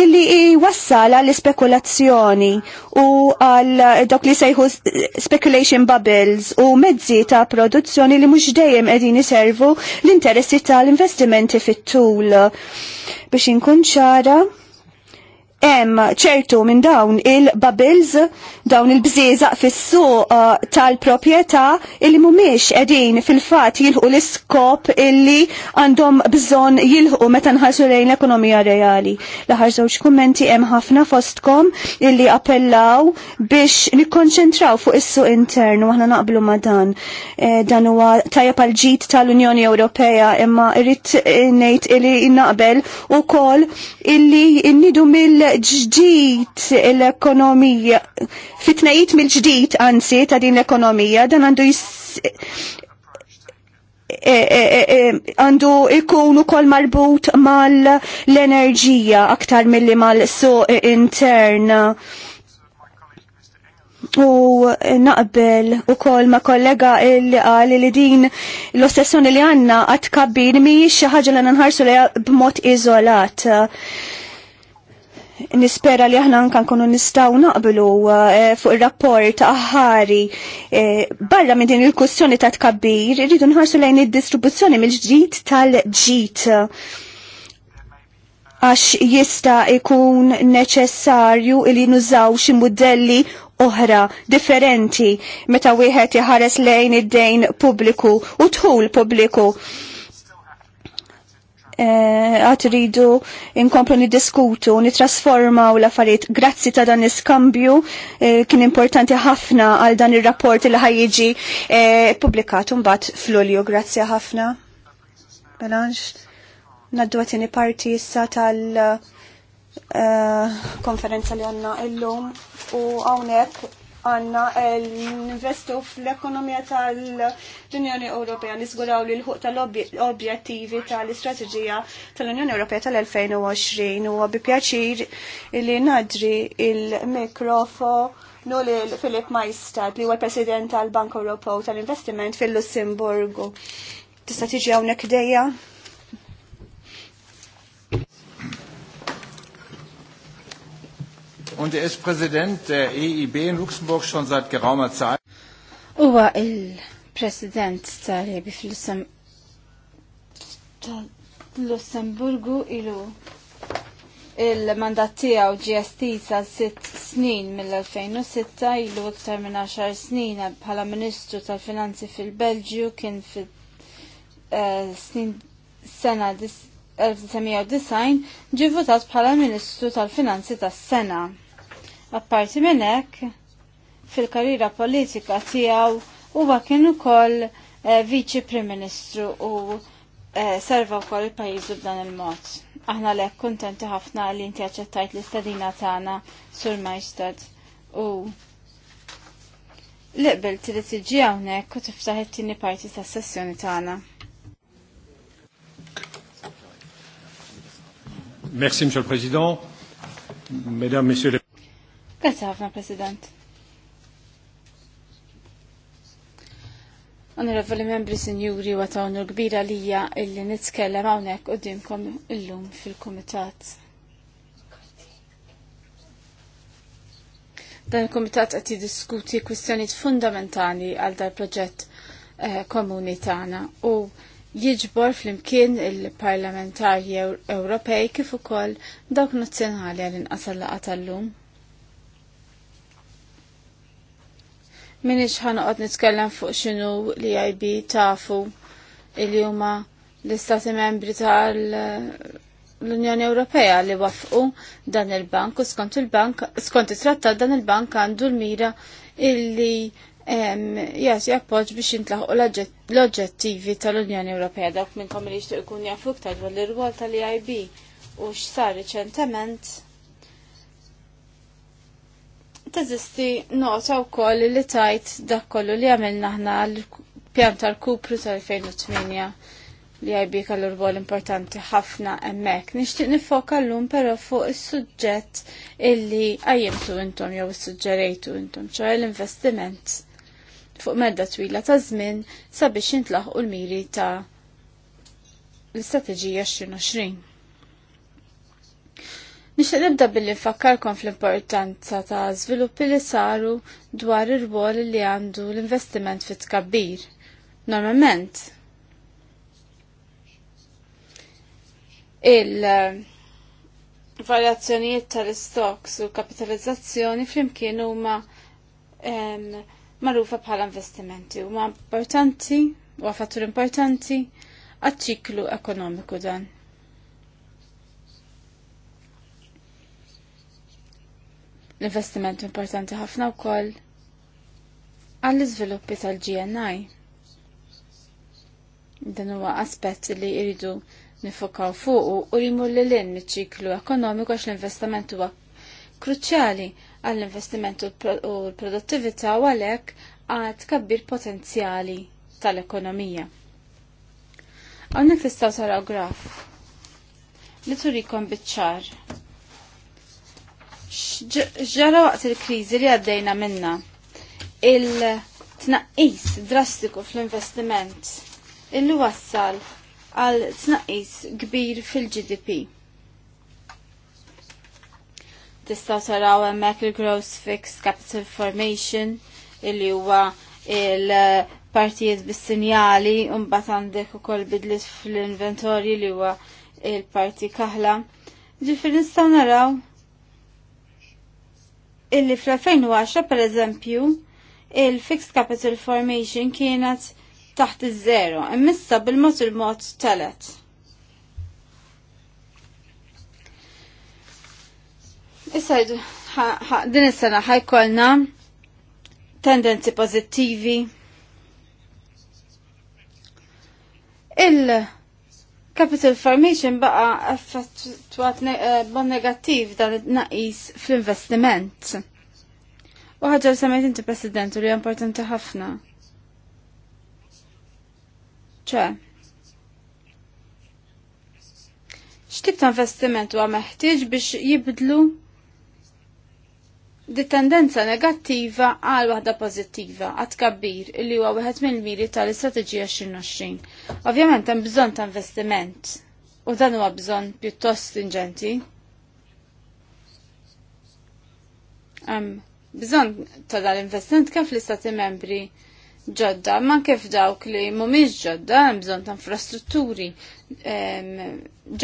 illi wassal għall spekulazzjoni u għal dok li sejħu speculation bubbles u mezzi ta' produzzjoni li mhux dejjem qegħdin iservu l-interessi tal-investimenti fit-tul. Biex inkun ċara, Em ċertu minn dawn il-bubbles, dawn il-bżieżaq fis-suq uh, tal-proprjetà illi mhumiex qegħdin fil-fatt jilħu l-iskop illi għandhom bżonn jilħu meta nħarsu lejn l-ekonomija reali. L-aħħar żewġ kummenti hemm ħafna fostkom illi appellaw biex nikkonċentraw fuq is-suq internu aħna naqblu ma dan. E, dan huwa tajja pal ġid tal-Unjoni Ewropea imma irrid ngħid illi naqbel ukoll illi nnidu mill il-ġdid l-ekonomija, fitnejt mill-ġdid anzi ta' din l-ekonomija, dan għandu jis e, e, e, għandu ikunu kol marbut mal l-enerġija aktar mill-li mal so intern. U naqbel u kol ma kollega li għal li din l-ossessjoni li għanna għat kabbin mi xaħġa l nħarsu li b'mod izolat nispera li aħna anka nkunu nistaw naqblu eh, fuq ir-rapport aħari eh, barra minn din il-kussjoni ta' tkabbir, irridu nħarsu lejn id-distribuzzjoni mill-ġdid tal-ġid għax jista ikun neċessarju li nużaw xi modelli oħra differenti meta wieħed iħares lejn id-dejn pubbliku u tħul pubbliku. Eh, għat e, ridu inkomplu nidiskutu, nitrasformaw l-affarijiet. Grazzi ta' dan iskambju eh, kien importanti ħafna għal dan ir-rapport li ħajjiġi e, eh, publikat mbagħad f'Lulju. Grazzi ħafna. Belanx, naddu għatini parti issa tal- konferenza li għanna illum u għawnek għanna eh, investu fl-ekonomija tal-Unjoni Ewropea nisguraw li l-ħuq tal-objettivi tal-istrateġija tal-Unjoni Ewropea tal-2020 u bi pjaċir li nadri il-mikrofo nuli Filip Majstad li huwa president tal-Bank Ewropew tal-Investiment fil-Lussemburgu. Tista' tiġi hawnhekk dejja? und er ist Präsident der EIB in Luxemburg schon seit geraumer Zeit. Uwa il-President tal-EIB fil-Lussemburgu ilu il-mandat tiegħu ġie sa għal sitt snin mill-2006 ilu iktar minn 10 snin bħala Ministru tal-Finanzi fil-Belġju kien fil eh, snin sena 1990 ġi bħala Ministru tal-Finanzi tas-sena. Apparti minn hekk, fil-karriera politika tiegħu huwa kien ukoll eh, viċi Prim Ministru u eh, serva wkoll il-pajjiżu b'dan il-mod. Aħna lek kuntenti ħafna li inti aċċettajt l-istadina tagħna sur Majstad u li qbel li tiġi hawnhekk u tiftaħ it-tieni parti tas-sessjoni tagħna. Merci, Monsieur le Président. Mesdames, Messieurs les Grazie ħafna, President. Onorevoli membri sinjuri u ta' kbira lija illi nitkellem hawnhekk qudiemkom illum fil-kumitat. Dan il-kumitat qed jiddiskuti kwistjonijiet fundamentali għal dal proġett eh, komuni tagħna u jiġbor flimkien il parlamentari Ewropej kif ukoll dawk nazzjonali għal inqasal laqgħa tal-lum. Minix ħanqot nitkellem fuq xinu li għajbi tafu il huma l-istati membri tal-Unjoni Ewropea li wafqu dan il-bank u skont il-bank, skont it-trattat dan il-bank għandu l-mira illi jas jappoġ biex jintlaħu l-oġġettivi tal-Unjoni Ewropea dawk minn li jixtieq ikun jafu tal dwar l-irwol tal ib u x'sar riċentement Teżisti nota wkoll li tajt dak kollu li għamilna aħna l-pjan tal-kupru tal-2008 li għajbika l rwol importanti ħafna emmek. Nishtiq nifoka l-lum pero fuq il-sujġet illi għajjimtu intom jew suġġerejtu intom, ċoħe l-investiment fuq medda twila ta' żmien sabiex jintlaħqu l-miri ta' l-istrateġija 2020. Nixtieq nibda billi nfakkarkom fl-importanza ta' żviluppi li saru dwar ir-rwol li għandu l-investiment fit tkabbir. Normalment, il-varjazzjonijiet eh, tal-istoks u kapitalizzazzjoni flimkien huma magħrufa bħala investimenti huma importanti u fattur importanti għat-ċiklu ekonomiku dan. l-investiment importanti ħafna wkoll għall-iżviluppi tal-GNI. Dan huwa aspett li jridu nifokaw fuqu u rimur li l-in ċiklu ekonomiku għax l-investiment huwa kruċjali għall-investiment u l-produttività u għalhekk għad kabbir potenzjali tal-ekonomija. Għonek tistaw taraw graf li turikom bitċar ġara waqt il-krizi li għaddejna minna il-tnaqqis drastiku fl-investiment illi wassal għal tnaqqis kbir fil-GDP. Tistaw taraw hemmhekk il-Gross Fixed Capital Formation illi huwa il-partijiet bis-sinjali u mbagħad għandek ukoll bidlis fl-inventorji li huwa il-parti kaħla. Ġifier nistgħu naraw illi fl-2010 per eżempju il-Fixed Capital Formation kienet taħt iż-żero, immissa bil-mod il-mod telet. Issa din is-sena ħajkolna tendenzi pożittivi. Il- Capital Formation baqa effettuat eh, bon negattiv dan naqis fl-investiment. U ħagġa li semmejt inti President u li importanti ħafna. ċe, x'tib ta' investiment huwa meħtieġ biex jibdlu di tendenza negattiva għal waħda pozittiva għat kabbir illi huwa wieħed mill-miri tal-istrateġija 2020. Ovvjament hemm bżonn ta' investiment u dan huwa bżonn pjuttost stringenti. Hemm bżonn ta' dal-investiment kemm l istati membri ġodda, ma kif dawk li mhumiex ġodda, hemm bżonn ta' infrastrutturi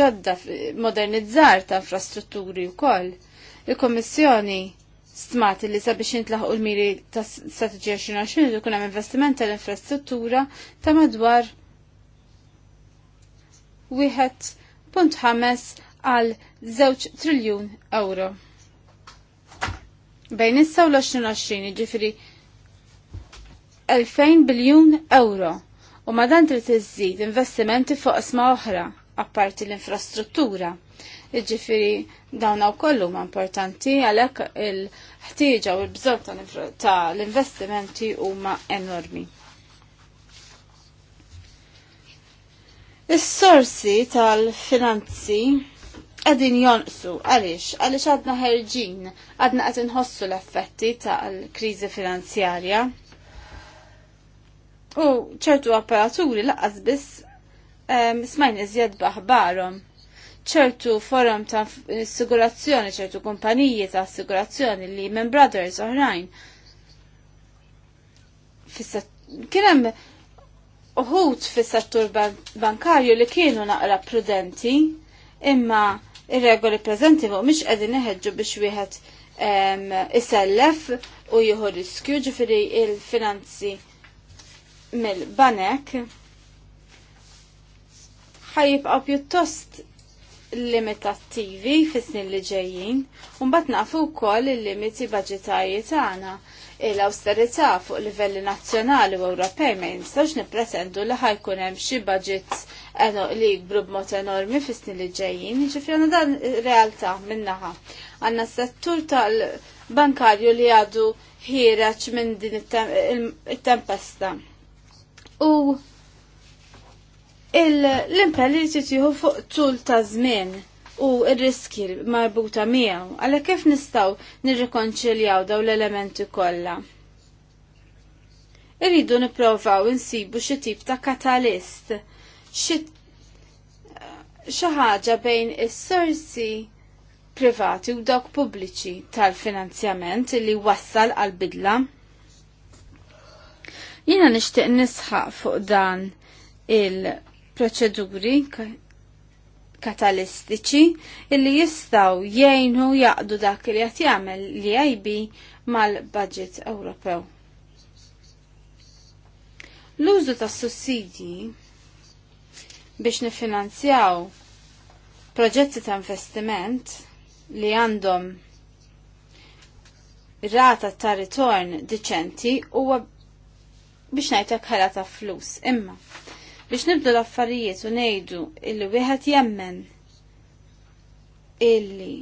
ġodda modernizzar ta' infrastrutturi wkoll. Il-Kommissjoni smat li sabiex jintlaħu l-miri ta' strategija 2020 li kunem investiment tal-infrastruttura ta' madwar wieħed punt ħames għal żewġ triljun euro. Bejn issa u l-2020 ġifiri 2000 biljun euro u madan trid iżżid investimenti fuq isma oħra apparti l-infrastruttura. Iġifiri dawna u kollu ma importanti għalek il-ħtieġa u l-bżon ta' l-investimenti huma enormi. Is-sorsi tal-finanzi għadin jonqsu, għalix, għalix għadna ħerġin, għadna għadin ħossu l-effetti tal-krizi finanzjarja. U ċertu apparaturi laqqas biss smajn iżjed baħbarom ċertu forum ta' assigurazzjoni, ċertu kumpaniji ta' assigurazzjoni li Lehman Brothers oħrajn. Kien hemm uħut fis-settur bankarju li kienu naqra prudenti, imma ir-regoli preżenti fuq mhix qegħdin iħeġġu biex wieħed isellef u jieħu riskju ġifieri il-finanzi mill-banek ħajibqa' pjuttost limitattivi fis-snin li ġejjin, u mbagħad nafu wkoll il-limiti budġetarji tagħna. l awsterità fuq livelli nazzjonali u Ewropej ma jinstgħux nippretendu li ħajkun hemm xi budgets li jikbru b'mod enormi fis-snin li ġejjin, jiġifieri dan realtà minnaħa. Għandna settur tal-bankarju li għadu ħieraċ minn din it-tempesta. U l-impel li titiħu fuq tul ta' żmien u r-riski marbuta miegħu, għala kif nistaw nirrikonċiljaw daw l-elementi kollha. Irridu nipprovaw insibu xi tip ta' katalist, xi ħaġa bejn is-sorsi privati u dawk pubbliċi tal-finanzjament li wassal għal-bidla. Jina nishtiq nisħaq fuq dan il- proċeduri katalistiċi illi jistaw jgħinu jaqdu dak li qed jagħmel li għajbi mal-budget Ewropew. L-użu tas sussidji biex nifinanzjaw proġetti ta' investiment li għandhom rata ta' ritorn diċenti huwa biex ngħidlek ħala ta' flus. Imma biex nibdu l-affarijiet u ngħidu illi wieħed jemmen illi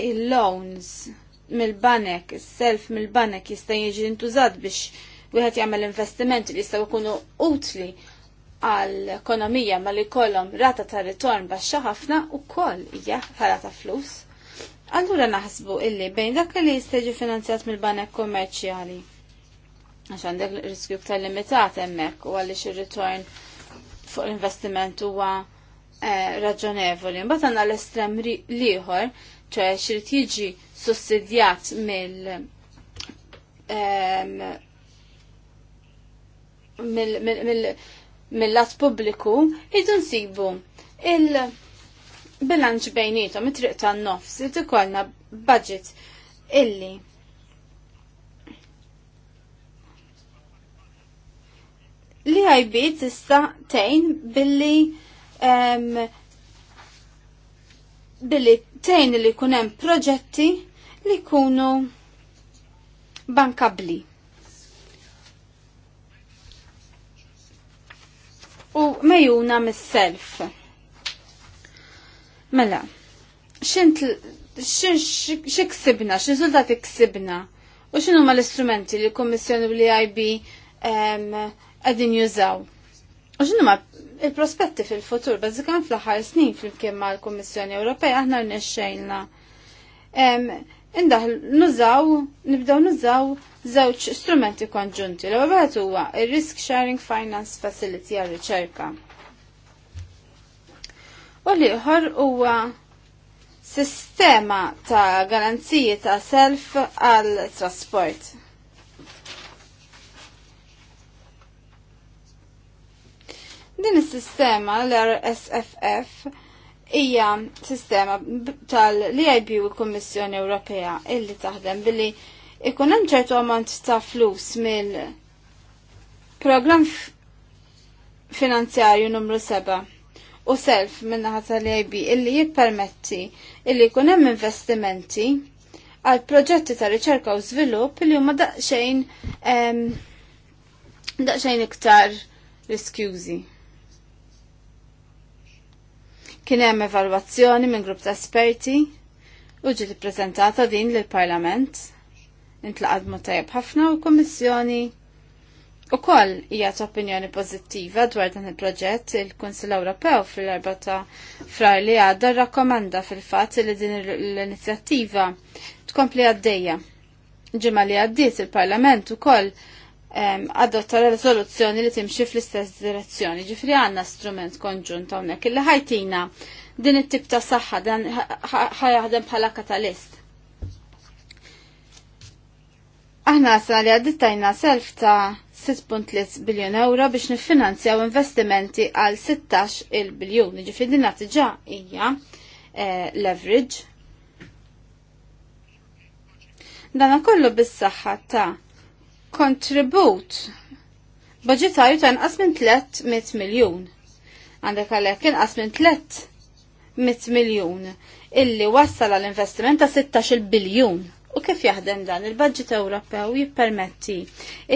il-loans mill-banek, il-self mill-banek jista' jiġi intużat biex wieħed jagħmel investimenti li jistgħu jkunu utli għall-ekonomija ma li kolom rata ta' ritorn baxxa ħafna ukoll hija ħara ta' flus. Allura naħsbu illi bejn dak li jista' jiġi finanzjat mill-banek kummerċjali għax għandek riskju ktar limitat hemmhekk u għaliex ir-return fuq l-investiment huwa eh, raġonevoli. Mbagħad għandna l-estrem liħor, ċe xirrid jiġi sussidjat ehm, mill mill-lat pubbliku, idu nsibu il-bilanċ bejnietom, it-triq tan-nofs, it-ikollna budget illi li e IB tista' tejn billi um, billi tgħin li jkun hemm proġetti li jkunu bankabli. U mejuna mis-self. Mela, xint xiksibna, x'riżultati ksibna, u x'inhuma l-istrumenti li l-Kummissjoni u e ib għedin jużaw. U ma il-prospetti fil-futur, bazzikan fl-ħar snin fil-kien ma l-Kommissjoni Ewropea aħna rnexxejna. Indaħ nużaw, nibdaw nużaw żewġ strumenti konġunti. L-ewwel huwa il risk Sharing Finance Facility għal riċerka. U li ieħor huwa sistema ta' garanziji ta' self għal trasport. Din is-sistema l-RSFF hija sistema tal-EIB u l kommissjoni Ewropea illi taħdem billi ikun hemm ċertu amont ta' flus mill program finanzjarju numru 7 u self minnaħa tal-EIB illi jippermetti illi jkun hemm investimenti għal proġetti ta' riċerka u żvilupp li huma daqsxejn daqsxejn iktar riskjużi. Kien hemm evalwazzjoni minn grupp ta' esperti u ġiet ippreżentata din lill parlament intlaqad mod tajjeb ħafna u kummissjoni koll jgħat opinjoni pożittiva dwar dan il-proġett il-Kunsill Ewropew fil-4 ta' frar li għadda rrakkomanda fil-fatt li din l-inizjattiva tkompli għaddejja. Ġimgħa li għaddiet il-Parlament ukoll koll adotta rezoluzzjoni li timxi fl-istess direzzjoni. Ġifri għanna strument konġunt hawnhekk illi ħajtina din it-tip ta' saħħa dan ħajaħdem bħala katalist. Aħna sa li għaddittajna self ta' 6.3 biljon euro biex nifinanzjaw investimenti għal 16 il-biljon. Ġifri din għatġa hija eh, leverage. Dana kollu bis-saħħa ta' kontribut budgetarju ta' nqas minn 300 miljun. Għandek għalhekk inqas minn 300 miljun illi wassal għal investiment ta' 16 biljun. U kif jaħdem dan il-budget Ewropew jippermetti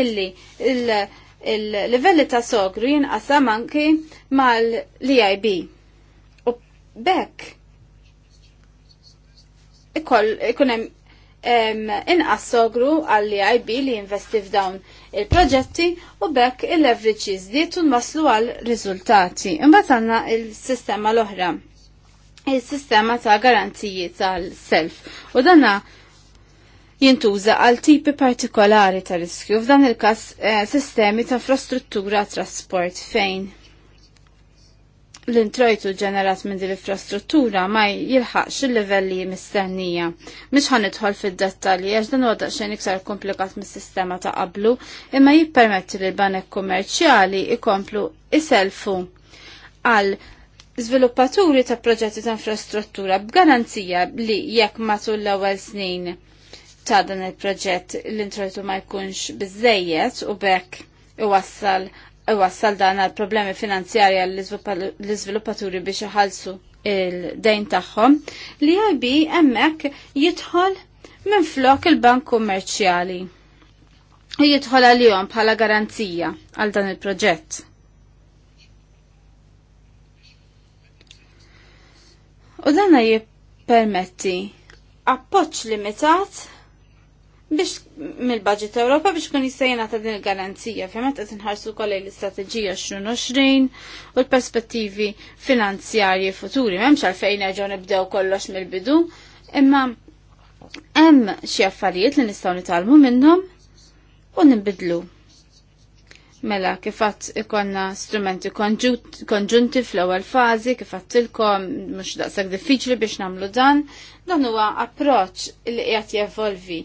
illi il-livelli ta' sogru jinqasam anki mal-EIB. U bekk ikoll ikunem inqas sogru għalli IB li investi f'dawn il-proġetti u bekk il-leverage jizdiet u nwaslu għal riżultati. Imbagħad għandna il-sistema l-oħra. Il-sistema ta' garanziji tal-self. U danna jintuża għal tipi partikolari ta' riskju f'dan il-każ eh, sistemi ta' infrastruttura trasport fejn l-introjtu ġenerat minn din l-infrastruttura ma jilħaqx il-livelli mistennija. Mhix ħanidħol fid-dettalji għax dan wadaq xejn iktar komplikat mis-sistema ta' qablu, imma jippermetti li l-banek kummerċjali ikomplu iselfu għal żviluppaturi ta' proġetti ta' infrastruttura b'garanzija li jekk matul l-ewwel snin ta' dan il-proġett l-introjtu ma jkunx biżejjed u bekk iwassal wassal dan għal problemi finanzjarja l-izviluppaturi biex iħallsu il-dejn tagħhom, li IB hemmhekk jidħol minn flok il-bank kummerċjali. Jidħol għalihom bħala garanzija għal dan il-proġett. U dan jippermetti appoċ limitat biex mill-budget Ewropa biex kun jistajna ta' din il-garanzija, fjemet għet nħarsu kollej l-istrategija 2020 u l-perspettivi finanzjarji futuri. Memx għalfejn għagħu nibdew kollox mill-bidu, imma hemm xi affarijiet li nistgħu nitalmu minnhom u nibidlu. Mela, kifat ikonna strumenti konġunti fl-ewwel fażi, kifat tilkom mhux daqsak diffiċli biex nagħmlu dan, dan huwa approċċ li qiegħed jevolvi.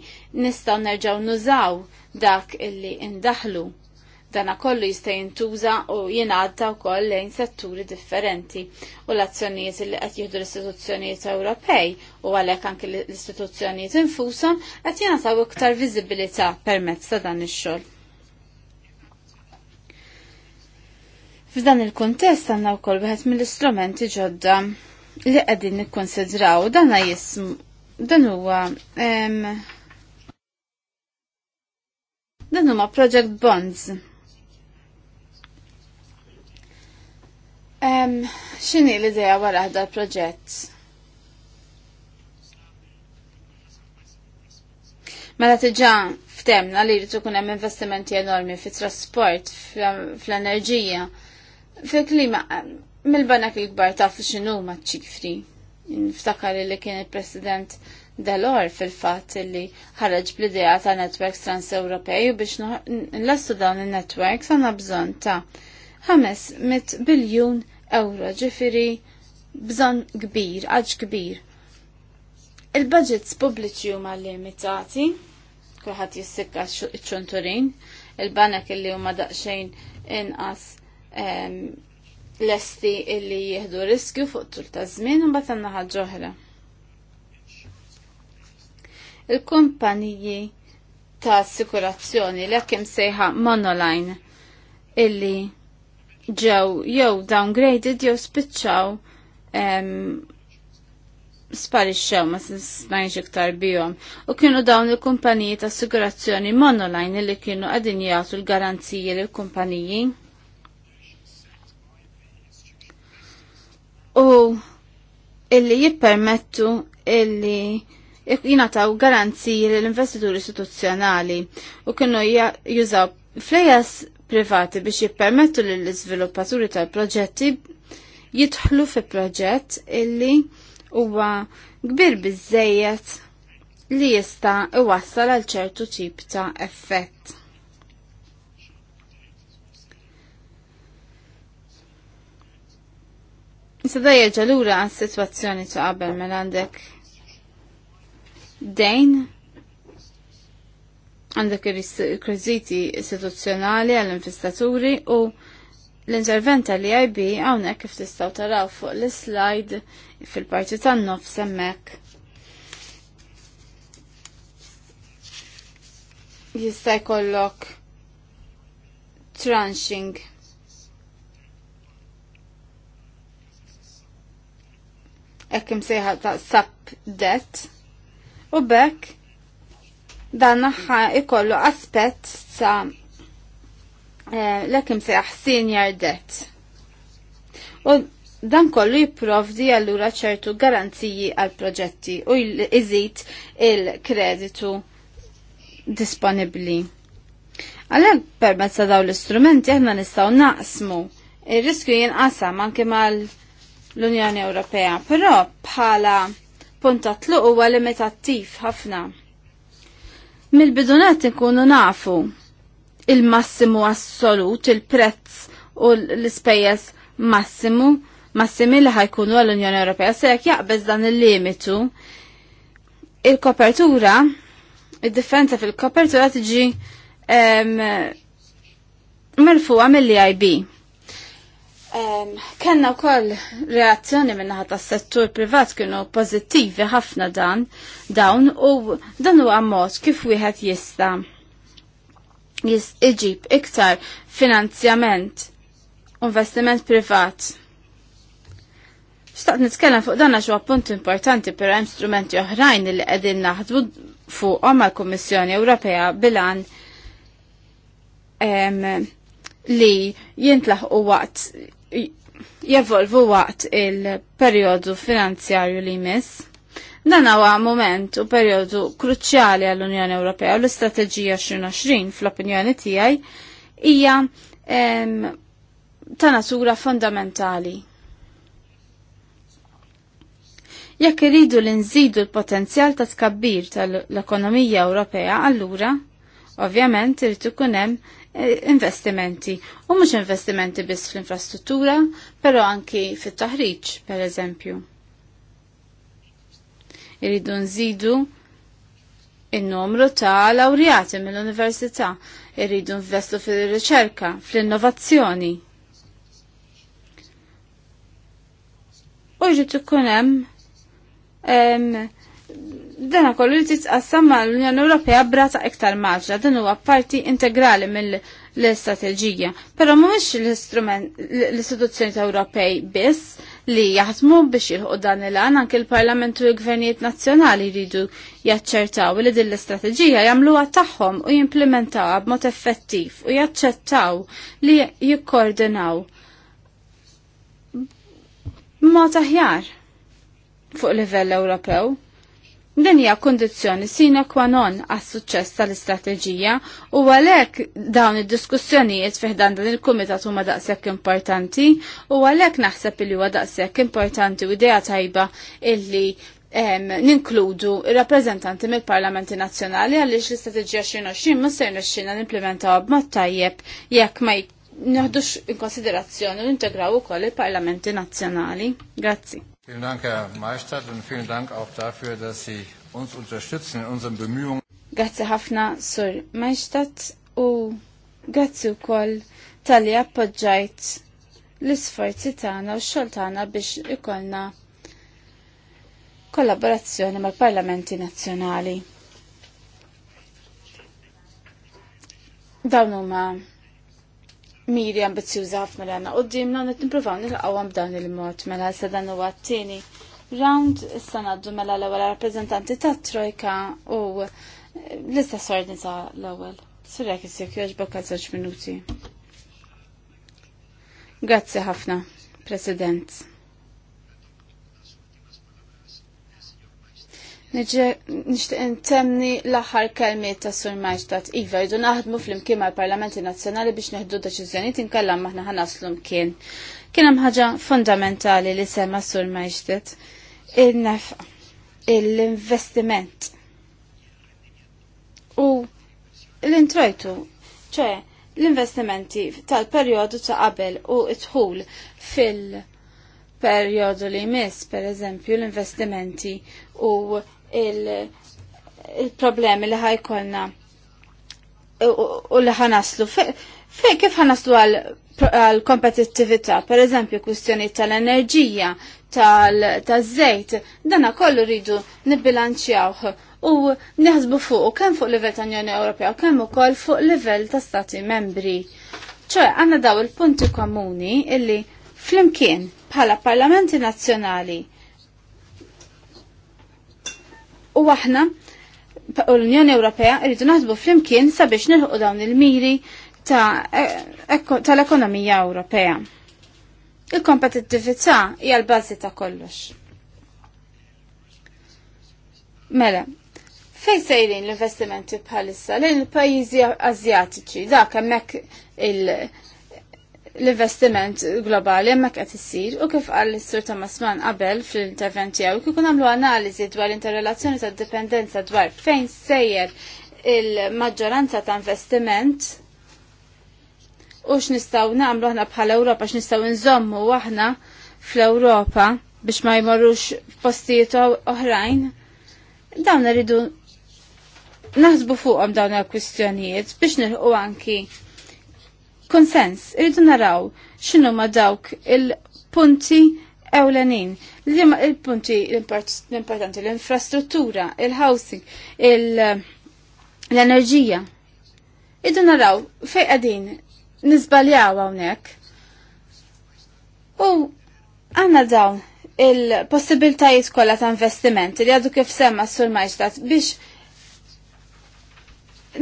Nistgħu nerġgħu nużaw dak illi indaħlu. Dana kollu jista' jintuża u jingħadda wkoll lejn setturi differenti u l-azzjonijiet li qed jieħdu l-istituzzjonijiet Ewropej u għalhekk anke l-istituzzjonijiet infushom qed jingħataw iktar viżibilità permezz ta' dan ix-xogħol. F'dan il-kontest għanna u kol biħet mill-istrumenti ġodda li għedin nikkonsidraw dan, jism dan huwa dan huma project bonds. Um, xini l-ideja wara ħda proġett? Mela tiġa ftemna li rritu kun hemm investimenti enormi fi trasport, fl-enerġija, fl Fil-klima, mill-banak il-kbar tafu xinu ma ċifri. Niftakar li kien il-President Delor fil-fat li ħarraġ bl-idea ta' networks trans-Ewropej u biex nlassu dawn il-networks għanna bżon ta' 500 biljun euro ġifiri bżon kbir, għadġ kbir. Il-budgets pubbliċi huma limitati, kulħadd jissikka ċunturin il-banek li huma daqsxejn inqas lesti illi jieħdu riskju fuq tul ta' żmien u bat għanna ħaġa Il-kumpaniji ta' assikurazzjoni l hemm sejħa monoline illi ġew jew downgraded jew spiċċaw sparixxew ma smajx iktar bihom u kienu dawn il-kumpaniji ta' assigurazzjoni monoline li kienu qegħdin jagħtu l-garanziji lill-kumpaniji. u illi jippermettu illi jinataw garanziji l-investituri istituzzjonali u kienu jużaw flejas privati biex jippermettu l-izviluppaturi tal-proġetti jitħlu fi proġett illi huwa kbir biżejjed li jista' iwassal għal ċertu tip ta' effett. Issa dajja jerġa' lura għas sitwazzjoni ta' qabel mela għandek dejn għandek il-krediti istituzzjonali għall-investaturi u l-intervent tal IB hawnhekk kif tistaw taraw fuq l-slide fil-parti tan-nofs hemmhekk. Jista' jkollok tranching ekkim imsejħa ta' sap det u bekk dan naħħa ikollu aspett sa' eh, l ekkim sejħ senior det U dan kollu jipprovdi allura ċertu garanziji għal proġetti u jizit il-kreditu disponibli. Għalek permezz ta' daw l-istrumenti aħna nistgħu naqsmu ir-riskju jinqasam anke mal- l-Unjoni Ewropea, però bħala punta tluq huwa limitattiv ħafna. Mill-bidunet ikunu nafu il-massimu assolut, il-prezz u l-ispejjeż massimu, massimi li ħajkunu għall-Unjoni Ewropea. Se jekk jaqbeż dan il-limitu, il-kopertura, il-differenza fil-kopertura tiġi marfuqa mill-IB. Kenna u koll reazzjoni minna tas settur privat kienu pozittivi ħafna dan, dawn u dan u għammot kif wieħed jista iġib iktar finanzjament investiment privat. Xtaqt nitkellem fuq dan għax punt importanti per strumenti oħrajn li qegħdin naħdmu fuq l kummissjoni Ewropea bilan li jintlaħ u waqt jevolvu waqt il-periodu finanzjarju li jmiss. Dan huwa moment u periodu kruċjali għall-Unjoni Ewropea u l-Istrateġija 2020 fl-opinjoni tiegħi hija ta' natura fondamentali. Jekk iridu li nżidu l-potenzjal ta' tkabbir tal-ekonomija Ewropea, allura ovvjament irid ikun hemm Eh, investimenti. U mhux investimenti biss fl-infrastruttura, però anki fit-taħriġ, per eżempju. Iridu nżidu in-numru ta' laureati mill-università. Irridu investu fil-riċerka, fl-innovazzjoni. U jrid ikun hemm dana kollu li titqassam ma l-Unjoni Ewropea brata iktar maġra, dan huwa parti integrali mill-istrateġija. Però mhumiex l-istrument l-istituzzjoni Ewropej biss li jaħdmu biex jilħu dan il-għan anke l-Parlament u l-Gvernijiet Nazzjonali jridu jaċċertaw li din l-istrateġija jagħmluha tagħhom u jimplementawha b'mod effettiv u jaċċettaw li jikkoordinaw b'mod aħjar fuq livell Ewropew. Dan hija kondizzjoni sine qua non għas-suċċess tal-istrateġija u għalhekk dawn id-diskussjonijiet fih dan il-kumitat huma daqshekk importanti u għalhekk naħseb li huwa daqshekk importanti u idea tajba illi em, ninkludu rappreżentanti mill-Parlamenti Nazzjonali għaliex l-istrateġija 2020 ma se nirxina nimplementaw b'mod tajjeb jekk ma jkun in konsiderazzjoni u integraw ukoll il-parlamenti nazzjonali. Grazzi. Vielen Dank, Herr Maestad, und vielen Dank auch dafür, dass Sie uns unterstützen in unseren Bemühungen. Grazie Hafna, Sir Maestad, u grazie u koll tal-li appoġġajt l-isforzi tagħna u x-xogħol biex ikollna kollaborazzjoni mal-parlamenti nazzjonali. Dawn huma miri ambizjuża ħafna li għanna qoddimna qed nippruvaw nilqgħuhom b'dan il-mod mela issa dan huwa t-tieni round issa ngħaddu mela l-ewwel rappreżentanti tat-Trojka u l-istess ordni ta' l-ewwel. Surrek issek jogħġbok għal żewġ minuti. Grazzi ħafna, President. Nixtieq intemni l-aħħar kelmiet ta' Sur Majstat Iva jdu naħdmu fl-imkien mal-Parlamenti Nazzjonali biex neħdu deċiżjonijiet inkella maħna ħanaslu mkien. Kien hemm ħaġa fundamentali li sema Sur Majstat il-nefqa, l-investiment u l-introjtu, ċe l-investimenti tal-perjodu ta' qabel u itħul fil- periodu li jmiss, per eżempju, l-investimenti u il-problemi li ħajkolna u li ħanaslu. Fej kif ħanaslu għal kompetittività, per eżempju, kustjoni tal-enerġija, tal-żejt, dana kollu rridu nibilanċjawħ u neħsbu fuq kemm fuq livell ta' Unjoni Ewropea u kemm ukoll fuq livell ta' Stati membri. ċoj, għanna daw il-punti komuni illi flimkien bħala parlamenti nazzjonali U aħna l-Unjoni Ewropea rridu naħsbu flimkien sabiex nilħu dawn il-miri e- tal-ekonomija Ewropea. Il-kompetittività hija l-bażi ta' kollox. Mela, fejn sejrin l-investimenti bħalissa lejn pajjiżi Azjatiċi, dak hemmhekk il- l-investiment globali hemmhekk qed issir u kif qal is ta' Masman qabel fl-intervent tiegħu kif nagħmlu analiżi dwar interrelazzjoni tad-dipendenza dwar fejn sejjer il-maġġoranza ta' investiment u x'nistgħu nagħmlu aħna bħala Ewropa x'nistgħu nżommu aħna fl-Ewropa biex ma jmorrux f'postijiet oħrajn. Dawn rridu naħsbu fuqhom dawn il-kwistjonijiet biex nilħu anki konsens. Irridu naraw xinu ma dawk il-punti ewlenin. Il-punti l-importanti l-infrastruttura, il-housing, l-enerġija. Irridu naraw fejn qegħdin niżbaljaw hawnhekk. U għandna dawn il-possibiltajiet kollha ta' investiment li għadu kif semma sur maġdat biex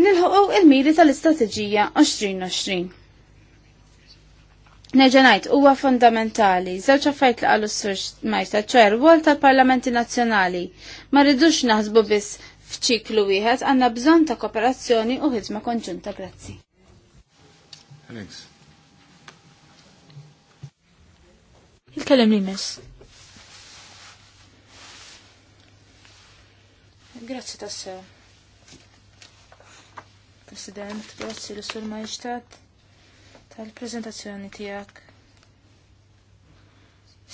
nilħu il-miri tal-istrateġija 2020. Neġenajt, huwa fundamentali, zewċa fajt li għallu s-sur majta, ċoħe rwol tal-parlamenti nazjonali. Ma rridux naħsbu biss fċiklu wieħed, għanna bżon ta' kooperazzjoni u ħidma konġunta, grazzi. Il-kellem li mis. Grazzi tassew. President, grazzi l-sur majġtat għal-prezentazzjoni tijak.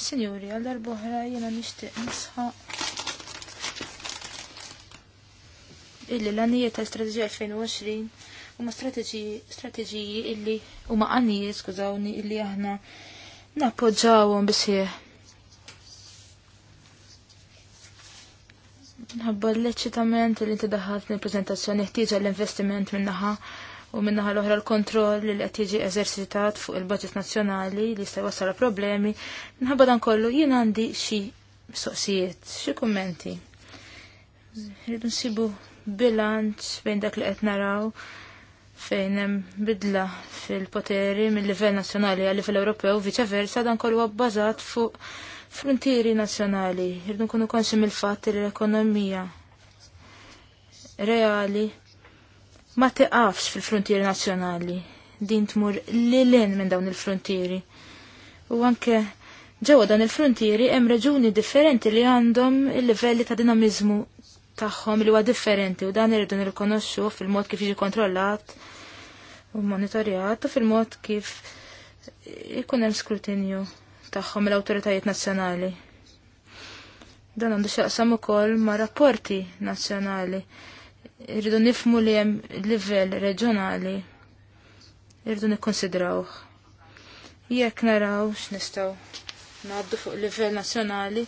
Signori, għal-darbohra jena nishtiq nisħaq illi l-għanijiet tal-strategija 2020 huma strategiji illi huma għanijiet, skużawni, illi aħna nappoġġawhom bisieħ. Nħabba l-eċitament li inti daħħalt nil-prezentazzjoni ħtieġa l-investiment minnaħa u minnaħa l-oħra l-kontroll li qed jiġi eżerċitat fuq il-budget nazzjonali li jista' jwassal problemi, minħabba dan kollu jien għandi xi mistoqsijiet, xi kummenti. Rridu nsibu bilanċ bejn dak li qed naraw fejn hemm bidla fil-poteri mill-livell nazzjonali għal livell Ewropew viċa versa dan kollu bbażat fuq frontieri nazzjonali. Rridu nkunu konsum il-fatt li l-ekonomija reali ma tiqafx fil-frontieri nazzjonali. Din tmur lilin minn dawn il-frontieri. U anke ġewwa dan il-frontieri hemm reġuni differenti li għandhom il-livelli ta' dinamizmu tagħhom li huwa differenti u dan irridu nirrikonoxxu fil-mod kif jiġi kontrollat u monitorjat u fil-mod kif ikun hemm skrutinju tagħhom l-awtoritajiet nazzjonali. Dan għandu xaqsam ukoll ma' rapporti nazzjonali irridu nifmu li hemm livell reġjonali irridu nikkonsidraw. Jekk naraw x'nistgħu ngħaddu fuq livell nazzjonali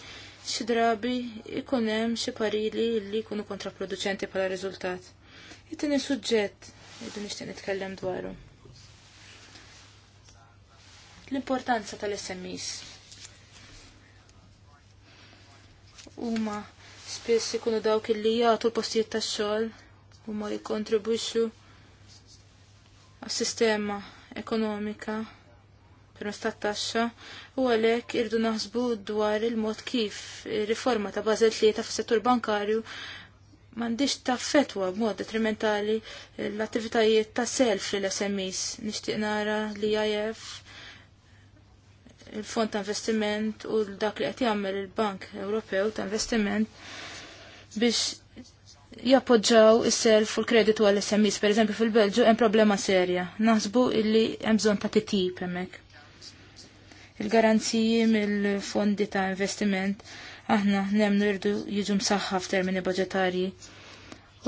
xi drabi ikun hemm xi parili li jkunu kontraproduċenti bħala riżultat. It-tieni suġġett irridu nixtieq nitkellem dwaru. L-importanza tal-SMEs. Huma spiss ikunu dawk li jagħtu l-postijiet tax-xogħol u ma jikontribuxu għas-sistema ekonomika permess tat-taxxa u għalhekk irdu naħsbu dwar il-mod kif ir-riforma ta' Basel tlieta fis-settur bankarju m'għandix ta' fetwa b'mod detrimentali l-attivitajiet ta' self l SMEs. Nixtieq nara li IF il-fond ta' investiment u dak li qed jagħmel il-Bank Ewropew ta' investiment biex jappoġġaw is-self u l-kreditu għall smis per eżempju fil-Belġu hemm problema serja. Naħsbu illi hemm bżonn ta' titjib hemmhekk. Il-garanziji mill-fondi ta' investiment aħna nemnu rridu jiġu msaħħa f'termini budġetarji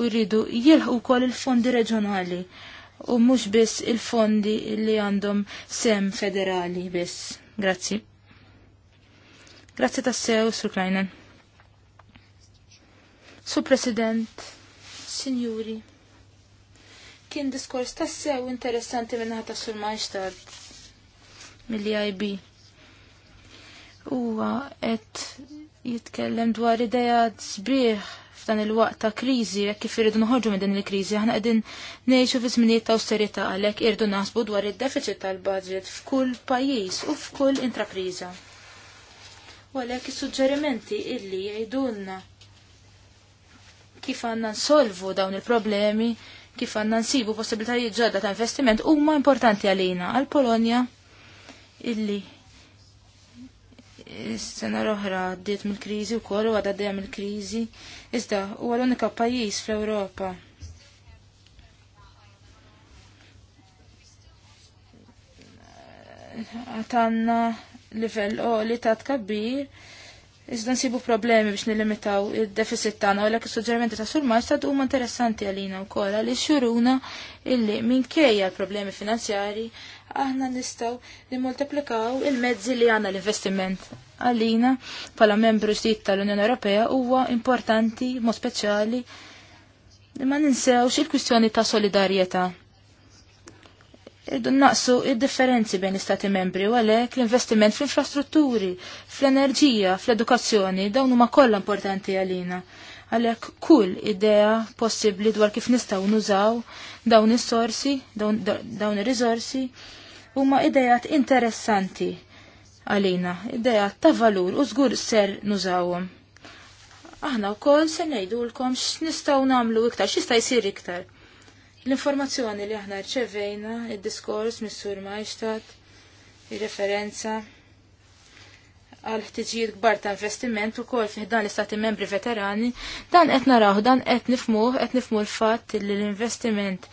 u rridu jilħu wkoll il-fondi reġjonali u mhux biss il-fondi li għandhom sem federali biss. Grazzi. Grazzi tassew, Sur Kleinen. Su President, Signori, kien diskors tassew interessanti minn ta' Sur maġtar mill-IB. Uwa, et jitkellem dwar idejat sbieħ f'dan il-waqt ta' kriżi, jekk kif irridu nħorġu minn din il-kriżi, aħna qegħdin ngħixu fi żminijiet ta' austerità għalhekk irdu naħsbu dwar id-deficit tal-budget f'kull pajjiż u f'kull intrapriża. U għalhekk is-suġġerimenti illi jgħidulna kif għanna nsolvu dawn il-problemi, kif għanna nsibu possibilitajiet ġodda ta' investiment huma importanti għalina għal Polonja illi s-sena roħra għaddiet mill-krizi u kol u għaddeja mill-krizi, iżda u għal-unika pajis fl-Europa. Għatanna livell oli ta' tkabbir Iżda nsibu problemi biex nilimitaw il-deficit tagħna u l suġġerimenti ta' Sur Marsad huma interessanti għalina wkoll li xuruna illi minkejja l-problemi finanzjari aħna nistgħu nimmultiplikaw il-mezzi li għandna l-investiment. Għalina bħala membru ġdid tal-Unjoni Ewropea huwa importanti mod speċjali li ma ninsewx il-kwistjoni ta' solidarjetà Irdu naqsu id-differenzi bejn istati membri u għalhekk l-investiment fl-infrastrutturi, fl-enerġija, fl-edukazzjoni dawn huma kollha importanti għalina. Għalhekk kull idea possibbli dwar kif nistgħu nużaw dawn is-sorsi, dawn ir-riżorsi huma idejat interessanti għalina, idejat ta' valur u żgur ser nużawhom. Aħna wkoll se ngħidulkom x'nistgħu nagħmlu iktar, x'jista' jsir iktar. L-informazzjoni li aħna rċevejna, id-diskors mis-sur Majstat, ir-referenza għal ħtiġijiet kbar ta' investiment u kol dan l-istati membri veterani, dan qed naraw, dan qed nifmuh, qed nifmu l-fatt li l-investiment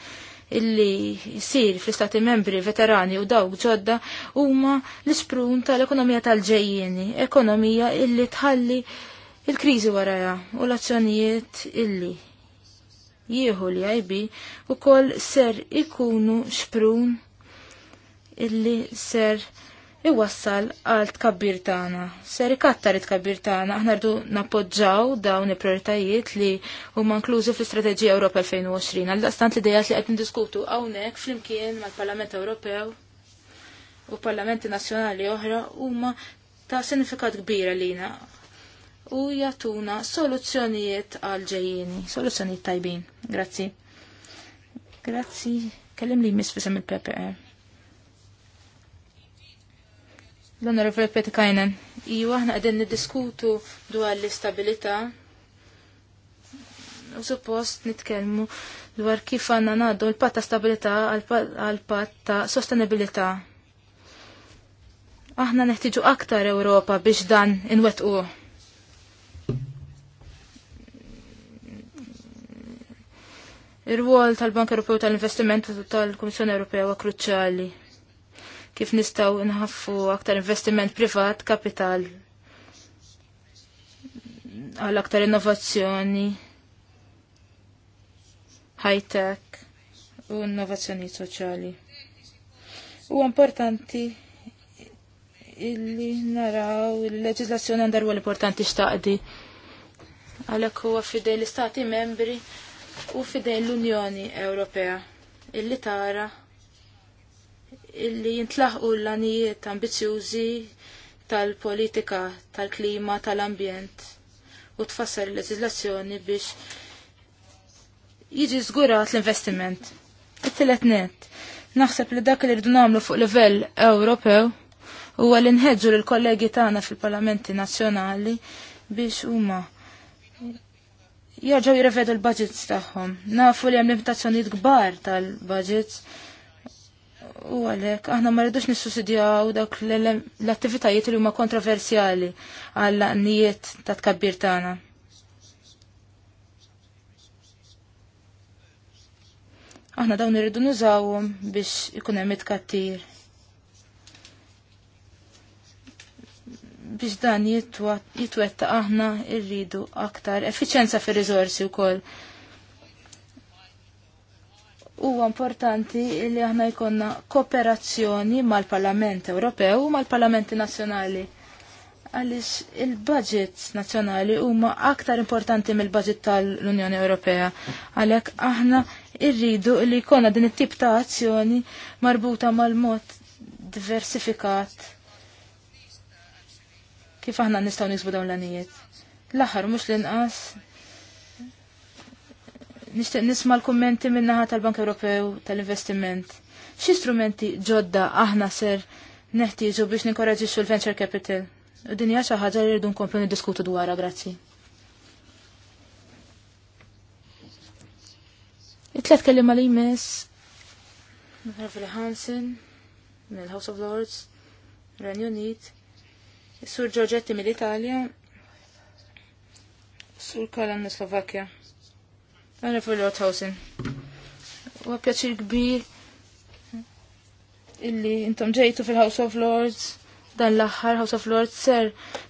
illi jisir fl-istati membri veterani u dawk ġodda huma l-isprun tal-ekonomija tal-ġejjieni, ekonomija illi tħalli il-kriżi waraja u l-azzjonijiet illi jieħu li għajbi u kol ser ikunu xprun illi ser iwassal għal tkabbir tagħna. Ser ikattar tkabbir tagħna aħna rdu nappoġġaw dawn il-prioritajiet li huma inklużi fl-Istrateġija Ewropa 2020 għal daqstant l-idejat li qed niddiskutu hawnhekk flimkien mal-Parlament Ewropew u parlamenti nazzjonali oħra huma ta' sinifikat kbira lina u jatuna soluzzjonijiet għal ġejjeni, soluzzjonijiet tajbin. Grazzi. Grazzi. Kellim li jmiss fisem il-PPE. L-Onorevole Petikajnen, iju aħna għedin niddiskutu dwar l-istabilita u suppost nitkelmu dwar kif għanna naddu l-pat ta' stabilita għal-pat ta' sostenibilita. Aħna neħtiġu aktar Ewropa biex dan inwetquh. ir wol tal-Bank Ewropew tal-Investiment tal komissjoni Ewropea huwa kruċjali kif nistgħu nħaffu aktar investiment privat, kapital għal aktar innovazzjoni, high-tech u innovazzjoni soċjali. U importanti illi naraw il-leġislazzjoni għandar u importanti xtaqdi. Għalhekk huwa fidej l-istati membri u fidejn l-Unjoni Ewropea illi tara illi jintlaħqu l-lanijiet ambizjużi tal-politika tal-klima tal-ambjent u tfasser l-leġislazzjoni biex jiġi żgurat l-investiment. It-tielet net. Naħseb li dak li rridu nagħmlu fuq livell Ewropew huwa li nħeġġu lill kollegi tagħna fil-Parlamenti Nazzjonali biex huma jarġaw jirrevedu l-budgets tagħhom. Nafu li hemm limitazzjonijiet kbar tal-budgets. U għalhekk aħna ma rridux nissussidjaw dak l-attivitajiet li huma kontroversjali għall nijiet ta' tkabbir tagħna. Aħna dawn irridu nużawhom biex ikun hemm it-kattir. biex dan jitwetta aħna irridu aktar effiċenza fir u wkoll. Huwa importanti li aħna jkollna kooperazzjoni mal-Parlament Ewropew u mal-Parlamenti Nazzjonali għaliex il-budget nazzjonali huma aktar importanti mill-budget tal-Unjoni Ewropea. Għalhekk aħna irridu li jkollna din it-tip ta' azzjoni marbuta mal-mod diversifikat kif aħna nistgħu nisbu dawn l-għanijiet. L-aħħar mhux l-inqas nixtieq nisma' l-kummenti min-naħa tal-Bank Ewropew tal-Investiment. Xi strumenti ġodda aħna ser neħtieġu biex ninkoraġġixxu l-venture capital. U din hija xi ħaġa li rridu nkomplu niddiskutu dwarha, grazzi. It-tlet kelliema li jmiss Rafael Hansen, mill House of Lords, Renju Unit, Sur Giorgetti mill-Italja, Sur Kalan mill-Slovakkja. Għana fu l othausen U għapjaċir kbir illi intom ġejtu fil-House of Lords dan l-axħar House of Lords ser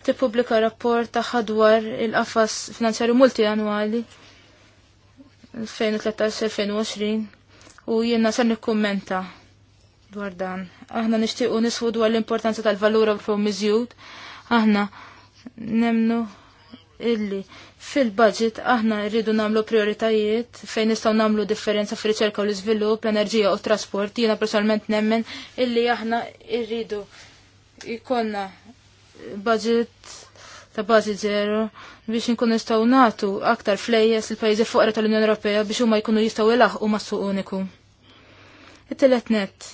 tippubblika rapport taħħa dwar il-qafas finanzjarju multianwali 2013-2020 u jenna ser nikkummenta dwar dan. Aħna nixtiequ nisfu dwar l-importanza tal-valur Ewropew miżjud. Aħna nemnu illi fil-budget aħna rridu nagħmlu prioritajiet fejn nistgħu nagħmlu differenza fir-riċerka u l-iżvilupp, l-enerġija u t-trasport. Jiena personalment nemmen illi aħna rridu jkollna budget ta' bażi zero biex nkun nistgħu nagħtu aktar flejjes il-pajjiżi foqra tal-Unjoni Ewropea biex huma jkunu jistgħu jilaħqu mas-suq uniku. It-telet net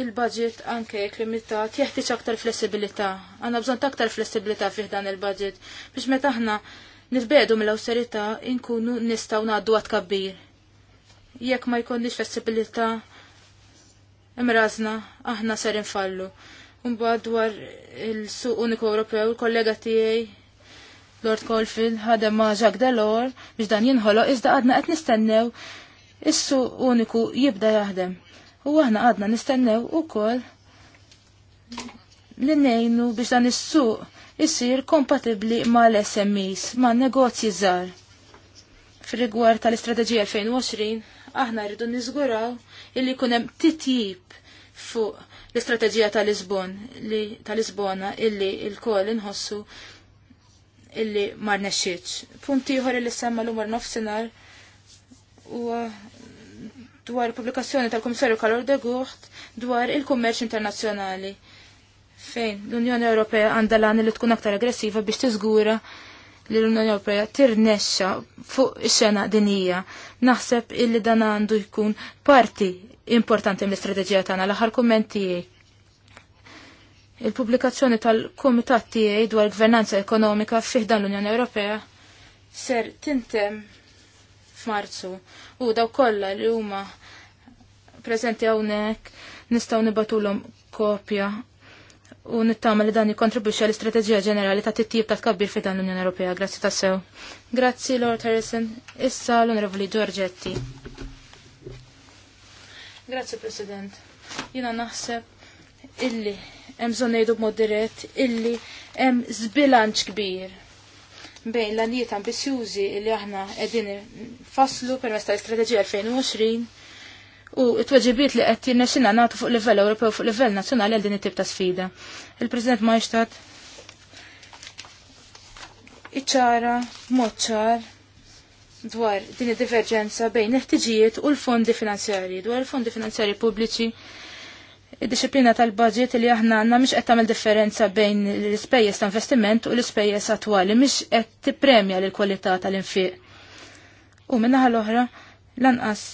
il-budget anke jekk limitat jeħtieġ aktar flessibilità. Għandna bżonn aktar flessibilità fih dan il-budget biex meta aħna nilbedu mill-awsterità inkunu nistgħu ngħaddu għad kabbir. Jekk ma jkunniex flessibilità imrażna aħna ser infallu. Mbagħad dwar il-suq uniku Ewropew, il-kollega tiegħi Lord Colfield ħadem ma' Jacques Delors biex dan jinħoloq iżda għadna qed nistennew is-suq uniku jibda jaħdem U aħna għadna nistennew ukoll li nejnu biex dan is-suq kompatibli kompatibbli mal-SMEs, man-negozji żgħar. Fir-rigward tal-Istrateġija 2020, aħna rridu niżguraw illi jkun hemm titjib fuq l-istrateġija tal-Lisbon li tal-Lisbona illi il-koll inħossu illi mar nexxieċ. Punti ieħor li semma l-umar nofsinhar huwa dwar il-publikazzjoni tal-Kummissarju Karol de Gucht dwar il-kummerċ internazzjonali fejn l-Unjoni Ewropea għandha l li tkun aktar aggressiva biex tiżgura li l-Unjoni Ewropea tirnexxa fuq ix-xena dinija. Naħseb illi dan għandu jkun parti importanti mill-istrateġija tagħna l-aħħar kumment tiegħi il-pubblikazzjoni tal-Kumitat tiegħi dwar gvernanza ekonomika fih dan l-Unjoni Ewropea ser tintem f'Marzu. U daw kollha li huma preżenti hawnhekk nistgħu nibatulhom kopja u nittama li dan jikontribwixxa għall istrateġija ġenerali ta' tittib ta' tkabbir fi dan l-Unjoni Ewropea. Grazzi ta' sew. Grazzi Lord Harrison. Issa l-Onorevoli Giorgetti. Grazzi President. Jina naħseb illi hemm bżonn ngħidu b'mod dirett illi hemm zbilanċ kbir bejn l-għanijiet ambizjużi li aħna qegħdin faslu permezz l-strategija 2020 u t-tweġibiet li qed jinnexxina nagħtu fuq livell Ewropew fuq livell nazzjonali għal din it-tip ta' sfida. Il-President Majstat iċara, mod ċar dwar din id divergenza bejn il-ħtiġijiet u l-fondi finanzjarji. Dwar il-fondi finanzjari pubbliċi id-disciplina tal-budget li aħna għanna miex qed tagħmel differenza bejn l-ispejjeż ta' investiment u l-ispejjeż attwali mhix qed tippremja l kwalità tal-infiq. U minnaħa l-oħra lanqas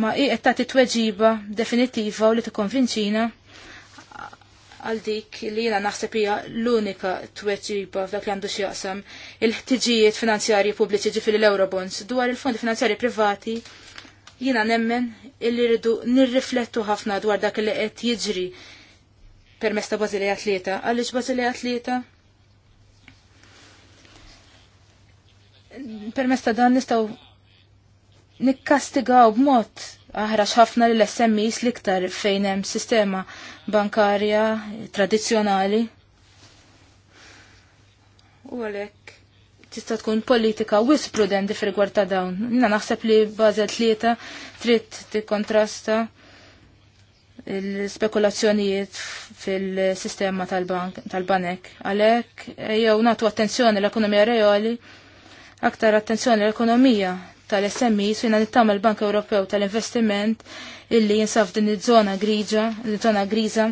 ma hi qed tagħti tweġiba definittiva u li tikkonvinċina għal dik li jiena naħseb hija l-unika tweġiba f'dak li għandu x'jaqsam il-ħtiġijiet finanzjarji pubbliċi ġifieri l-Eurobonds dwar il-fondi finanzjarji privati Jina nemmen illi rridu nirriflettu ħafna dwar dak li qed jiġri permesta ta' Basilea tlieta. Għaliex Basilea tlieta? Permess ta' dan nistgħu nikkastigaw b'mod aħrax ħafna l smis liktar fejn hemm sistema bankarja tradizzjonali. U għalhekk tista' tkun politika wis prudenti f'rigward ta' dawn. Inna naħseb li baża tlieta trid tikkontrasta l-spekulazzjonijiet fil-sistema tal-banek. Għalek, jew natu attenzjoni l-ekonomija reali, aktar attenzjoni l-ekonomija tal smi su fina nittama l-Bank Ewropew tal-investiment illi jinsaf din iż-żona griġa, il żona griża.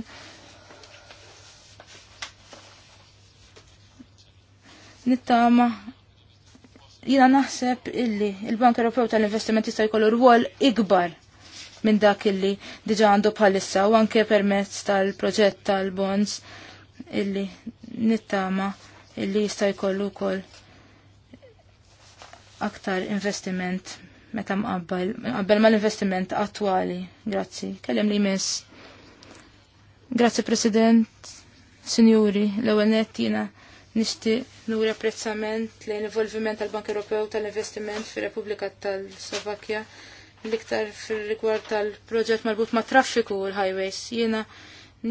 Nittama Jina naħseb illi il-Bank Ewropew tal investimenti jista' jkollu rwol ikbar minn dak illi diġa għandu bħalissa u anke permezz tal-proġett tal-bonds illi nittama illi jista' jkollu wkoll aktar investiment meta mqabbel mqabbel mal-investiment attwali. Grazzi. Kellem li miss. Grazzi President, Sinjuri, l-ewwel nettina. Nixtieq nuri apprezzament lejn involviment tal-Bank Ewropew tal-Investiment fir-Repubblika tal-Slovakkja l-iktar fil-rigward tal-proġett marbut ma' traffiku u l-highways. Jiena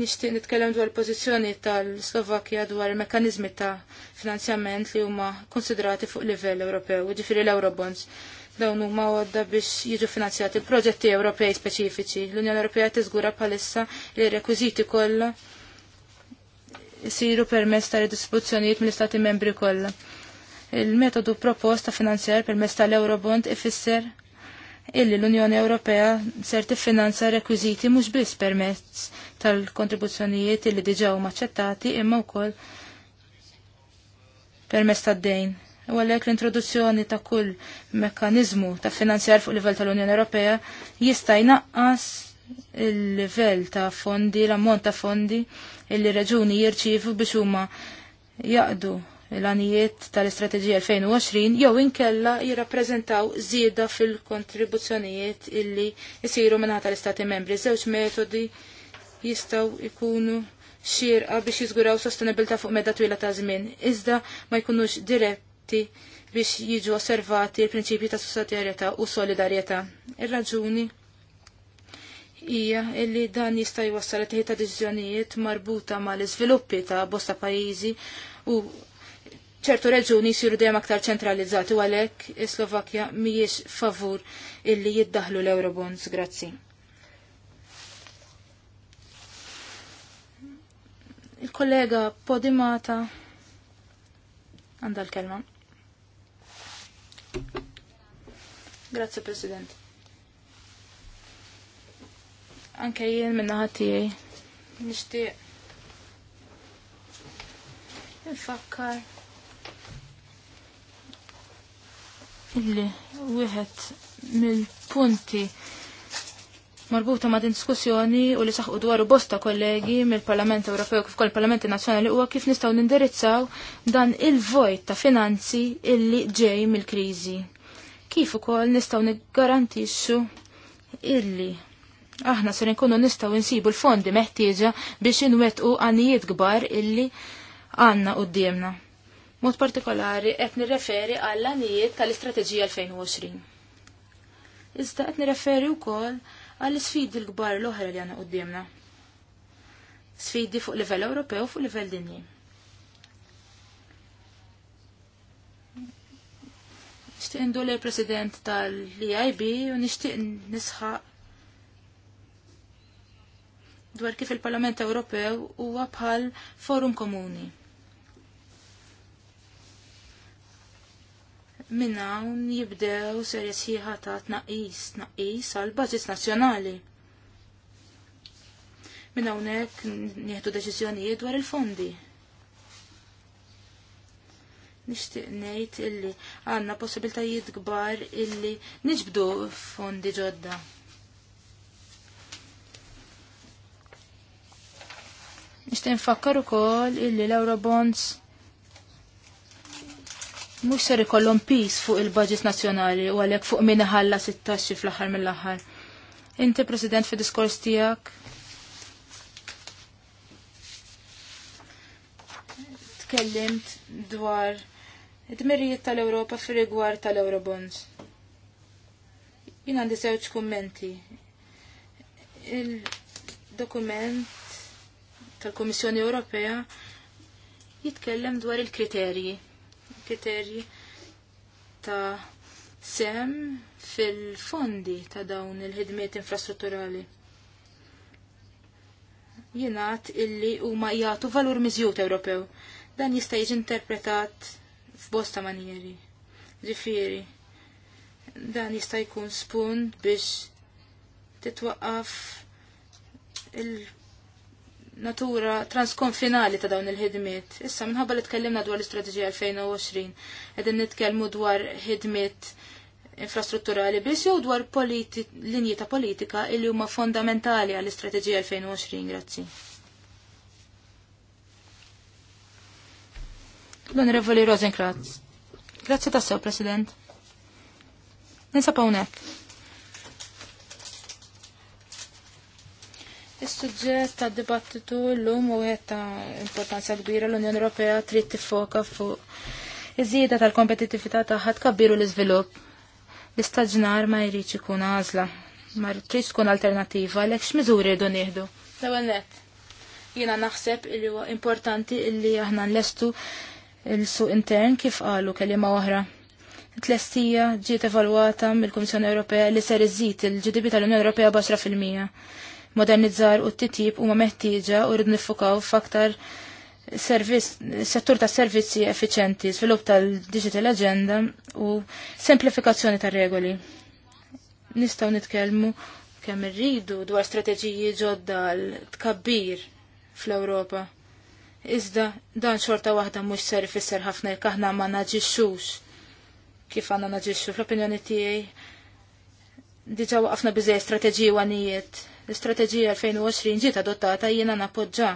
nixtieq nitkellem dwar pożizzjoni tal-Slovakkja dwar il-mekkaniżmi ta' finanzjament li huma konsiderati fuq livell Ewropew, jiġifieri l-Eurobonds dawn huma għodda biex jiġu finanzjati proġetti Ewropej speċifiċi. L-Unjoni Ewropea tiżgura bħalissa li rekwiżiti kollha isiru permess ta' redistribuzzjonijiet mill-Istati membri kollha. Il-metodu proposta finanzjar permess tal-Eurobond ifisser illi l-Unjoni Ewropea ser tiffinanza rekwiżiti mhux biss permezz tal-kontribuzzjonijiet illi diġà huma aċċettati imma wkoll permess tad-dejn. U għalhekk l-introduzzjoni ta' kull mekkaniżmu ta' finanzjar fuq livell tal-Unjoni Ewropea jista' jnaqqas il-livell ta' fondi, l-ammont ta' fondi illi reġuni jirċifu biex huma jaqdu l-anijiet tal-Istrateġija 2020 jew inkella jirrappreżentaw żieda fil-kontribuzzjonijiet illi jisiru minn tal-Istati membri. Żewġ metodi jistgħu jkunu xirqa biex jiżguraw sostenibilità fuq medda twila ta' żmien, iżda ma jkunux diretti biex jiġu osservati l-prinċipji ta' sussidjarjetà u solidarjetà. Ir-raġuni hija illi dan jista' jwassal it ta' deċiżjonijiet marbuta mal-iżviluppi ta' bosta pajjiżi u ċertu reġuni jsiru dejjem aktar ċentralizzati u għalhekk is-Slovakkja mhijiex favur illi jiddaħlu l-Eurobonds. Grazzi. Il-kollega Podimata għandha l-kelma. Grazie President. Anke jien minna ħatijaj. Nishtiq. Nfakkar. Illi, wieħed mill-punti marbuta ma' din diskussjoni u li saħqu dwaru bosta kollegi mill-Parlament Ewropew kif kol Parlamenti Nazzjonali huwa kif nistgħu nindirizzaw dan il-vojt ta' finanzi illi ġej mill-kriżi. Kif ukoll nistgħu niggarantixxu illi aħna ser nkunu nistgħu insibu l-fondi meħtieġa biex inwettqu għanijiet kbar illi għandna qudiemna. Mod partikolari qed nirreferi għall għanijiet tal-Istrateġija 2020. Iżda qed nirreferi wkoll għall sfidi l-kbar l-oħra li għandna qudiemna. Sfidi fuq livell Ewropew fuq livell dinji. Nixtieq ndu l-President tal-EIB u nixtieq nisħaq dwar kif il-Parlament Ewropew huwa bħal forum komuni. Minn hawn jibdew serja sħiħa ta' tnaqqis, tnaqis għal bażis nazzjonali. Minn hawnhekk nieħdu deċiżjonijiet dwar il-fondi. Nixtieq ngħid illi għandna possibiltajiet kbar illi niġbdu fondi ġodda. Nixtieq fakkaru ukoll illi l-Eurobonds mhux ser ikollhom pis fuq il-budget nazzjonali u għalhekk fuq min iħalla 16 fl-aħħar mill-aħħar. Inti President fi diskors tiegħek tkellimt dwar id-mirijiet tal-Ewropa fir rigward tal-Eurobonds. Jien għandi żewġ kummenti. Il-dokument tal-Komissjoni Ewropea jitkellem dwar il-kriterji. Kriterji ta' sem fil-fondi ta' dawn il-ħidmiet infrastrutturali. Jingħad illi huma jagħtu valur mizjut Ewropew. Dan jista' jiġi interpretat f'bosta manieri. Ġifieri, dan jista' jkun spunt biex titwaqqaf il- natura transkonfinali ta' dawn il-ħidmiet. Issa minħabba li tkellimna dwar l-istrateġija 2020, qegħdin nitkellmu dwar ħidmiet infrastrutturali biss jew dwar linji ta' politika li huma fondamentali għall istrateġija 2020, grazzi. L-Onorevoli Rosenkratz. Grazzi tassew, President. Ninsa pawnek. Is-suġġett ta' dibattitu l-lum u ta' importanza kbira l-Unjoni Ewropea trid tiffoka fuq iż-żieda tal-kompetittività tagħha tkabbiru l-iżvilupp. L-istaġnar ma jridx ikun għażla, ma trid tkun alternattiva għalhekk x'miżuri rridu nieħdu. L-ewwel nett. Jiena naħseb li huwa importanti li aħna nlestu l-suq intern kif qalu kelima oħra tlestija ġiet evalwata mill-Kummissjoni Ewropea li ser iżid il-GDP tal-Unjoni Ewropea b'10 fil-mija modernizzar u t-titib huma meħtieġa u rrid nifukaw f'aktar settur ta' servizzi effiċenti, svilupp tal-digital agenda u semplifikazzjoni ta' regoli. Nistaw nitkellmu kemm irridu dwar strateġiji ġodda l-tkabbir fl-Ewropa. Iżda dan xorta waħda mhux ser ifisser ħafna jekk aħna ma naġixxux kif għandna naġixxu fl-opinjoni tiegħi Diġà waqafna biżej strateġiji wanijiet L-istrateġija 2020 ġiet adottata jiena nappoġġa.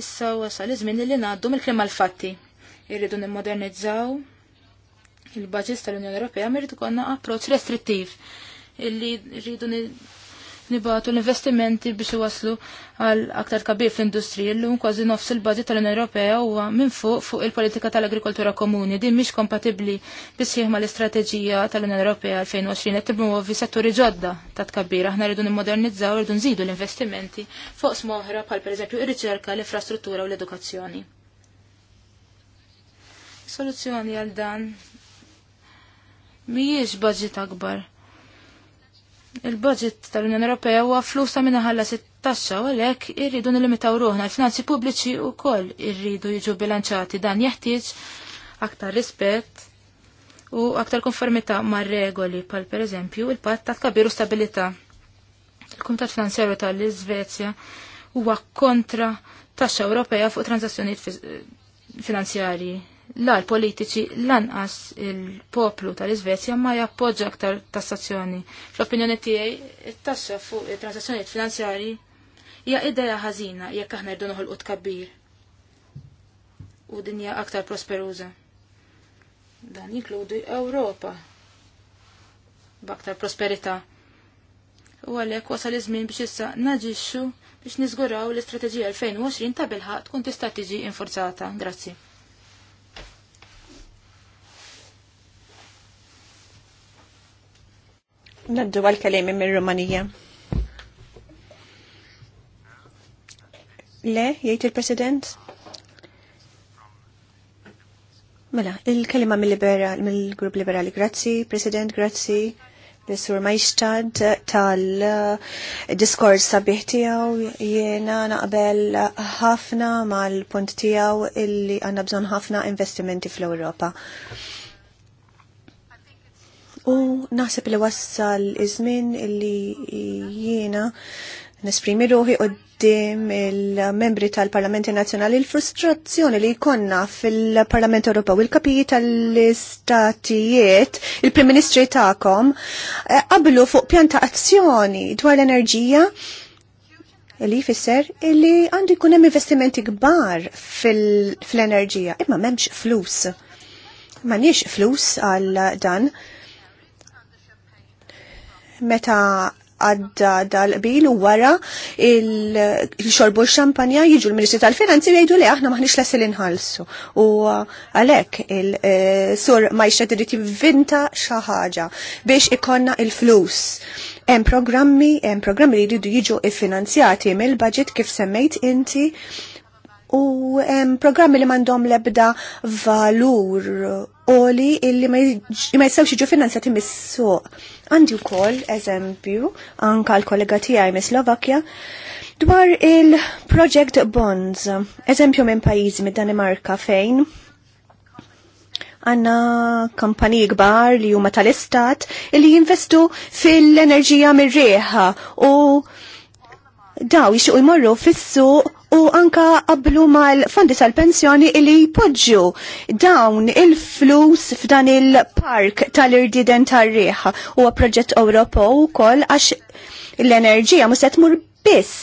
Issa wasal iż-żmien li ngħaddu mill kliem għall fatti Irridu nimmodernizzaw il-baġis tal-Unjoni Ewropea mirid ikollna approċċ restrittiv illi rridu nibatu l-investimenti biex iwaslu għal aktar kabir fl industri l kważi nofs il-budget tal-Unjoni Ewropea huwa minn fuq fuq il-politika tal-agrikoltura komuni din mhix kompatibbli biex jihma l-istrateġija tal-Unjoni Ewropea 2020 qed tippromovi setturi ġodda ta' tkabbir aħna rridu nimmodernizzaw rridu nżidu l-investimenti fuq smoħra bħal pereżempju ir-riċerka, l-infrastruttura u l-edukazzjoni. Soluzzjoni għal dan Mijiex budget akbar. Il-budget tal-Unjoni Ewropea huwa flusa minna ħalla sit-taxxa u għalhekk irridu nilimitaw ruħna l-finanzi pubbliċi wkoll irridu jiġu bilanċati dan jeħtieġ aktar rispett u aktar konformità mar-regoli pal pereżempju il-patt ta' u stabilità. il kumitat Finanzjarju tal-Iżvezja huwa kontra taxxa Ewropea fuq transazzjonijiet finanzjarji la l-politiċi lanqas il-poplu tal-Iżvezja ma jappoġġa aktar tassazzjoni. Fl-opinjoni tiegħi, it-taxxa fuq it-transazzjonijiet finanzjarji hija ideja ħażina jekk aħna rdu noħolqu tkabbir. U dinja aktar prosperuża. Dan jinkludu Ewropa b'aktar prosperità. U għalhekk wasal iż-żmien biex issa naġixxu biex niżguraw l-istrateġija 2020 ta' bilħaq tkun tista' tiġi infurzata. Grazzi. Naddu għal-kalemi minn Rumanija. Le, jgħid il-President? Mela, il-kalima mill-liberal, mill-grupp liberali, grazzi, President, grazzi, l-sur Majstad tal-diskors sabiħ tijaw, jena naqbel ħafna mal-punt tijaw illi għanna bżon ħafna investimenti fl-Europa u naħseb li wassal iż-żmien illi jiena nesprimi ruħi qoddim il-membri tal-Parlamenti Nazzjonali l-frustrazzjoni li jkonna fil-Parlament Ewropew il-kapiji tal-istatijiet, il-Prim Ministri tagħkom eh, qablu fuq pjanta azzjoni dwar l-enerġija li jfisser li għandu jkun hemm investimenti kbar fil-enerġija, imma m'hemmx flus. Ma nix flus għal dan meta għadda dal-qbil u wara il-xorbu xampanja jiġu l-Ministru tal-Finanzi jgħidu li aħna maħniex lasil inħalsu. U uh, għalek il-sur uh, ma jxed irrid jivvinta xi ħaġa biex ikonna il-flus. Hemm programmi, hemm programmi li jridu jiġu iffinanzjati mill-budget kif semmejt inti u em, programmi li mandom lebda valur uh, oli illi ma jistawx jiġu finanzjati mis-suq Għandi wkoll eżempju anka l-kollega tiegħi mis slovakja dwar il-Project Bonds, eżempju minn pajjiżi mid-Danimarka fejn għanna kampaniji gbar li huma tal-istat li jinvestu fil-enerġija mir-reħa u daw jixuq jmorru fis-suq u anka qablu mal-fondi tal-pensjoni li jpoġġu dawn il-flus f'dan il-park tal-irdiden tar-riħ u proġett Ewropew ukoll għax l-enerġija mhux se tmur biss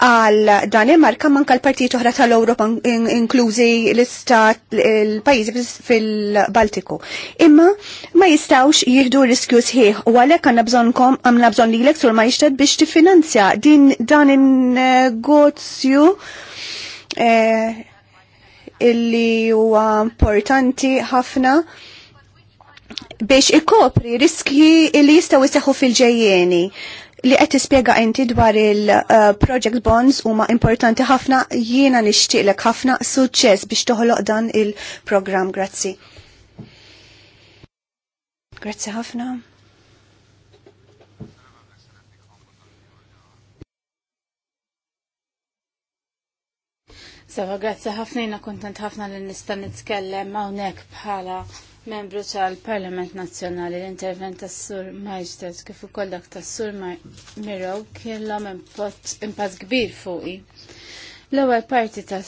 għal Danimarka manka l-partijiet oħra tal-Ewropa inklużi l-istat l-pajjiżi fil-Baltiku. Imma ma jistawx jieħdu riskju sħiħ u għalhekk għandna bżonnkom għandna bżonn lilek sur ma jixtieq biex tiffinanzja din dan in-negozju eh, illi huwa importanti ħafna biex ikopri riski li jistaw jistaxu fil-ġejjeni li qed tispjega inti dwar il-project eh, bonds huma importanti ħafna jiena nixtieqlek ħafna suċċess biex toħloq dan il-programm. Grazzi. Grazzi ħafna. Sava, grazzi ħafna jina kontent ħafna li nista' nitkellem hawnhekk bħala membru tal-Parlament Nazzjonali l-intervent tas-Sur Majstet kif ukoll dak tas-Sur Mirow kellhom impatt kbir fuqi. L-ewwel parti ta'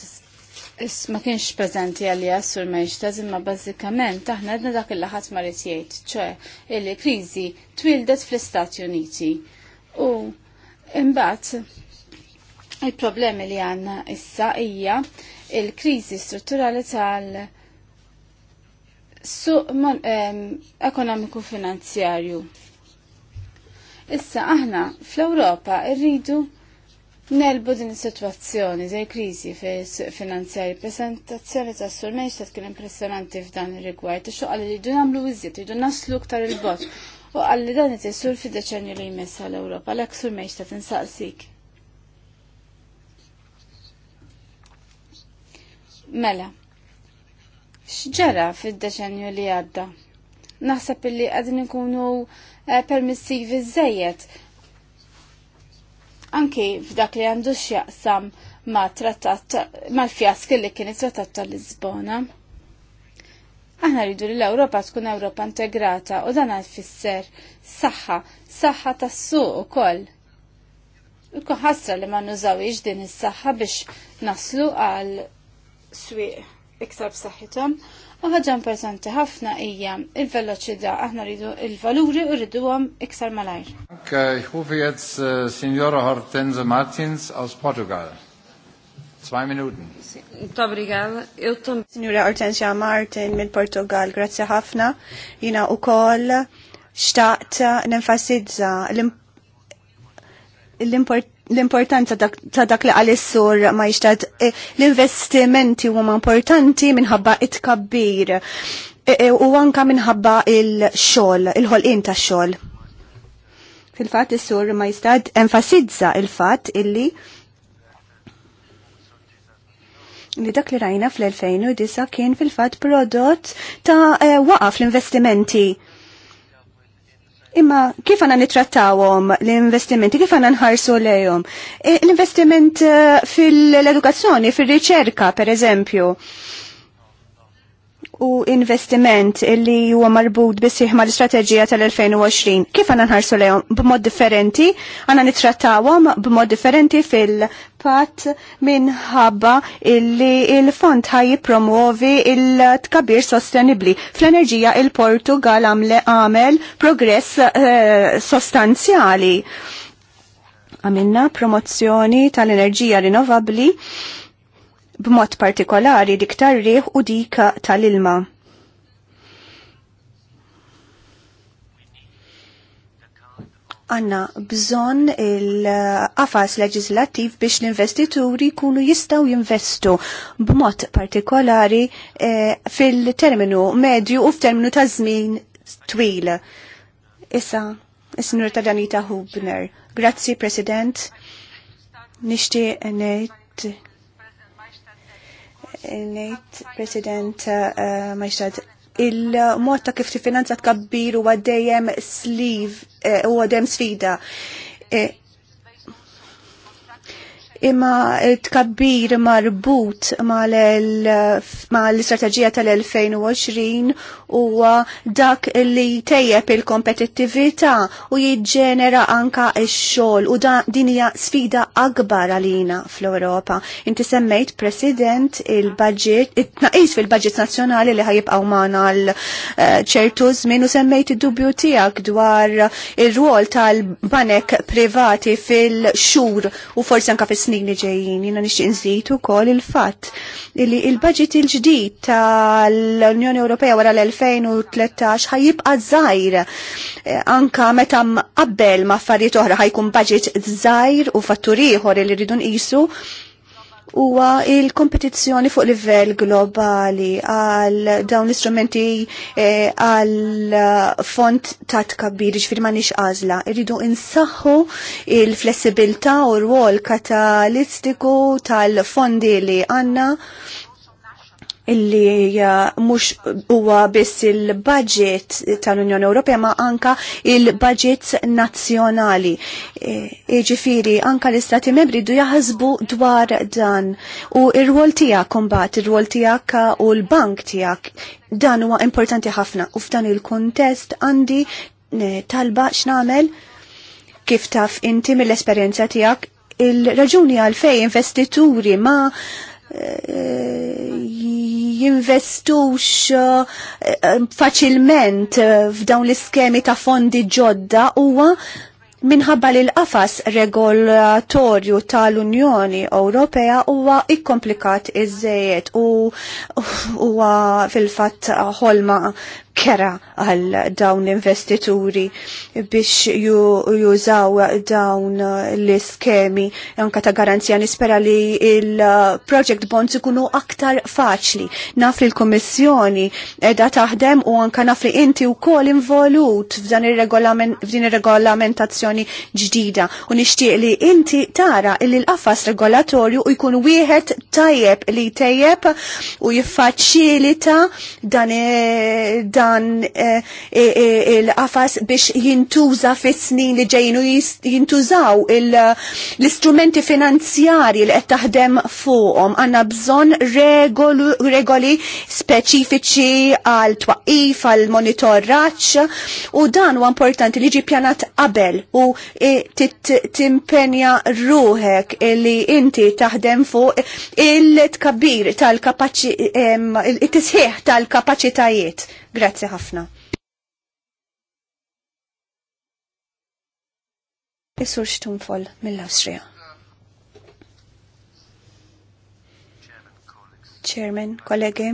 ma kienx preżenti għalija sur Majstet imma bażikament aħna għedna dak il-laħat marit jgħid, ċe il-kriżi twildet fl-Istati Uniti. U imbagħad il-problemi li għandna issa hija il-kriżi strutturali tal- suq ekonomiku finanzjarju. Issa aħna fl-Ewropa rridu Nelbu din is-sitwazzjoni żej kriżi finanzjari, presentazzjoni ta' Sur Mejxet kien impressjonanti f'dan ir-rigward, ixu għalli li jdu nagħmlu iżjed, jdu naslu ktar il-bot. U għalli dan it-isur fid deċenju li jmess għall-Ewropa, l-ek ta' tinsaqsik. insaqsik. Mela, xġara fid-deċenju li għadda. Naħseb illi għadin ikunu eh, permissivi zzejiet. Anki f'dak li għandu x'jaqsam ma' trattat mal-fjask li kien it-trattat tal-Lisbona. Aħna rridu li l-Ewropa tkun Ewropa integrata u dan għal fisser saħħa, saħħa tas-suq ukoll. Ikun ħasra li ma nużawiex din is-saħħa biex naslu għal swieq iktar b'saħħithom. U ħaġa importanti ħafna hija l veloċità aħna rridu l valuri u rriduhom iktar malajr. Ich rufe jetzt äh, Signora Hortense Martins aus Portugal. Zwei Minuten. Tabrigal, juttum. Signora Hortensia Martin mill Portugal, grazie ħafna. Jina u koll xtaqt nenfasizza l-import l-importanza ta' dak li għal-issur ma' jixtad e, l-investimenti huma importanti minħabba it-kabbir e, e, u anka minħabba il-xol, il-ħolqin ta' xol. Fil-fat is-sur ma' jistad enfasizza il-fat illi li dak li rajna fl-2009 kien fil-fat prodott ta' waqaf l-investimenti Imma kif għana nitrattawom l-investimenti, kif għana nħarsu lejhom? E, l-investiment eh, fil-edukazzjoni, fil-riċerka, per eżempju u investiment li huwa marbut bisih mal istrateġija tal-2020. Kif għana nħarsu lejhom b'mod differenti, għana nittrattawhom b'mod differenti fil-pat minħabba li il-fond ħaj jipromuovi il-tkabir sostenibli. Fl-enerġija il-Portugal għamel progress eh, sostanzjali. Għamilna promozzjoni tal-enerġija rinnovabli b'mod partikolari dik tar-riħ u dik tal-ilma. għanna bżon il-qafas leġislattiv biex l-investituri kunu jistaw jinvestu b'mod partikolari eh, fil-terminu medju u f'terminu ta' żmien twil. Issa, is sinur ta' Danita Hubner. Grazzi, President. Nishti ngħid nejt President uh, il-mod ta' kif tiffinanza tkabbir huwa dejjem sliv eh, u għaddejem sfida. Imma tkabbir marbut mal l-istrateġija tal-2020 huwa dak li tejjeb il-kompetittività u jiġġenera anka x-xogħol u din hija sfida akbar għalina fl-Ewropa. Inti semmejt President il-budget, it-tnaqis fil-budget nazzjonali li ħajibqgħu magħna għal eh, ċertu żmien u semmejt id-dubju tiegħek dwar ir-rwol tal-banek privati fil-xhur u forsi anka fis-snin li ġejjin. Jiena nixtieq nżid ukoll il-fatt li il-budget il-ġdid tal-Unjoni Ewropea wara l-2000 2013 ħajibqa' żgħir eh, anka meta qabel ma' affarijiet oħra ħajkun budget żgħir u fatturi ieħor li rridu nqisu huwa il-kompetizzjoni fuq livell globali għal dawn l-istrumenti eh, għal eh, font ta' tkabbir ġifir ma nix għazla. Irridu insaħħu il-flessibilta u r-wol katalistiku tal-fondi li għanna illi mhux huwa biss il-budget tal-Unjoni Ewropea ma anka il-budget nazzjonali. Jiġifieri anka l-Istati Membri du jaħsbu dwar dan u ir-rwol tiegħek kumbat ir-rwol tiegħek u l-bank tiegħek dan huwa importanti ħafna u f'dan il-kontest għandi e, talba x'namel kif taf inti mill-esperjenza tiegħek il-raġuni għalfej investituri ma jinvestux eh, eh, faċilment eh, f'dawn l-iskemi ta' fondi ġodda huwa minħabba li l-qafas regolatorju tal-Unjoni Ewropea huwa ikkomplikat iżejjed u huwa fil-fatt ħolma kera għal dawn investituri biex jużaw dawn l-iskemi anka ta' garanzija nispera li il-project bonds ikunu aktar faċli. Naf li l-Komissjoni edha taħdem u anka naf li inti u kol involut f'din il-regolamentazzjoni ġdida u nixtieq li inti tara li l affas regolatorju u jkun wieħed tajjeb li tajjeb u jiffaċilita dan dan eh, eh, eh, il-qafas biex jintuża fis-snin li ġejnu jintużaw l-istrumenti finanzjari li qed taħdem fuqhom. Għandna bżonn regoli speċifiċi għal twaqif, għal monitoraġġ u dan huwa importanti li ġi pjanat qabel u timpenja ruħek li inti taħdem fuq il-tkabbir tal-kapaċi, tal-kapaċitajiet. Grazzi ħafna. Isur Stumfol mill austria Chairman, kollegi,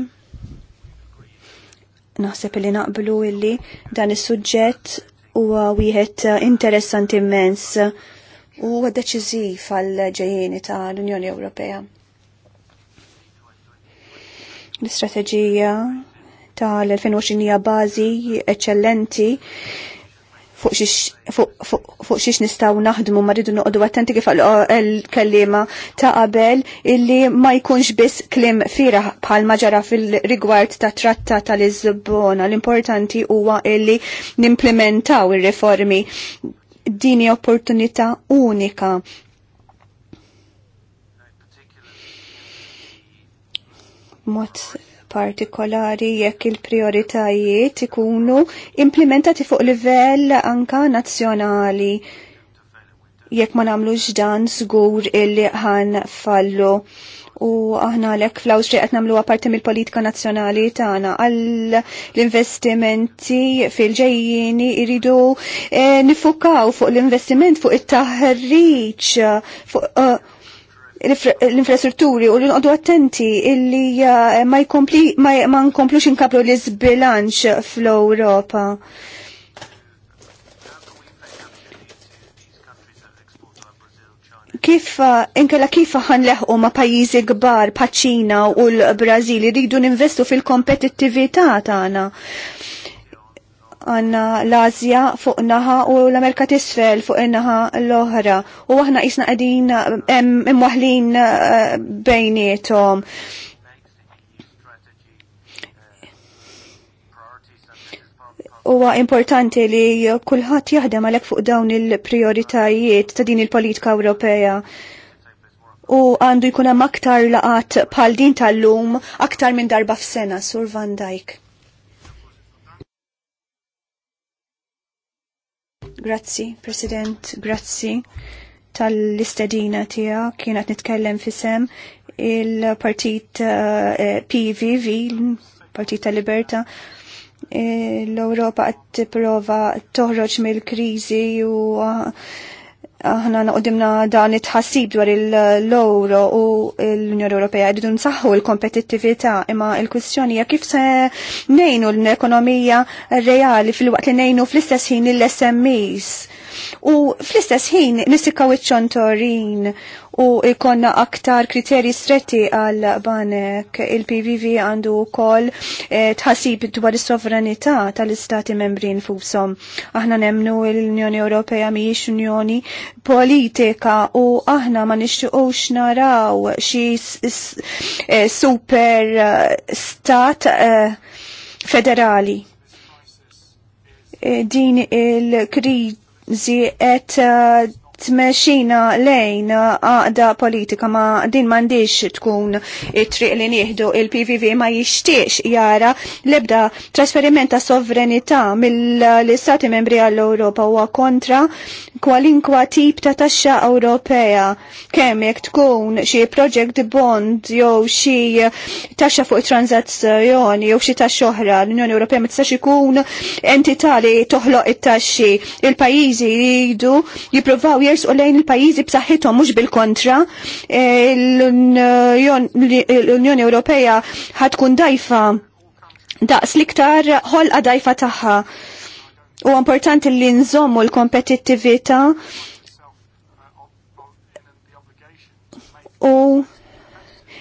naħseb li naqblu illi dan is-suġġett huwa wieħed interessanti immens u deċiżiv għal ġejjieni tal-Unjoni Ewropea l-istrateġija tal-2020 hija bażi eċċellenti fuq xiex nistaw naħdmu ma rridu noqdu attenti kif l-kellima ta' qabel illi ma jkunx biss klim fira bħal maġara fil-rigward ta' tratta tal izzubbona L-importanti huwa illi nimplementaw ir-riformi dini opportunità unika mod partikolari jekk il-prioritajiet ikunu implementati fuq livell anka nazzjonali jekk ma namlu dan żgur illi ħan fallu u aħna lek fl-Awstrija qed nagħmluha parti mill-politika nazzjonali tagħna għall investimenti fil-ġejjieni iridu eh, nifukaw fuq l-investiment fuq it-taħriġ fuq eh, l-infrastrutturi u li nqodu attenti illi uh, ma nkomplux inkaplu l-izbilanċ fl-Europa. Kif uh, inkella kif ħan leħqu ma' pajjiżi kbar, paċina u l brażili iridu ninvestu fil-kompetittività tagħna għanna l-Azja fuq naħa u l-Amerika tisfel fuq naħa l-oħra. U aħna isna għedin imwahlin eh, bejnietom. Huwa importanti li kulħadd jaħdem għalhekk fuq dawn il-prioritajiet ta' din il-politika Ewropea u għandu jkun hemm aktar laqat bħal din tal-lum aktar minn darba f'sena, Sur Van Dijk. Grazzi, President, grazzi tal-istedina tija kienet nitkellem fisem il-partit eh, eh, PVV, partit tal-Liberta, eh, l-Europa għat prova toħroġ mill-krizi u uh, aħna naqdimna dan it-ħassib dwar l-euro u l-Unjoni Ewropea jridu nsaħħu l-kompetittività imma l-kwistjoni hija kif se ngħinu l-ekonomija reali fil-waqt li ngħinu fl-istess ħin l-SMEs. U fl-istess ħin nisikaw iċ-ċontorin u ikonna aktar kriterji stretti għal banek il-PVV għandu kol eh, tħassib dwar is-sovranità tal-istati membri nfushom. Aħna nemnu l-Unjoni Ewropea mhijiex Unjoni politika u aħna ma nixtiequx naraw xi eh, super eh, stat federali. din il-kriżi qed tmexxina lejn għaqda politika ma din m'għandix tkun it-triq li nieħdu il-PVV ma jixtiex jara l-ebda trasferiment ta' sovranità mill-istati membri għall-Ewropa huwa kontra kwalinkwa tip ta' taxxa Ewropea kemm jekk tkun xi project bond jew xi taxxa fuq transazzjoni jew xi taxxa oħra l-Unjoni Ewropea ma tistax ikun entità li toħloq it-taxxi. Il-pajjiżi jridu jippruvaw u lejn il pajizi b'saħħithom mhux bil-kontra eh, l-Unjoni Ewropea ħatkun dajfa daqs liktar ħolqa dajfa tagħha. U importanti li nżommu l-kompetittività u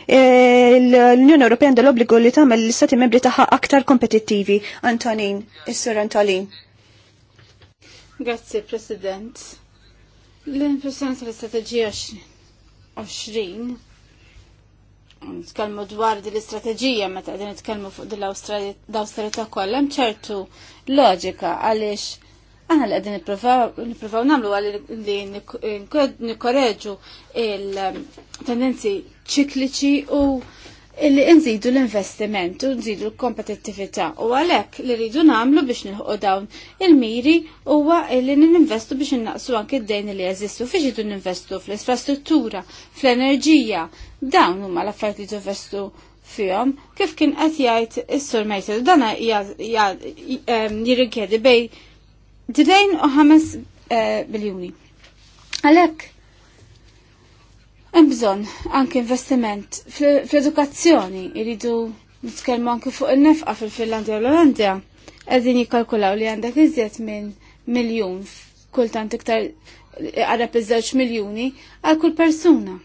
eh, l-Unjoni Ewropea għandha l-obbligu li tagħmel l-istati membri tagħha aktar kompetittivi. Antonin, is-Sur Antonin. Grazie President. L-impressjoni tal-istrateġija 20 nitkellmu dwar din l-istrateġija meta qegħdin nitkellmu fuq dil l-awsterità kollha hemm ċertu loġika għaliex aħna li qegħdin nippruvaw nagħmlu għal li nikorreġu il-tendenzi ċikliċi u illi nżidu l-investiment u nżidu l-kompetittività u għalhekk li rridu nagħmlu biex nilħqu dawn il-miri huwa illi ninvestu biex innaqsu anke d-dejn li jeżistu fiex jidu ninvestu fl-infrastruttura, fl-enerġija, dawn huma l-affarijiet li investu fihom kif kien qed jgħid is-Sur Mejtel dan jirrinkjedi bej dejn u ħames eh, biljuni. Għalhekk Hemm bżonn anke investiment fl-edukazzjoni jridu nitkellmu anke fuq il nefqa fil-Finlandja u l-Olandja qegħdin jikkalkulaw li għandek iżjed minn miljun kultant iktar għarab iż-żewġ miljuni għal kull persuna.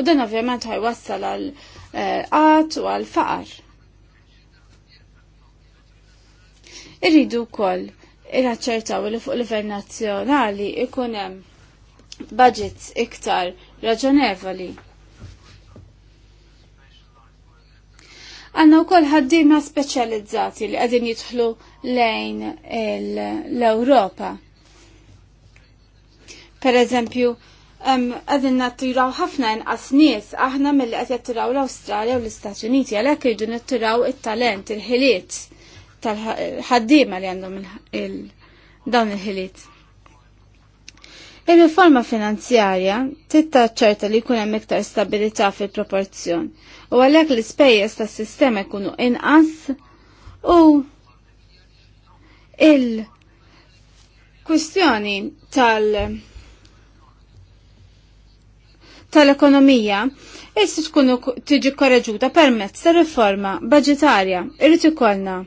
U dan ovvjament ħajwassal għal eh, qat u għal faqar. Irridu wkoll irraċċertaw li fuq livell nazzjonali ikun hemm budgets iktar raġonevoli. Għanna u koll ħaddima specializzati li għadin jitħlu lejn l-Europa. Per eżempju, għadin nattiraw ħafna inqas nies aħna mill-li jattiraw l australia u l-Istati Uniti, għalek jridu nattiraw il-talent, il-ħiliet tal-ħaddima li għandhom dawn il-ħiliet. Ir-riforma finanzjarja titta ċerta li jkun hemm iktar stabilità fil-proporzjon u għalhekk l-ispejjeż tas-sistema jkunu inqas u il kwestjoni tal- tal-ekonomija jessi tkun tiġi korreġuta permezz ta' riforma budgetarja irrid ikollna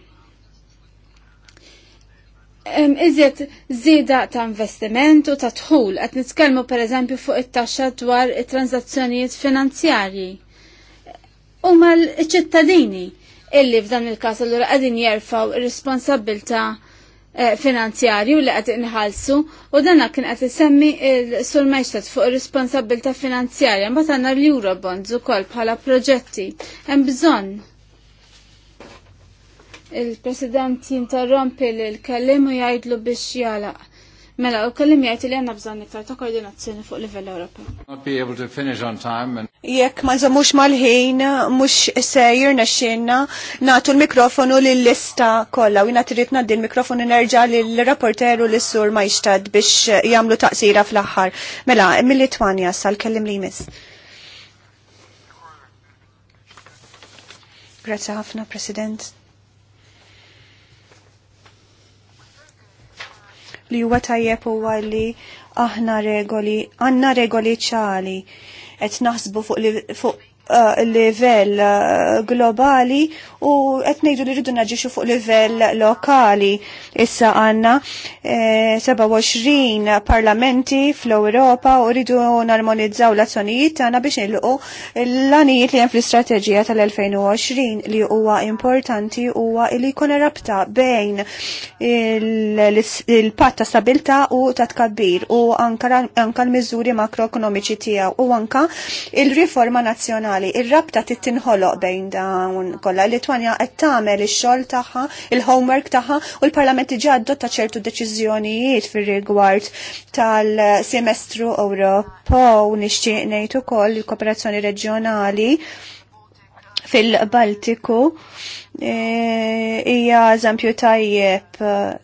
iżjed zida ta' investiment u ta' tħul, għat nitkelmu per eżempju fuq it-taxxa dwar it-transazzjonijiet finanzjarji. U mal-ċittadini illi f'dan il-kas l għadin jerfaw responsabilta eh, finanzjarju li għad inħalsu u dana kien għad isemmi sul meċtet fuq responsabilta finanzjarja mbagħad għanna l-Eurobonds ukoll bħala proġetti hemm bżonn il-President jinterrompi l-kellim u jgħidlu biex jalaq. Mela, u kellim jgħajti li għanna bżon iktar ta' koordinazzjoni fuq livell Ewropa. Not be able to finish on time. Jekk ma nżamux mal-ħin, mux sejr naxxinna, natu l-mikrofonu l-lista kolla. u trid naddi l-mikrofonu nerġa l-rapporteru l-sur ma jixtad biex jamlu taqsira fl-axħar. Mela, mill-Litwanja sal kellim li jmiss. Grazie ħafna, President. li huwa tajjeb huwa li aħna regoli, għandna regoli ċali qed naħsbu fuq, li fuq Eh, livell eh, globali u qed ngħidu li rridu naġixxu fuq livell lokali. Issa għandna 27 eh, parlamenti fl europa u rridu narmonizzaw l-azzjonijiet tagħna biex nilqu l anijiet li hemm fl-istrateġija tal-2020 li huwa importanti huwa li jkun rabta bejn il-patt ta' stabilta u ta' tkabbir u anka l-miżuri makroekonomiċi tiegħu u anka il-riforma nazzjonali multinazzjonali, ir-rabta tittinħoloq bejn dawn kollha. Litwanja qed tagħmel ix-xogħol tagħha, il-homework tagħha u l-Parlament diġà adotta ċertu deċiżjonijiet fir-rigward tal-semestru Ewropew nixtieq ngħid ukoll il-kooperazzjoni reġjonali fil-Baltiku eh, hija eżempju tajjeb eh,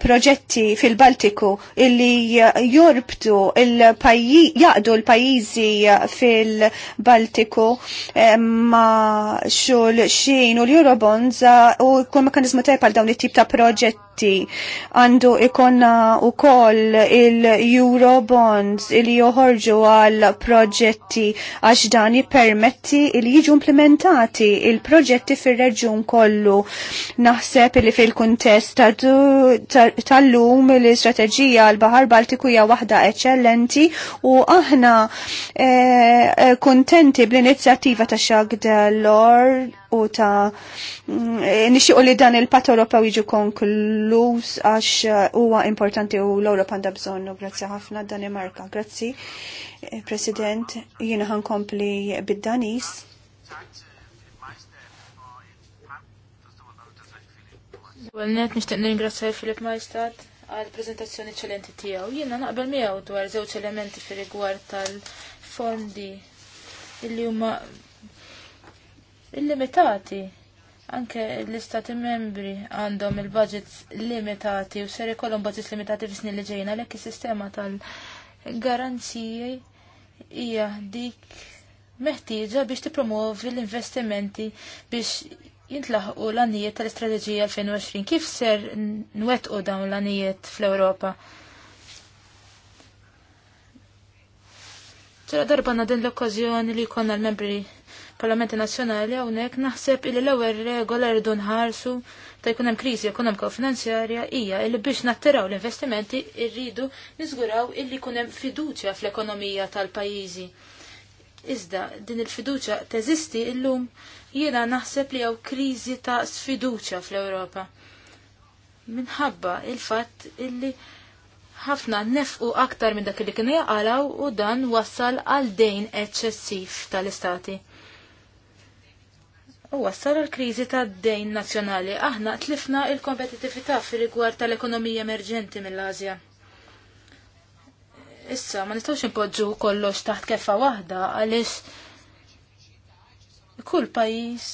proġetti fil-Baltiku illi jorbtu il-pajji, jaqdu l-pajjiżi fil-Baltiku eh, ma xul xin u l-Eurobonds eh, u kull mekanizmu tajpal dawn it-tip ta' proġetti prodotti. Għandu ikonna u koll il-Euro bonds il joħorġu għal proġetti għax dan permetti il jiġu implementati il-proġetti fil-reġun kollu. Naħseb li fil-kuntest tal-lum l-istrateġija għal-Bahar Baltiku hija waħda eċċellenti u aħna eh, eh, kontenti bl-inizjattiva ta' Xagda l-or u ta' mm, nixtiequ li dan il-pat Ewropa jiġu konkluż għax uh, huwa importanti u l-Ewropa għandha bżonnu. Grazzi ħafna Danimarka. Grazzi, eh, President, jiena kompli bid-Danis. Għalnet nishtiq ningrazzaj Filip Majstad għal prezentazzjoni ċelenti tiegħu. Jiena naqbel miegħu dwar żewġ elementi fir rigward tal-fondi illi huma illimitati. Anke l-istati membri għandhom il-budgets limitati u ser ikollhom budgets limitati fis-snin li ġejna, għalhekk is-sistema tal-garanziji hija dik meħtieġa biex tippromovi l-investimenti biex jintlaħqu l-għanijiet tal-istrateġija 2020. Kif ser nwettqu dawn l-għanijiet fl-Ewropa? Ġara darba din l-okkazjoni li konna l-membri parlamenti nazzjonali hawnhekk naħseb illi l-ewwel regola rridu nħarsu ta' jkun hemm kriżi ekonomika u finanzjarja hija li biex nattiraw l-investimenti rridu niżguraw illi jkun hemm fiduċja fl-ekonomija tal-pajjiżi. Iżda din il-fiduċja teżisti illum jiena naħseb li għaw kriżi ta' sfiduċja fl-Ewropa. Minħabba il-fatt illi ħafna nefqu aktar minn dak li kien jaqalaw u dan wassal għal dejn eċċessiv tal-istati u għassar l-kriżi tad-dejn nazzjonali. Aħna tlifna il-kompetitività fi rigward tal-ekonomija emerġenti mill azja Issa, ma nistgħux impoġġu kollox taħt kefa waħda għaliex kull pajjiż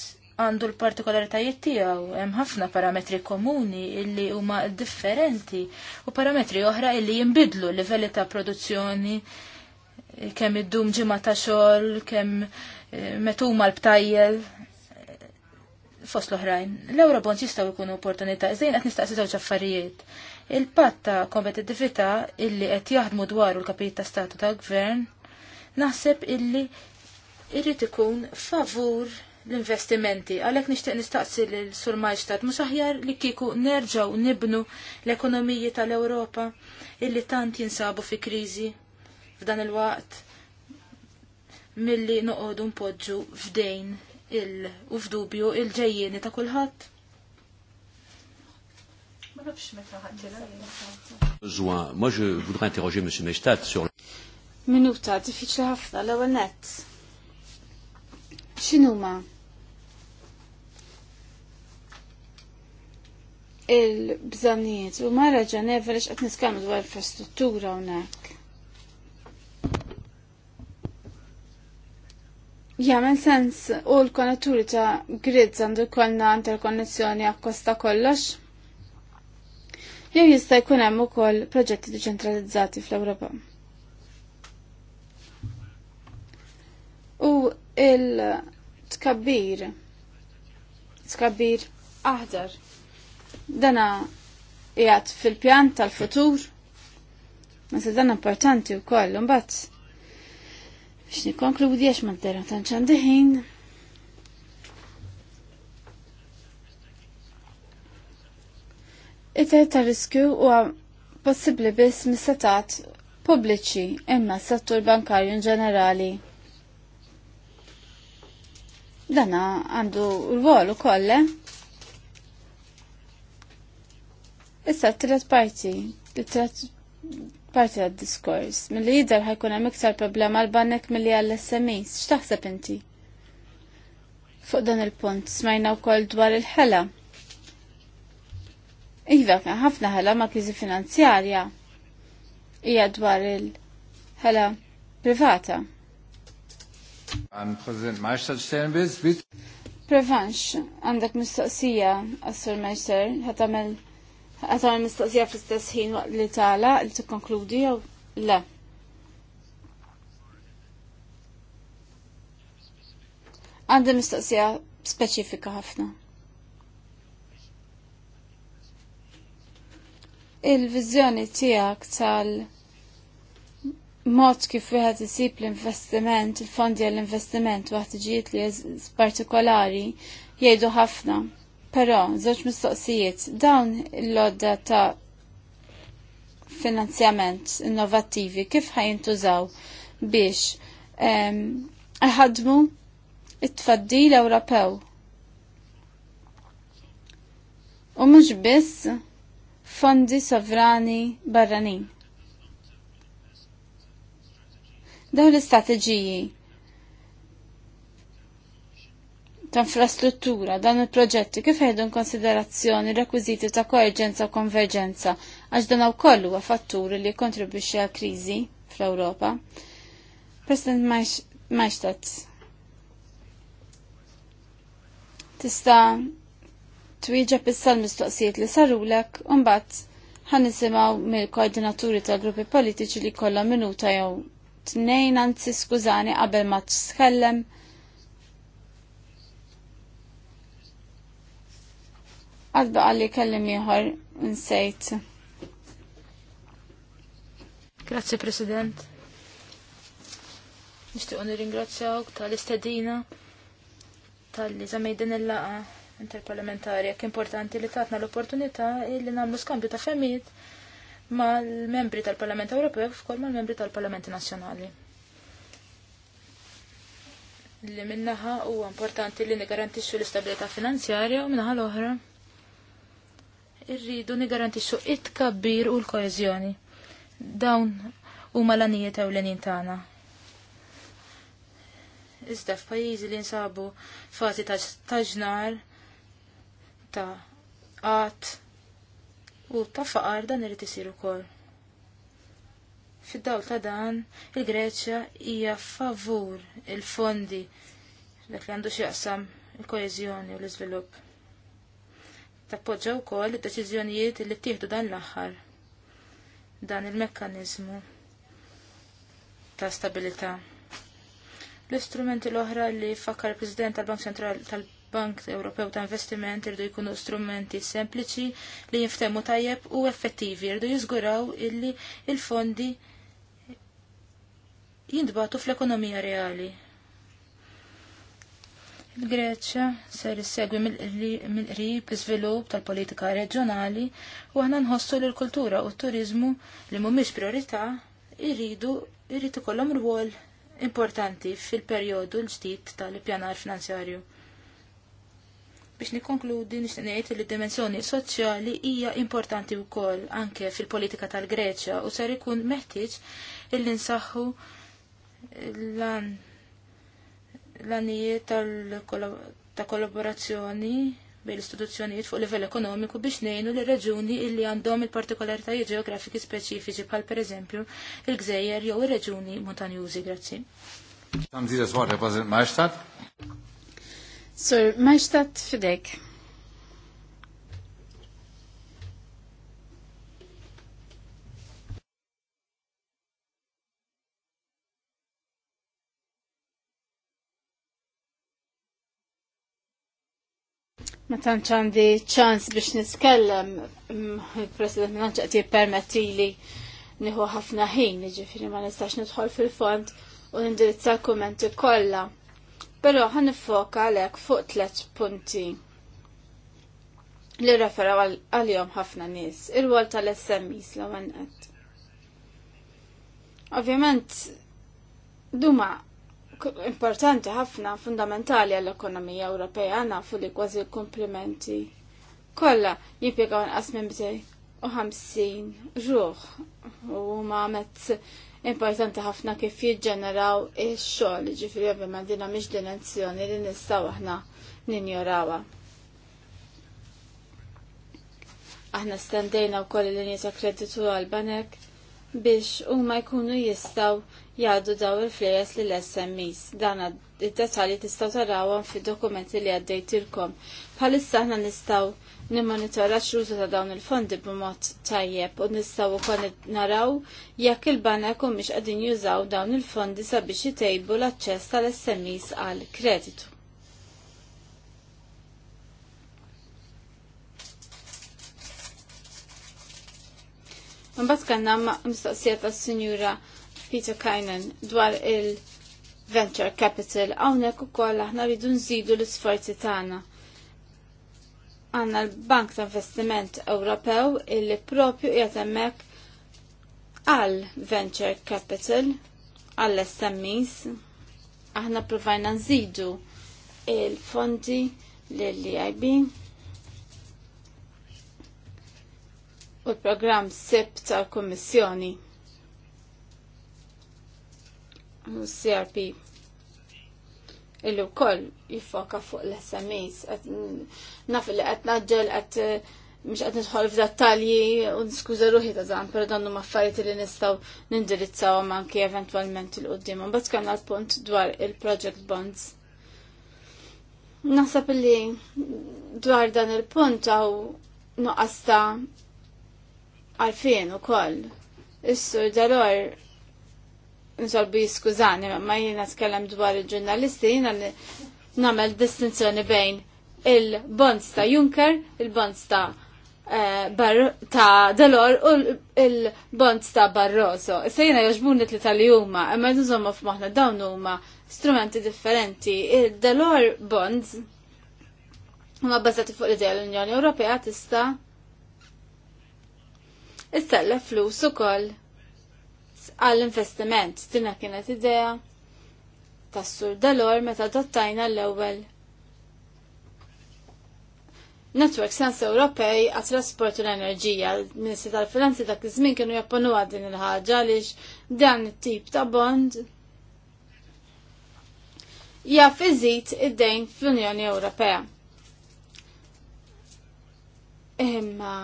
għandu l-partikolaritajiet tiegħu hemm ħafna parametri komuni illi huma differenti u parametri oħra illi jinbidlu livelli ta' produzzjoni kemm iddum ġimgħa ta' xogħol, kemm eh, metuma l-btajjel, fost l-oħrajn. L-Eurobonds jistaw ikunu opportunità, iżdejn qed nistaqsi żewġ affarijiet. Il-patt ta' kompetittività illi qed jaħdmu dwar l-kapijiet ta' statu ta' gvern, naħseb illi irrid ikun favur l-investimenti. Għalhekk nixtieq nistaqsi lil sur Majstat mhux aħjar li kieku nerġgħu nibnu l-ekonomiji tal-Ewropa illi tant jinsabu fi kriżi f'dan il-waqt milli noqogħdu npoġġu f'dejn u f'dubju il-ġejjieni ta' kulħadd. Minuta, diffiċli ħafna, l-ewwel nett. X'inhuma? il-bżonnijiet u marra ġaneva li xqed dwar infrastruttura hawnhekk. Jamen sens u l-konnetturi ta' grids għandu jkollna interkonnessjoni akkosta kollox. Jew jista' jkun hemm ukoll proġetti deċentralizzati fl-Ewropa. U il-tkabbir, tkabbir aħdar, dana jgħat fil-pjan tal-futur, ma se dan importanti u koll, Xni għax ma ddera dera tanċan diħin. Itaj ta' riskju u possibli biss mis-setat pubbliċi imma s-settur bankarju in ġenerali. Dana għandu rwol u kolle. Eh? Issa t-tret parti, t-tret parti għad diskors mill-li jidher ħajkun hemm iktar problema għal bannek mill-li għall smes x'taħseb inti? Fuq dan il-punt smajna wkoll dwar il-ħela. Iva kien ħafna ħela ma' kriżi finanzjarja hija dwar il-ħela privata. Għan President Maċtad Sternbiz, Prevanx, għandak mistoqsija, Assur Meċer, ħatamel Għatar mistoqsija fl-istess ħin waqt li tala li tikkonkludi jew le. Għandi mistoqsija speċifika ħafna. Il-vizjoni tiegħek tal mod kif wieħed isib l-investiment, il-fondi għall-investiment waħtiġijiet li partikolari jgħidu ħafna Però, żewġ mistoqsijiet, dawn l-odda ta' finanzjament innovattivi kif ħajintużaw biex ehm, ħadmu it-tfaddil Ewropew. U mhux biss fondi sovrani barranin. Dawn l-istrateġiji ta' infrastruttura dan il-proġetti kif ħejdu konsiderazzjoni rekwiżiti ta' koerġenza u konverġenza għax dan wkoll huwa fatturi li jkontribwixxi għal kriżi fl-Ewropa. President Maċtat, tista' twieġeb issa l-mistoqsijiet li sarulek u mbagħad ħanisimgħu mill-koordinaturi tal-gruppi politiċi li kollha minuta jew tnejn anzi skużani qabel ma tkellem għadba għalli kellim jħor nsejt. Grazie, President. Nishtiqo nir-ingrazzjawk tal-istedina tal izamejden din il-laqa interparlamentari jekk importanti li tatna l-opportunità li nagħmlu skambju ta' femmit mal-membri tal-Parlament Ewropew f'kol mal-membri tal-Parlamenti Nazzjonali. Li minnaħa huwa importanti li nigarantixxu l-istabilità finanzjarja u minnaħa l-oħra irridu nigarantixxu it tkabbir u l-koeżjoni. Dawn huma l-anijiet ewlenin tagħna. Iżda f'pajjiżi li nsabu fażi ta' ġnar ta' qatt u ta' faqar dan irid isir ukoll. Fid-dawl ta' dan, il-Greċja hija favur il-fondi dak li għandu x'jaqsam il-koeżjoni u l-iżvilupp tappoġġa wkoll id-deċiżjonijiet li ttieħdu dan l-aħħar dan il mekkanizmu ta' stabilità. L-istrumenti l-oħra li fakkar il-President tal-Bank Central tal-Bank Ewropew ta' Investiment irdu jkunu strumenti sempliċi li jinftemu tajjeb u effettivi irdu jizguraw illi il-fondi jindbatu fl-ekonomija reali. Il-Greċja ser issegwi mill-qrib iżvilupp tal-politika reġjonali u aħna nħossu li l-kultura u t-turizmu li mhumiex priorità irridu irrid ikollhom rwol importanti fil-perjodu l-ġdid tal-ippjanar finanzjarju. Biex nikkonkludi nixtieq ngħid li d-dimensjoni soċjali hija importanti wkoll anke fil-politika tal-Greċja u ser ikun meħtieġ illi nsaħħu l-lan l-għanijiet ta' kollaborazzjoni bejn l-istituzzjonijiet fuq livell ekonomiku biex nejnu li reġuni illi għandhom il-partikolaritajiet ġeografiki speċifiċi bħal eżempju il-gżejjer jew ir-reġuni montanjużi. Grazzi. Sur Maestat fidek. Ma tantx għandi ċans biex niskellem il-President mm, Nanċaq ti permetti li nieħu ħafna ħin, ġifiri ma nistax nidħol fil-fond u nindirizza l-kummenti kollha. Però ħan nifoka għalhekk fuq tliet punti li referaw għal-jom ħafna nies, il-wol tal-SMIs l-għanqet. Ovvjament, duma importanti ħafna fundamentali għall-ekonomija Ewropea nafu li kważi komplimenti. kollha jimpiegaw inqas minn u ħamsin ruħ u ma mezz importanti ħafna kif jiġġeneraw ix-xogħol jiġifieri ovvjament dinha mhix dimensjoni li nistgħu aħna ninjorawha. Aħna stendejna wkoll il-linji ta' kreditu għal-banek biex huma jkunu jistgħu jgħaddu daw il flejas li l-SMEs. Dan id detali tistaw tarawhom fid-dokumenti li għaddejtilkom. Bħalissa aħna nistaw nimmonitora xruzu ta' dawn il-fondi b'mod tajjeb u nistaw ukoll naraw jekk il bana u mhix qegħdin jużaw dawn il-fondi sabiex jitejbu l-aċċess tal-SMEs għal kreditu. Mbagħad kellna mistoqsija tas-Sinjura Peter Kynan dwar il-venture capital hawnhekk ukoll aħna rridu nżidu l-isforzi tagħna. Għanna l-Bank ta' Investiment Ewropew illi propju qiegħed hemmhekk għal venture capital għall SMEs. Aħna provajna nżidu il-fondi l eib u l-programm SIP tal-Kummissjoni. CRP illi wkoll jiffoka fuq l-SMEs. Naf li qed naġġel qed eh, mhux qed nidħol f'dattalji u niskuża ruħi ta' zan però dannu huma affarijiet li nistgħu nindirizzawhom anki eventwalment il qudiem Mbagħad kellna l-punt dwar il-project bonds. Naħseb li dwar dan il-punt għaw nuqasta għalfien ukoll. Is-sur dalor nsolbu jiskużani, ma jina tkellem dwar il-ġurnalisti, jina li namel distinzjoni bejn il-bonds ta' Juncker, il-bonds ta' eh, ta' Delor u il-bonds ta' Barroso. Issa jina li tal li huma, imma nżommu maħna dawn huma strumenti differenti. Il-Delor bonds huma bbażati fuq l-idea l-Unjoni Ewropea tista' istella flus ukoll għall-investiment. Dina kienet idea tas-sur dalor meta dottajna l-ewwel Network Sens Ewropej għat trasport u l-enerġija. Ministri tal-Finanzi dak iż-żmien kienu japponu din il-ħaġa għaliex dan it-tip ta' bond jaf iżid id-dejn fl-Unjoni Ewropea. Imma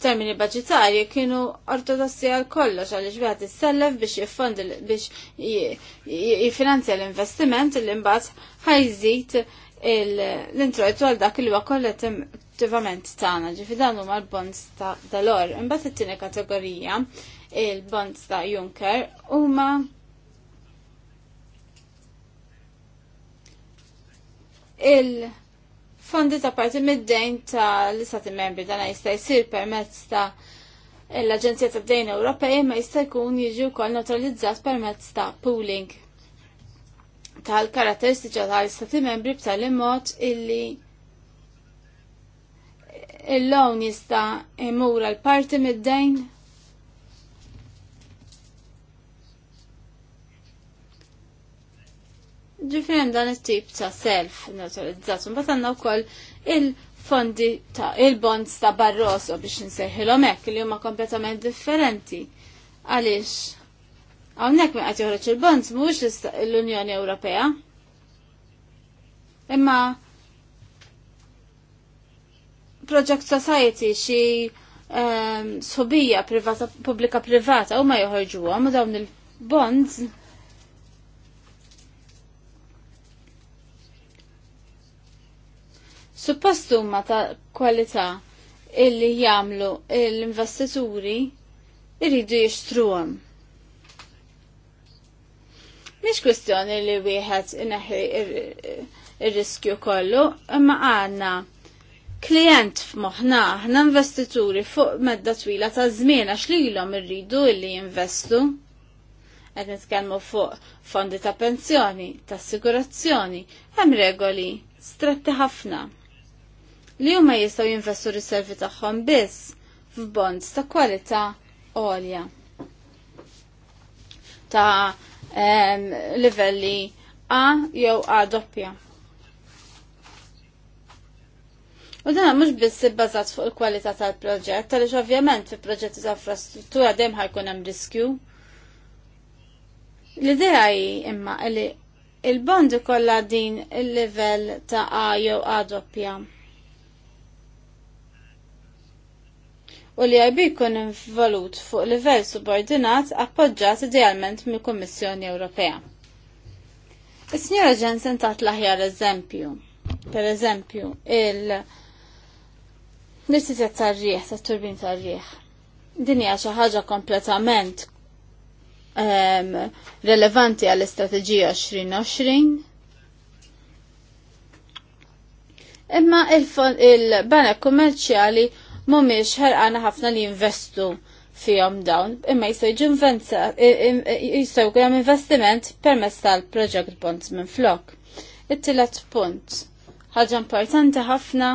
f'termini budgetarji kienu ortodossi għal kollox għaliex wieħed issellef biex jiffondi biex jifinanzja l-investiment li mbagħad ħajżid l-introjtu għal dak li huwa kollettivament tagħna, ġifi dan huma l-bonds ta' dalor. Imbagħad it-tieni kategorija il-bonds ta' Juncker huma il- fondi ta' parti mid-dejn ta' l-istati membri dan jista' jsir permezz ta' l-Aġenzija ta' Dejn Ewropej ma jista' jkun jiġu wkoll neutralizzat permezz ta' pooling tal-karatteristiċa tal-istati membri b'tali mod illi il-lawn jista' imur l-parti mid-dejn Ġifiri hemm dan it-tip ta' self bat Mbagħad għandna wkoll il-fondi ta' il-bonds ta' Barroso biex nsejħilhom hekk li huma kompletament differenti. Għaliex Hawnhekk ma qed joħroġ il-bonds mux l-Unjoni Ewropea. Imma Project Society xi um, ehm, sobija privata pubblika privata u ma joħorġu għom dawn il-bonds suppost huma ta' kwalità illi jagħmlu l-investituri irridu jixtruhom. Mhix kwestjoni li wieħed inaħi ir-riskju kollu, imma għandna klient f'moħħna aħna investituri fuq medda twila ta' żmien għax lilhom irridu illi jinvestu Qed nitkellmu fuq fondi ta' pensjoni, ta' assigurazzjoni, hemm regoli stretti ħafna li huma jistgħu jinvestu riservi tagħhom biss f'bonds ta' kwalità għolja ta' um, livelli A jew A doppja. U dan mhux biss ibbażat fuq il-kwalità tal-proġett, għaliex ovvjament fi proġetti ta' infrastruttura dejjem ħajkun hemm riskju. L-idea hi imma li il-bond ikollha din il-livell ta' A jew A doppja. u li IB jkun involut fuq livell subordinat appoġġat idealment mill-Kummissjoni Ewropea. Is-Sinjora Jensen tat l-aħjar eżempju. Per eżempju, il l-istizja tar-rieħ, tat-turbin tar-rieħ. Din hija xi ħaġa kompletament um, relevanti għall-istrateġija 2020 Imma il-banek il mhumiex ħerqana ħafna li investu fihom dawn, imma jistgħu jistgħu jkun investiment permezz tal-project bonds minn flok. It-tielet punt. Ħaġa importanti ħafna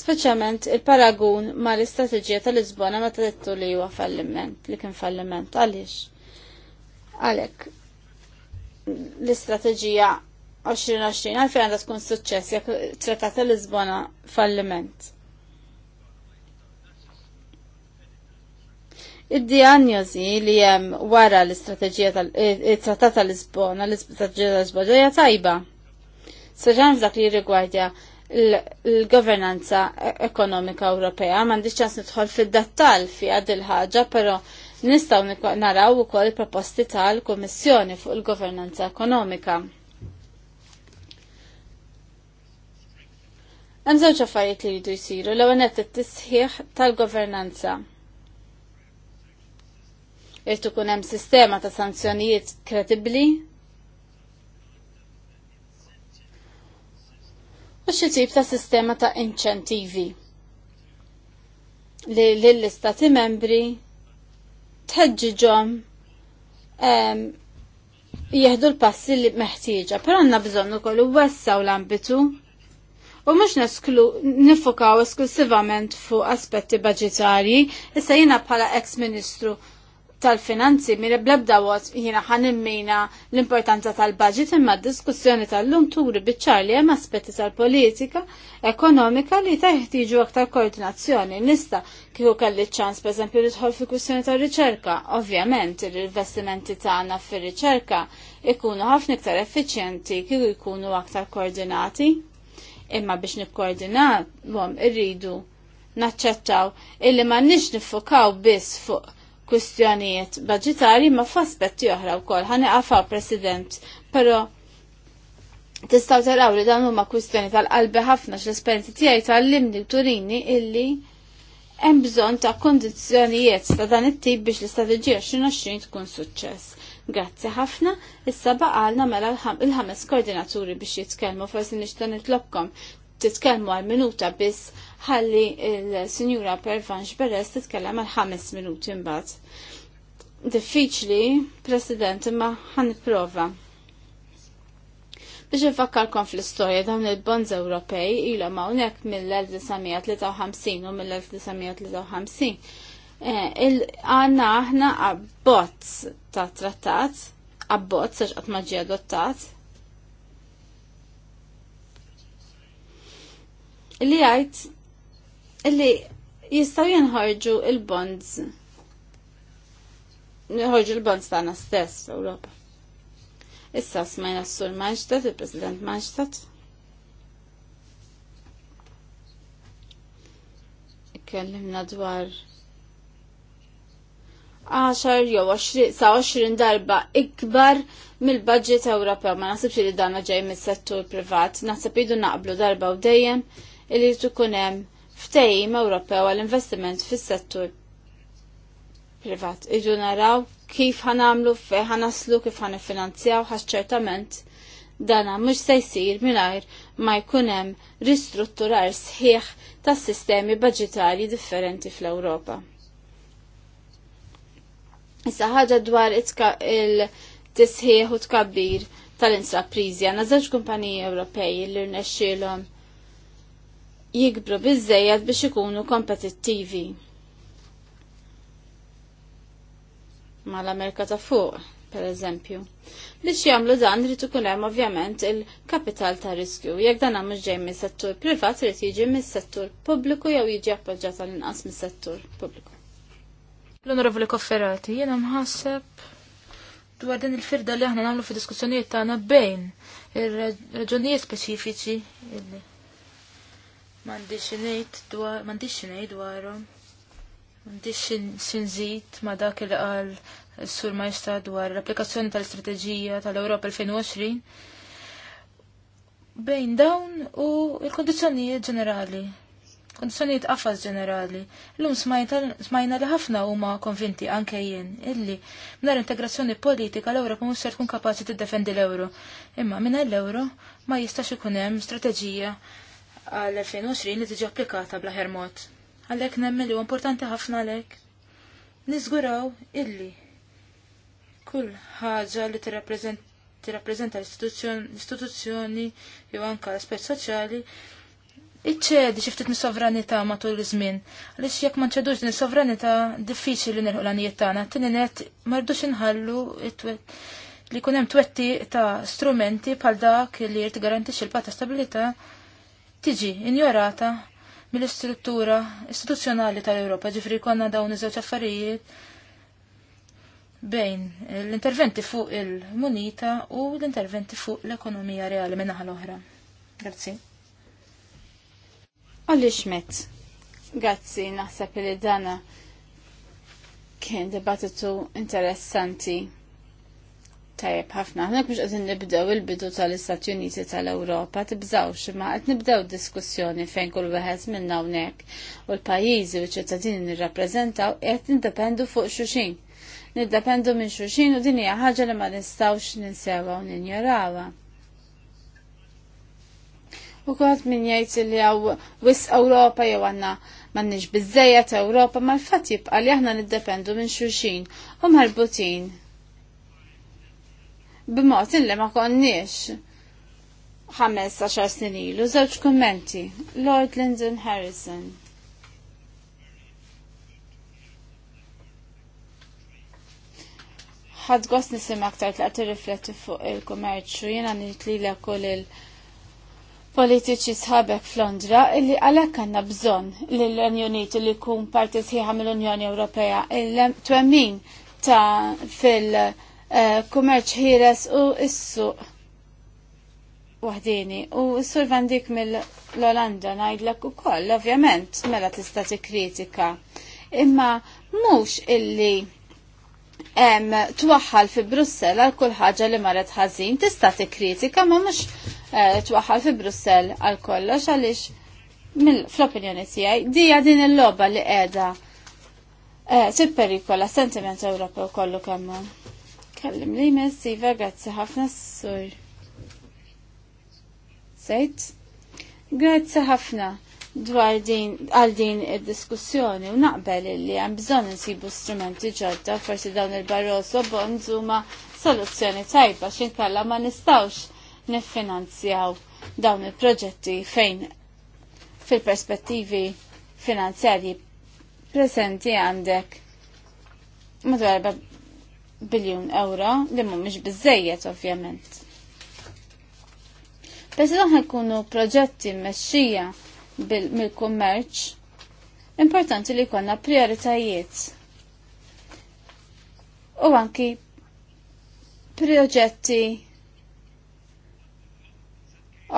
Speċjalment il-paragun ma l-istrateġija tal-Lisbona ma tadettu li huwa falliment, li kien falliment, għaliex? Għalek, l-istrateġija 2020 għalfejn għandha tkun suċċess jekk trattat tal-Lisbona falliment. Id-diagnosi li hemm wara l-istrateġija tal-trattat eh, tal-Lisbona, l istrategija tal-Lisbona hija tajba. Saġan f'dak li rigwardja l-governanza e-, ekonomika Ewropea, m'għandix ċans nidħol fid-dettal fi għad il-ħaġa, però nistgħu naraw ukoll proposti tal-Kummissjoni fuq il-governanza ekonomika. Hemm żewġ affarijiet li jridu jsiru l-ewwel qed it-tisħiħ tal-governanza. Irtu kun hemm sistema ta' sanzjonijiet kredibbli. U xi tip ta' sistema ta' inċentivi li lill-istati membri tħeġġiġhom jieħdu l-passi li meħtieġa, però għandna bżonn ukoll uwessaw l-ambitu u mhux nesklu nifokaw esklusivament fuq aspetti budġetarji, issa jiena bħala ex-ministru tal-finanzi mir blabda wot jina ħanimmina l-importanza tal-budget imma d-diskussjoni tal-lum turi bitċar li hemm aspetti tal-politika ekonomika li taħtiġu aktar koordinazzjoni. Nista kieku kelli ċans esempio li tħol fi kussjoni tal-riċerka. Ovvjament l-investimenti tagħna fir-riċerka ikunu ħafna iktar effiċjenti kieku jkunu aktar koordinati. Imma biex nikkoordinat irridu naċċettaw illi ma nix nifokaw biss fuq kwistjonijiet budgetari ma f'aspetti oħra wkoll. Ħani qafa President, però tistgħu taraw li dan huma kwistjoni tal-qalbi ħafna x esperjenzi tiegħi tal-limni turini illi hemm bżonn ta' kondizzjonijiet ta' dan it-tip biex l-istrateġija 2020 tkun suċċess. Grazzi ħafna, issa baqalna mela il-ħames koordinaturi biex jitkellmu forsi nixtan nitlobkom titkellmu għal minuta biss ħalli il-Sinjura Pervanx Beres titkellem għal ħames minuti mbagħad. Diffiċli, President, imma ħanipprova. Biex nfakkarkom fl-istorja dawn il-bonds Ewropej ilhom hawnhekk mill-1953 u mill-1953 eh, għanna aħna abbozz ta' trattat, abbozz għax qatt ma ġie adottat. Li għajt illi jistaw jenħarġu il-bonds. Nħarġu il-bonds tagħna stess f'Ewropa. Issa smajna s-sur Maġdat, il-President Maġdat. Ikkellimna dwar Għaxar jew 20 sa 20 darba ikbar mill-budget Ewropew. Ma naħsibx li dan ġej mis-settur privat, naħseb idu naqblu darba u dejjem illi tkun hemm Ftehim Ewropew għall-investiment fis-settur privat. Iġu naraw kif ħanamlu, fej ħanaslu, kif ħanifinanzjaw, ċertament dana mhux se jsir mingħajr ma jkun hemm ristrutturar sħiħ tas sistemi budġetarji differenti fl-Ewropa. Issa ħaġa dwar il-tisħiħ u tkabbir tal intraprizja għandna żewġ kumpaniji Ewropej li rnexxielhom jikbru bizzejjed biex ikunu kompetittivi. Mal-Amerika ta' fuq, per eżempju. Biex jagħmlu dan rritu ikun hemm ovvjament il-kapital ta' riskju. Jekk dan mhux ġej mis-settur privat irid jiġi mis-settur pubbliku jew jiġi appoġġat għal inqas mis-settur pubbliku. L-Onorevoli Kofferati, jiena mħasseb dwar din il-firda li aħna nagħmlu fi diskussjonijiet tagħna bejn ir-raġunijiet speċifiċi illi M'għandix ngħid dwar m'għandix ngħid dwarhom. xinżid ma' dak li qal sur Majsta dwar l-applikazzjoni tal-istrateġija tal-Ewropa 2020 bejn dawn u l kondizjonijiet ġenerali. Kondizjonijiet qafas ġenerali. L-lum smajna li ħafna huma konvinti anke jien illi minar integrazzjoni politika l-Ewropa mhux ser tkun kapaċi tiddefendi l-euro. Imma minn l-euro ma jistax ikun hemm strateġija għal-2020 li tiġi applikata bla ħermot. Għalek nemmen li importanti ħafna għalek. Nizguraw illi kull ħaġa li t-rapprezenta l-istituzzjoni jew anka l-aspet soċjali iċċedi xiftit ftit mis-sovranità matul iż-żmien. Għaliex jekk ma nċedux din is-sovranità diffiċli l-għanijiet tagħna. Tieni net ma rridux inħallu li jkun hemm twetti ta' strumenti bħal dak li jrid garantixxi l pata ta' stabilità tiġi injorata mill-istruttura istituzzjonali tal-Ewropa, ġifri konna dawn iż-żewġ affarijiet bejn l-interventi fuq il-munita u l-interventi fuq l-ekonomija reali minnaħa l-oħra. Grazzi. Għalli xmet, grazzi naħseb li dana kien dibattitu interessanti tajab ħafna, ħna biex qed nibdew il-bidu tal-Istati Uniti tal-Ewropa tibżawx imma qed nibdew diskussjoni fejn kull wieħed minna hawnhekk u l-pajjiżi u ċ-ċittadini nirrappreżentaw qed nindependu fuq xulxin. Niddependu minn xulxin u din hija ħaġa li ma nistgħux ninsewa u ninjorawha. U kont min jgħid li hawn wis Ewropa jew għandna m'għandniex ta' Ewropa mal-fatt jibqa' li aħna niddependu minn xulxin u marbutin b'mod li ma konniex ħames għaxar snin ilu, żewġ kummenti. Lord Lyndon Harrison. ħad gost nisim aktar tlaqt rifletti fuq il-kummerċu, jena nit li l il-politiċi sħabek f'Londra illi għalek għanna bżon l-Unjonitu li kun parti sħiħa mill-Unjoni Ewropea il-twemmin ta' fil- Eh, kummerċ ħieles u s-suq wahdini. U s-sur vandik mill-Olanda najdlek u koll, ovvjament, mela tista' kritika. Imma mux illi em, twaħħal fi Brussel għal kull ħaġa li marret ħażin, tista' kritika ma mhux eh, twaħħal fi Brussel għal kollox għaliex fl-opinjoni tiegħi dija din il-logħba li qiegħda eh, tipperikola sentiment Ewropew kollu kemm. Kellim li mess, Iva, grazzi ħafna s-sur. Sejt? Grazzi ħafna dwar din għal din id-diskussjoni u naqbel li hemm bżonn insibu strumenti ġodda forsi dawn il-Barroso bonds huma soluzzjoni tajba xin kalla ma nistawx niffinanzjaw dawn il-proġetti fejn fil-perspettivi finanzjarji presenti għandek madwar biljun euro li mhumiex biżejjed ovvjament. Bess dawn ikunu proġetti mmexxija mill-kummerċ, importanti li jkollna prioritajiet. U anki proġetti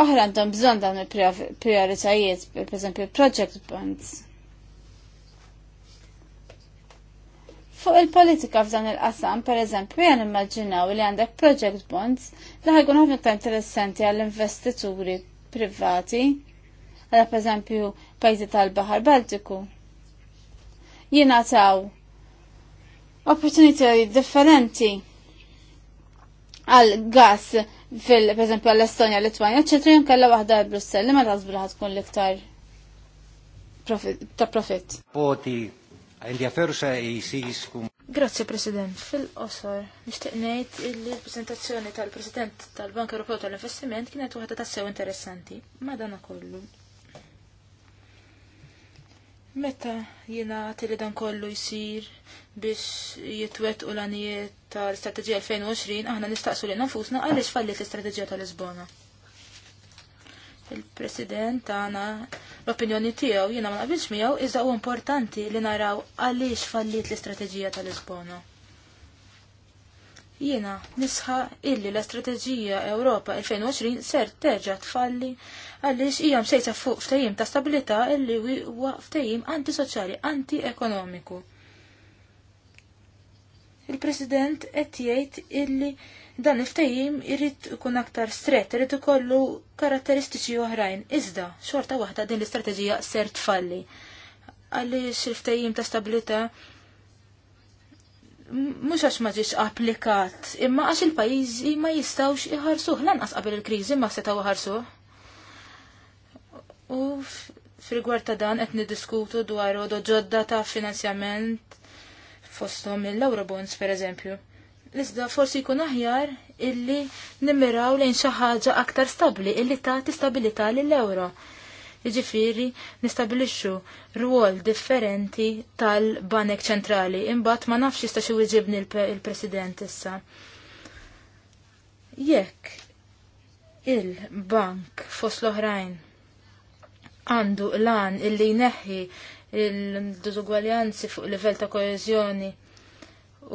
oħra għandhom bżonn dawn il-prioritajiet, per eżempju project bonds. Fuq il-politika f'dan il-qasam, per eżempju, jan immaġinaw li għandek project bonds li ħajkun ħafna ta' interessanti għall-investituri privati, għal per eżempju pajzi tal-Bahar Baltiku. Jina taw opportunitajiet differenti għal gas fil per eżempju, għall-Estonja, l-Litwanja, eccetera, jom kalla wahda għal Brussel, li ma tazbru tkun l-iktar ta' profit. Poti E Grazie, President. Fil-qosor, nishtiq ngħid li l-prezentazzjoni tal-President tal-Bank Ewropew tal-Investiment kienet waħda tas-sew interessanti. Madana kollu. Meta jiena li dan kollu jsir biex jitwet u l-anijiet tal-Strategija 2020, aħna nistaqsu li nafusna għaliex fallit l-Strategija tal-Lisbona. Il-President għana l-opinjoni tiegħu jiena ma naqbilx miegħu iżda u importanti li naraw għaliex fallit l-istrateġija tal-Lisbona. Jiena nisħa illi l-istrateġija Ewropa 2020 ser terġa' tfalli għaliex hija msejsa fuq ftehim ta' stabilità illi huwa ftehim antisoċjali, ekonomiku. Il-President qed jgħid illi dan il-ftajim irrit ikun aktar stret, irrit ikollu karatteristiċi oħrajn. Iżda, xorta waħda din l-istrateġija ser tfalli. Għaliex il-ftajim ta' stabilita mux għax maġiċ applikat, imma għax il-pajizi ma jistawx iħarsuħ, lanqas qabel il-krizi ma setaw iħarsuħ. U fil-gwar ta' dan qed niddiskutu dwar ġodda ta' finanzjament fostom il-Eurobonds per eżempju Iżda forsi jkun aħjar illi nimmiraw lejn xi ħaġa aktar stabbli illi tagħti stabilità lill-ewro. Jiġifieri nistabilixxu rwol differenti tal-Banek Ċentrali imbagħad ma nafx jista' xi wieġibni l-President issa. Jekk il-bank fost l-oħrajn għandu lan illi jneħħi il-dużugwaljanzi fuq livell ta' koeżjoni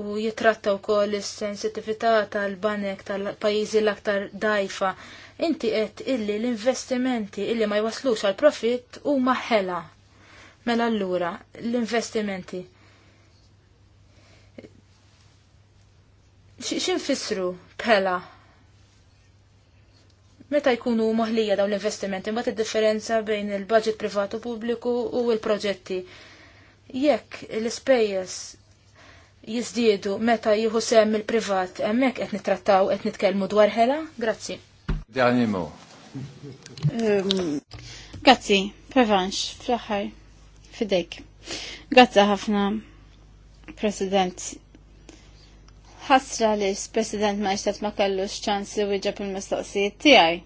u jitratta wkoll is-sensitività tal-banek tal-pajjiżi l-aktar dajfa. Inti qed illi l-investimenti illi ma jwaslux għal profitt huma ħela. Mela allura l-investimenti. fissru pela? Meta jkunu moħlija dawn l-investimenti, mbagħad id-differenza bejn il-budget privatu pubbliku u l-proġetti. Jekk l-ispejjeż jizdiedu meta jieħu sem il-privat, hemmhekk qed nittrattaw qed nitkellmu dwar ħela? Grazzi. Danimo. Ehm, grazzi, prevanx, fl-aħħar, fidejk. Grazzi ħafna, President. Ħasra li s-President ma jxtat ma kellux ċansi u wieġeb il-mistoqsijiet tiegħi.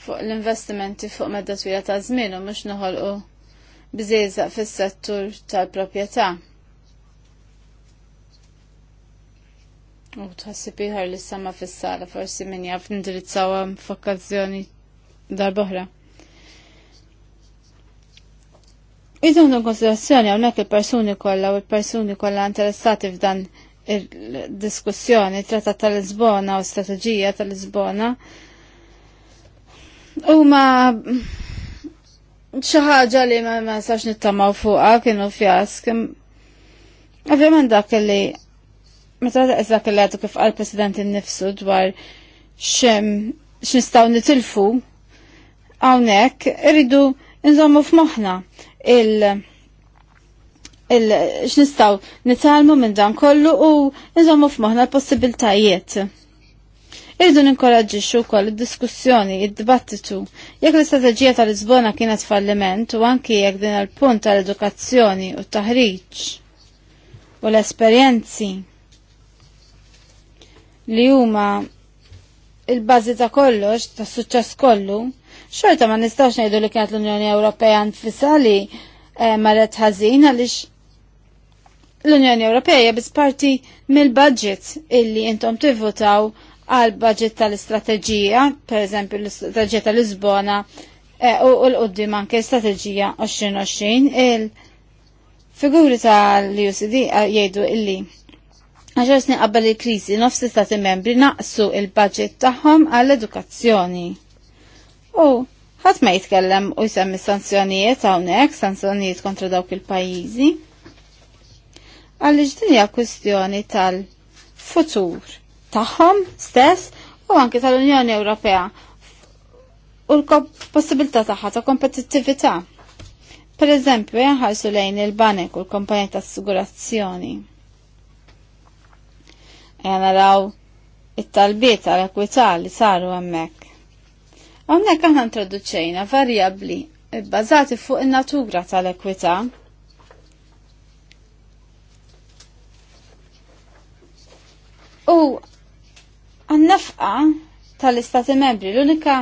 fuq l-investimenti fuq medda twila ta' żmien u mhux noħolqu bżiezaq fis-settur tal-proprjetà. U tħassib iħar li sama fis-sala forsi min jaf nindirizzawa f'okkażjoni bohra Idu għandu konsiderazzjoni għonek il-persuni kolla u il-persuni kolla interessati f'dan il-diskussjoni tratta tal-Lisbona u strategija tal-Lisbona u ma ċaħġa li ma ma sax nittamaw fuqa kienu fjask. Ovvijament dak li, meta taqis eżak li għadu kif għal president nifsu dwar xem xnistaw nitilfu hawnhekk irridu nżommu f'moħħna il il x'nistgħu nitalmu minn dan kollu u nżommu f'moħħna l-possibiltajiet. Irridu ninkoraġġixxu wkoll id-diskussjoni, id-dibattitu. Jekk l-istrateġija tal-Lisbona kienet falliment u anki jekk din il-punt tal-edukazzjoni u t-taħriġ u l-esperjenzi li huma il-bażi ta' kollox, ta' suċċess kollu, xorta ma nistgħux ngħidu li kienet l-Unjoni Ewropea nfisali li eh, marret ħażin għaliex l-Unjoni Ewropea hija biss parti mill-budget illi intom tivvotaw għal budget tal-istrateġija, per eżempju l-istrateġija tal-Lisbona e, u l-qoddim anke strateġija 2020, il-figuri tal-UCD e, jgħidu illi għaxar snin qabel il-krizi nofsi stati membri naqsu il-budget tagħhom għall-edukazzjoni. U ħadd ma jitkellem u jsemmi sanzjonijiet hawnhekk, sanzjonijiet kontra dawk il-pajjiżi. Għaliex din hija kwistjoni tal-futur tagħhom stess u anke tal-Unjoni Ewropea u l-possibilità tagħha ta' kompetittività. Per eżempju, jaħarsu lejn il-banek u l-kompanija ta' assigurazzjoni. Janaraw it-talbiet għal ekwità li saru hemmhekk. Hawnhekk aħna introduċejna varjabbli bbażati fuq in-natura tal-ekwità U Għannafqa nefqa tal-Istati Membri l-unika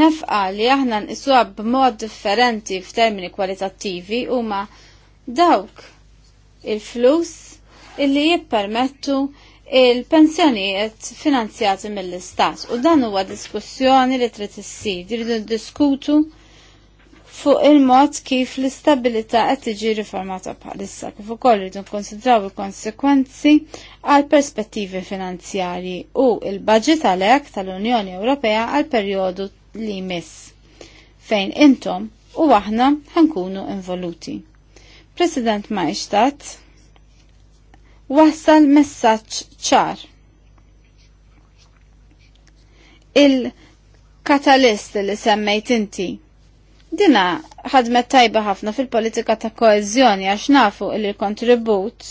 nefqa li aħna nqisuha b'mod differenti f'termini kwalitattivi huma dawk il-flus illi jippermettu il-pensjonijiet finanzjati mill-istat u dan huwa diskussjoni li trid issir diskutu fuq il-mod kif l-istabilità qed tiġi riformata bħalissa kif ukoll irid nkonsidraw il-konsekwenzi għal perspettivi finanzjarji u il-budget għalhekk tal-Unjoni Ewropea għal perjodu li jmiss fejn intom u aħna ħankunu involuti. President Maestat wassal messaġġ ċar. Il-katalist li semmejt inti Dina ħadmet tajba ħafna fil-politika ta' koezjoni għax nafu il-kontribut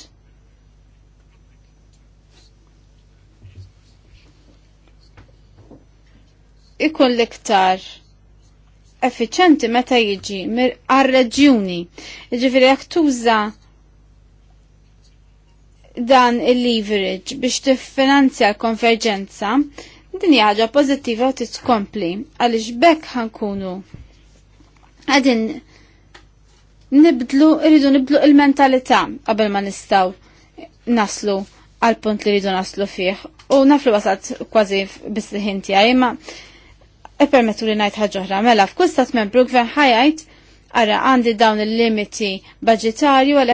ikun liktar effiċenti meta jiġi għal-reġjuni. Ġifiri jek tuża dan il-leverage biex tiffinanzja l-konverġenza, din hija ħaġa pożittiva u titkompli għaliex bekk ħankunu Għadin nibdlu, rridu nibdlu il-mentalità qabel ma nistaw naslu għal punt li rridu naslu fih. U naflu wasat kważi bis-liħin tiegħi, ma permettu li ngħid ħaġa Mela f'kull membru gvern ħajajt ara għandi dawn il-limiti budgetarju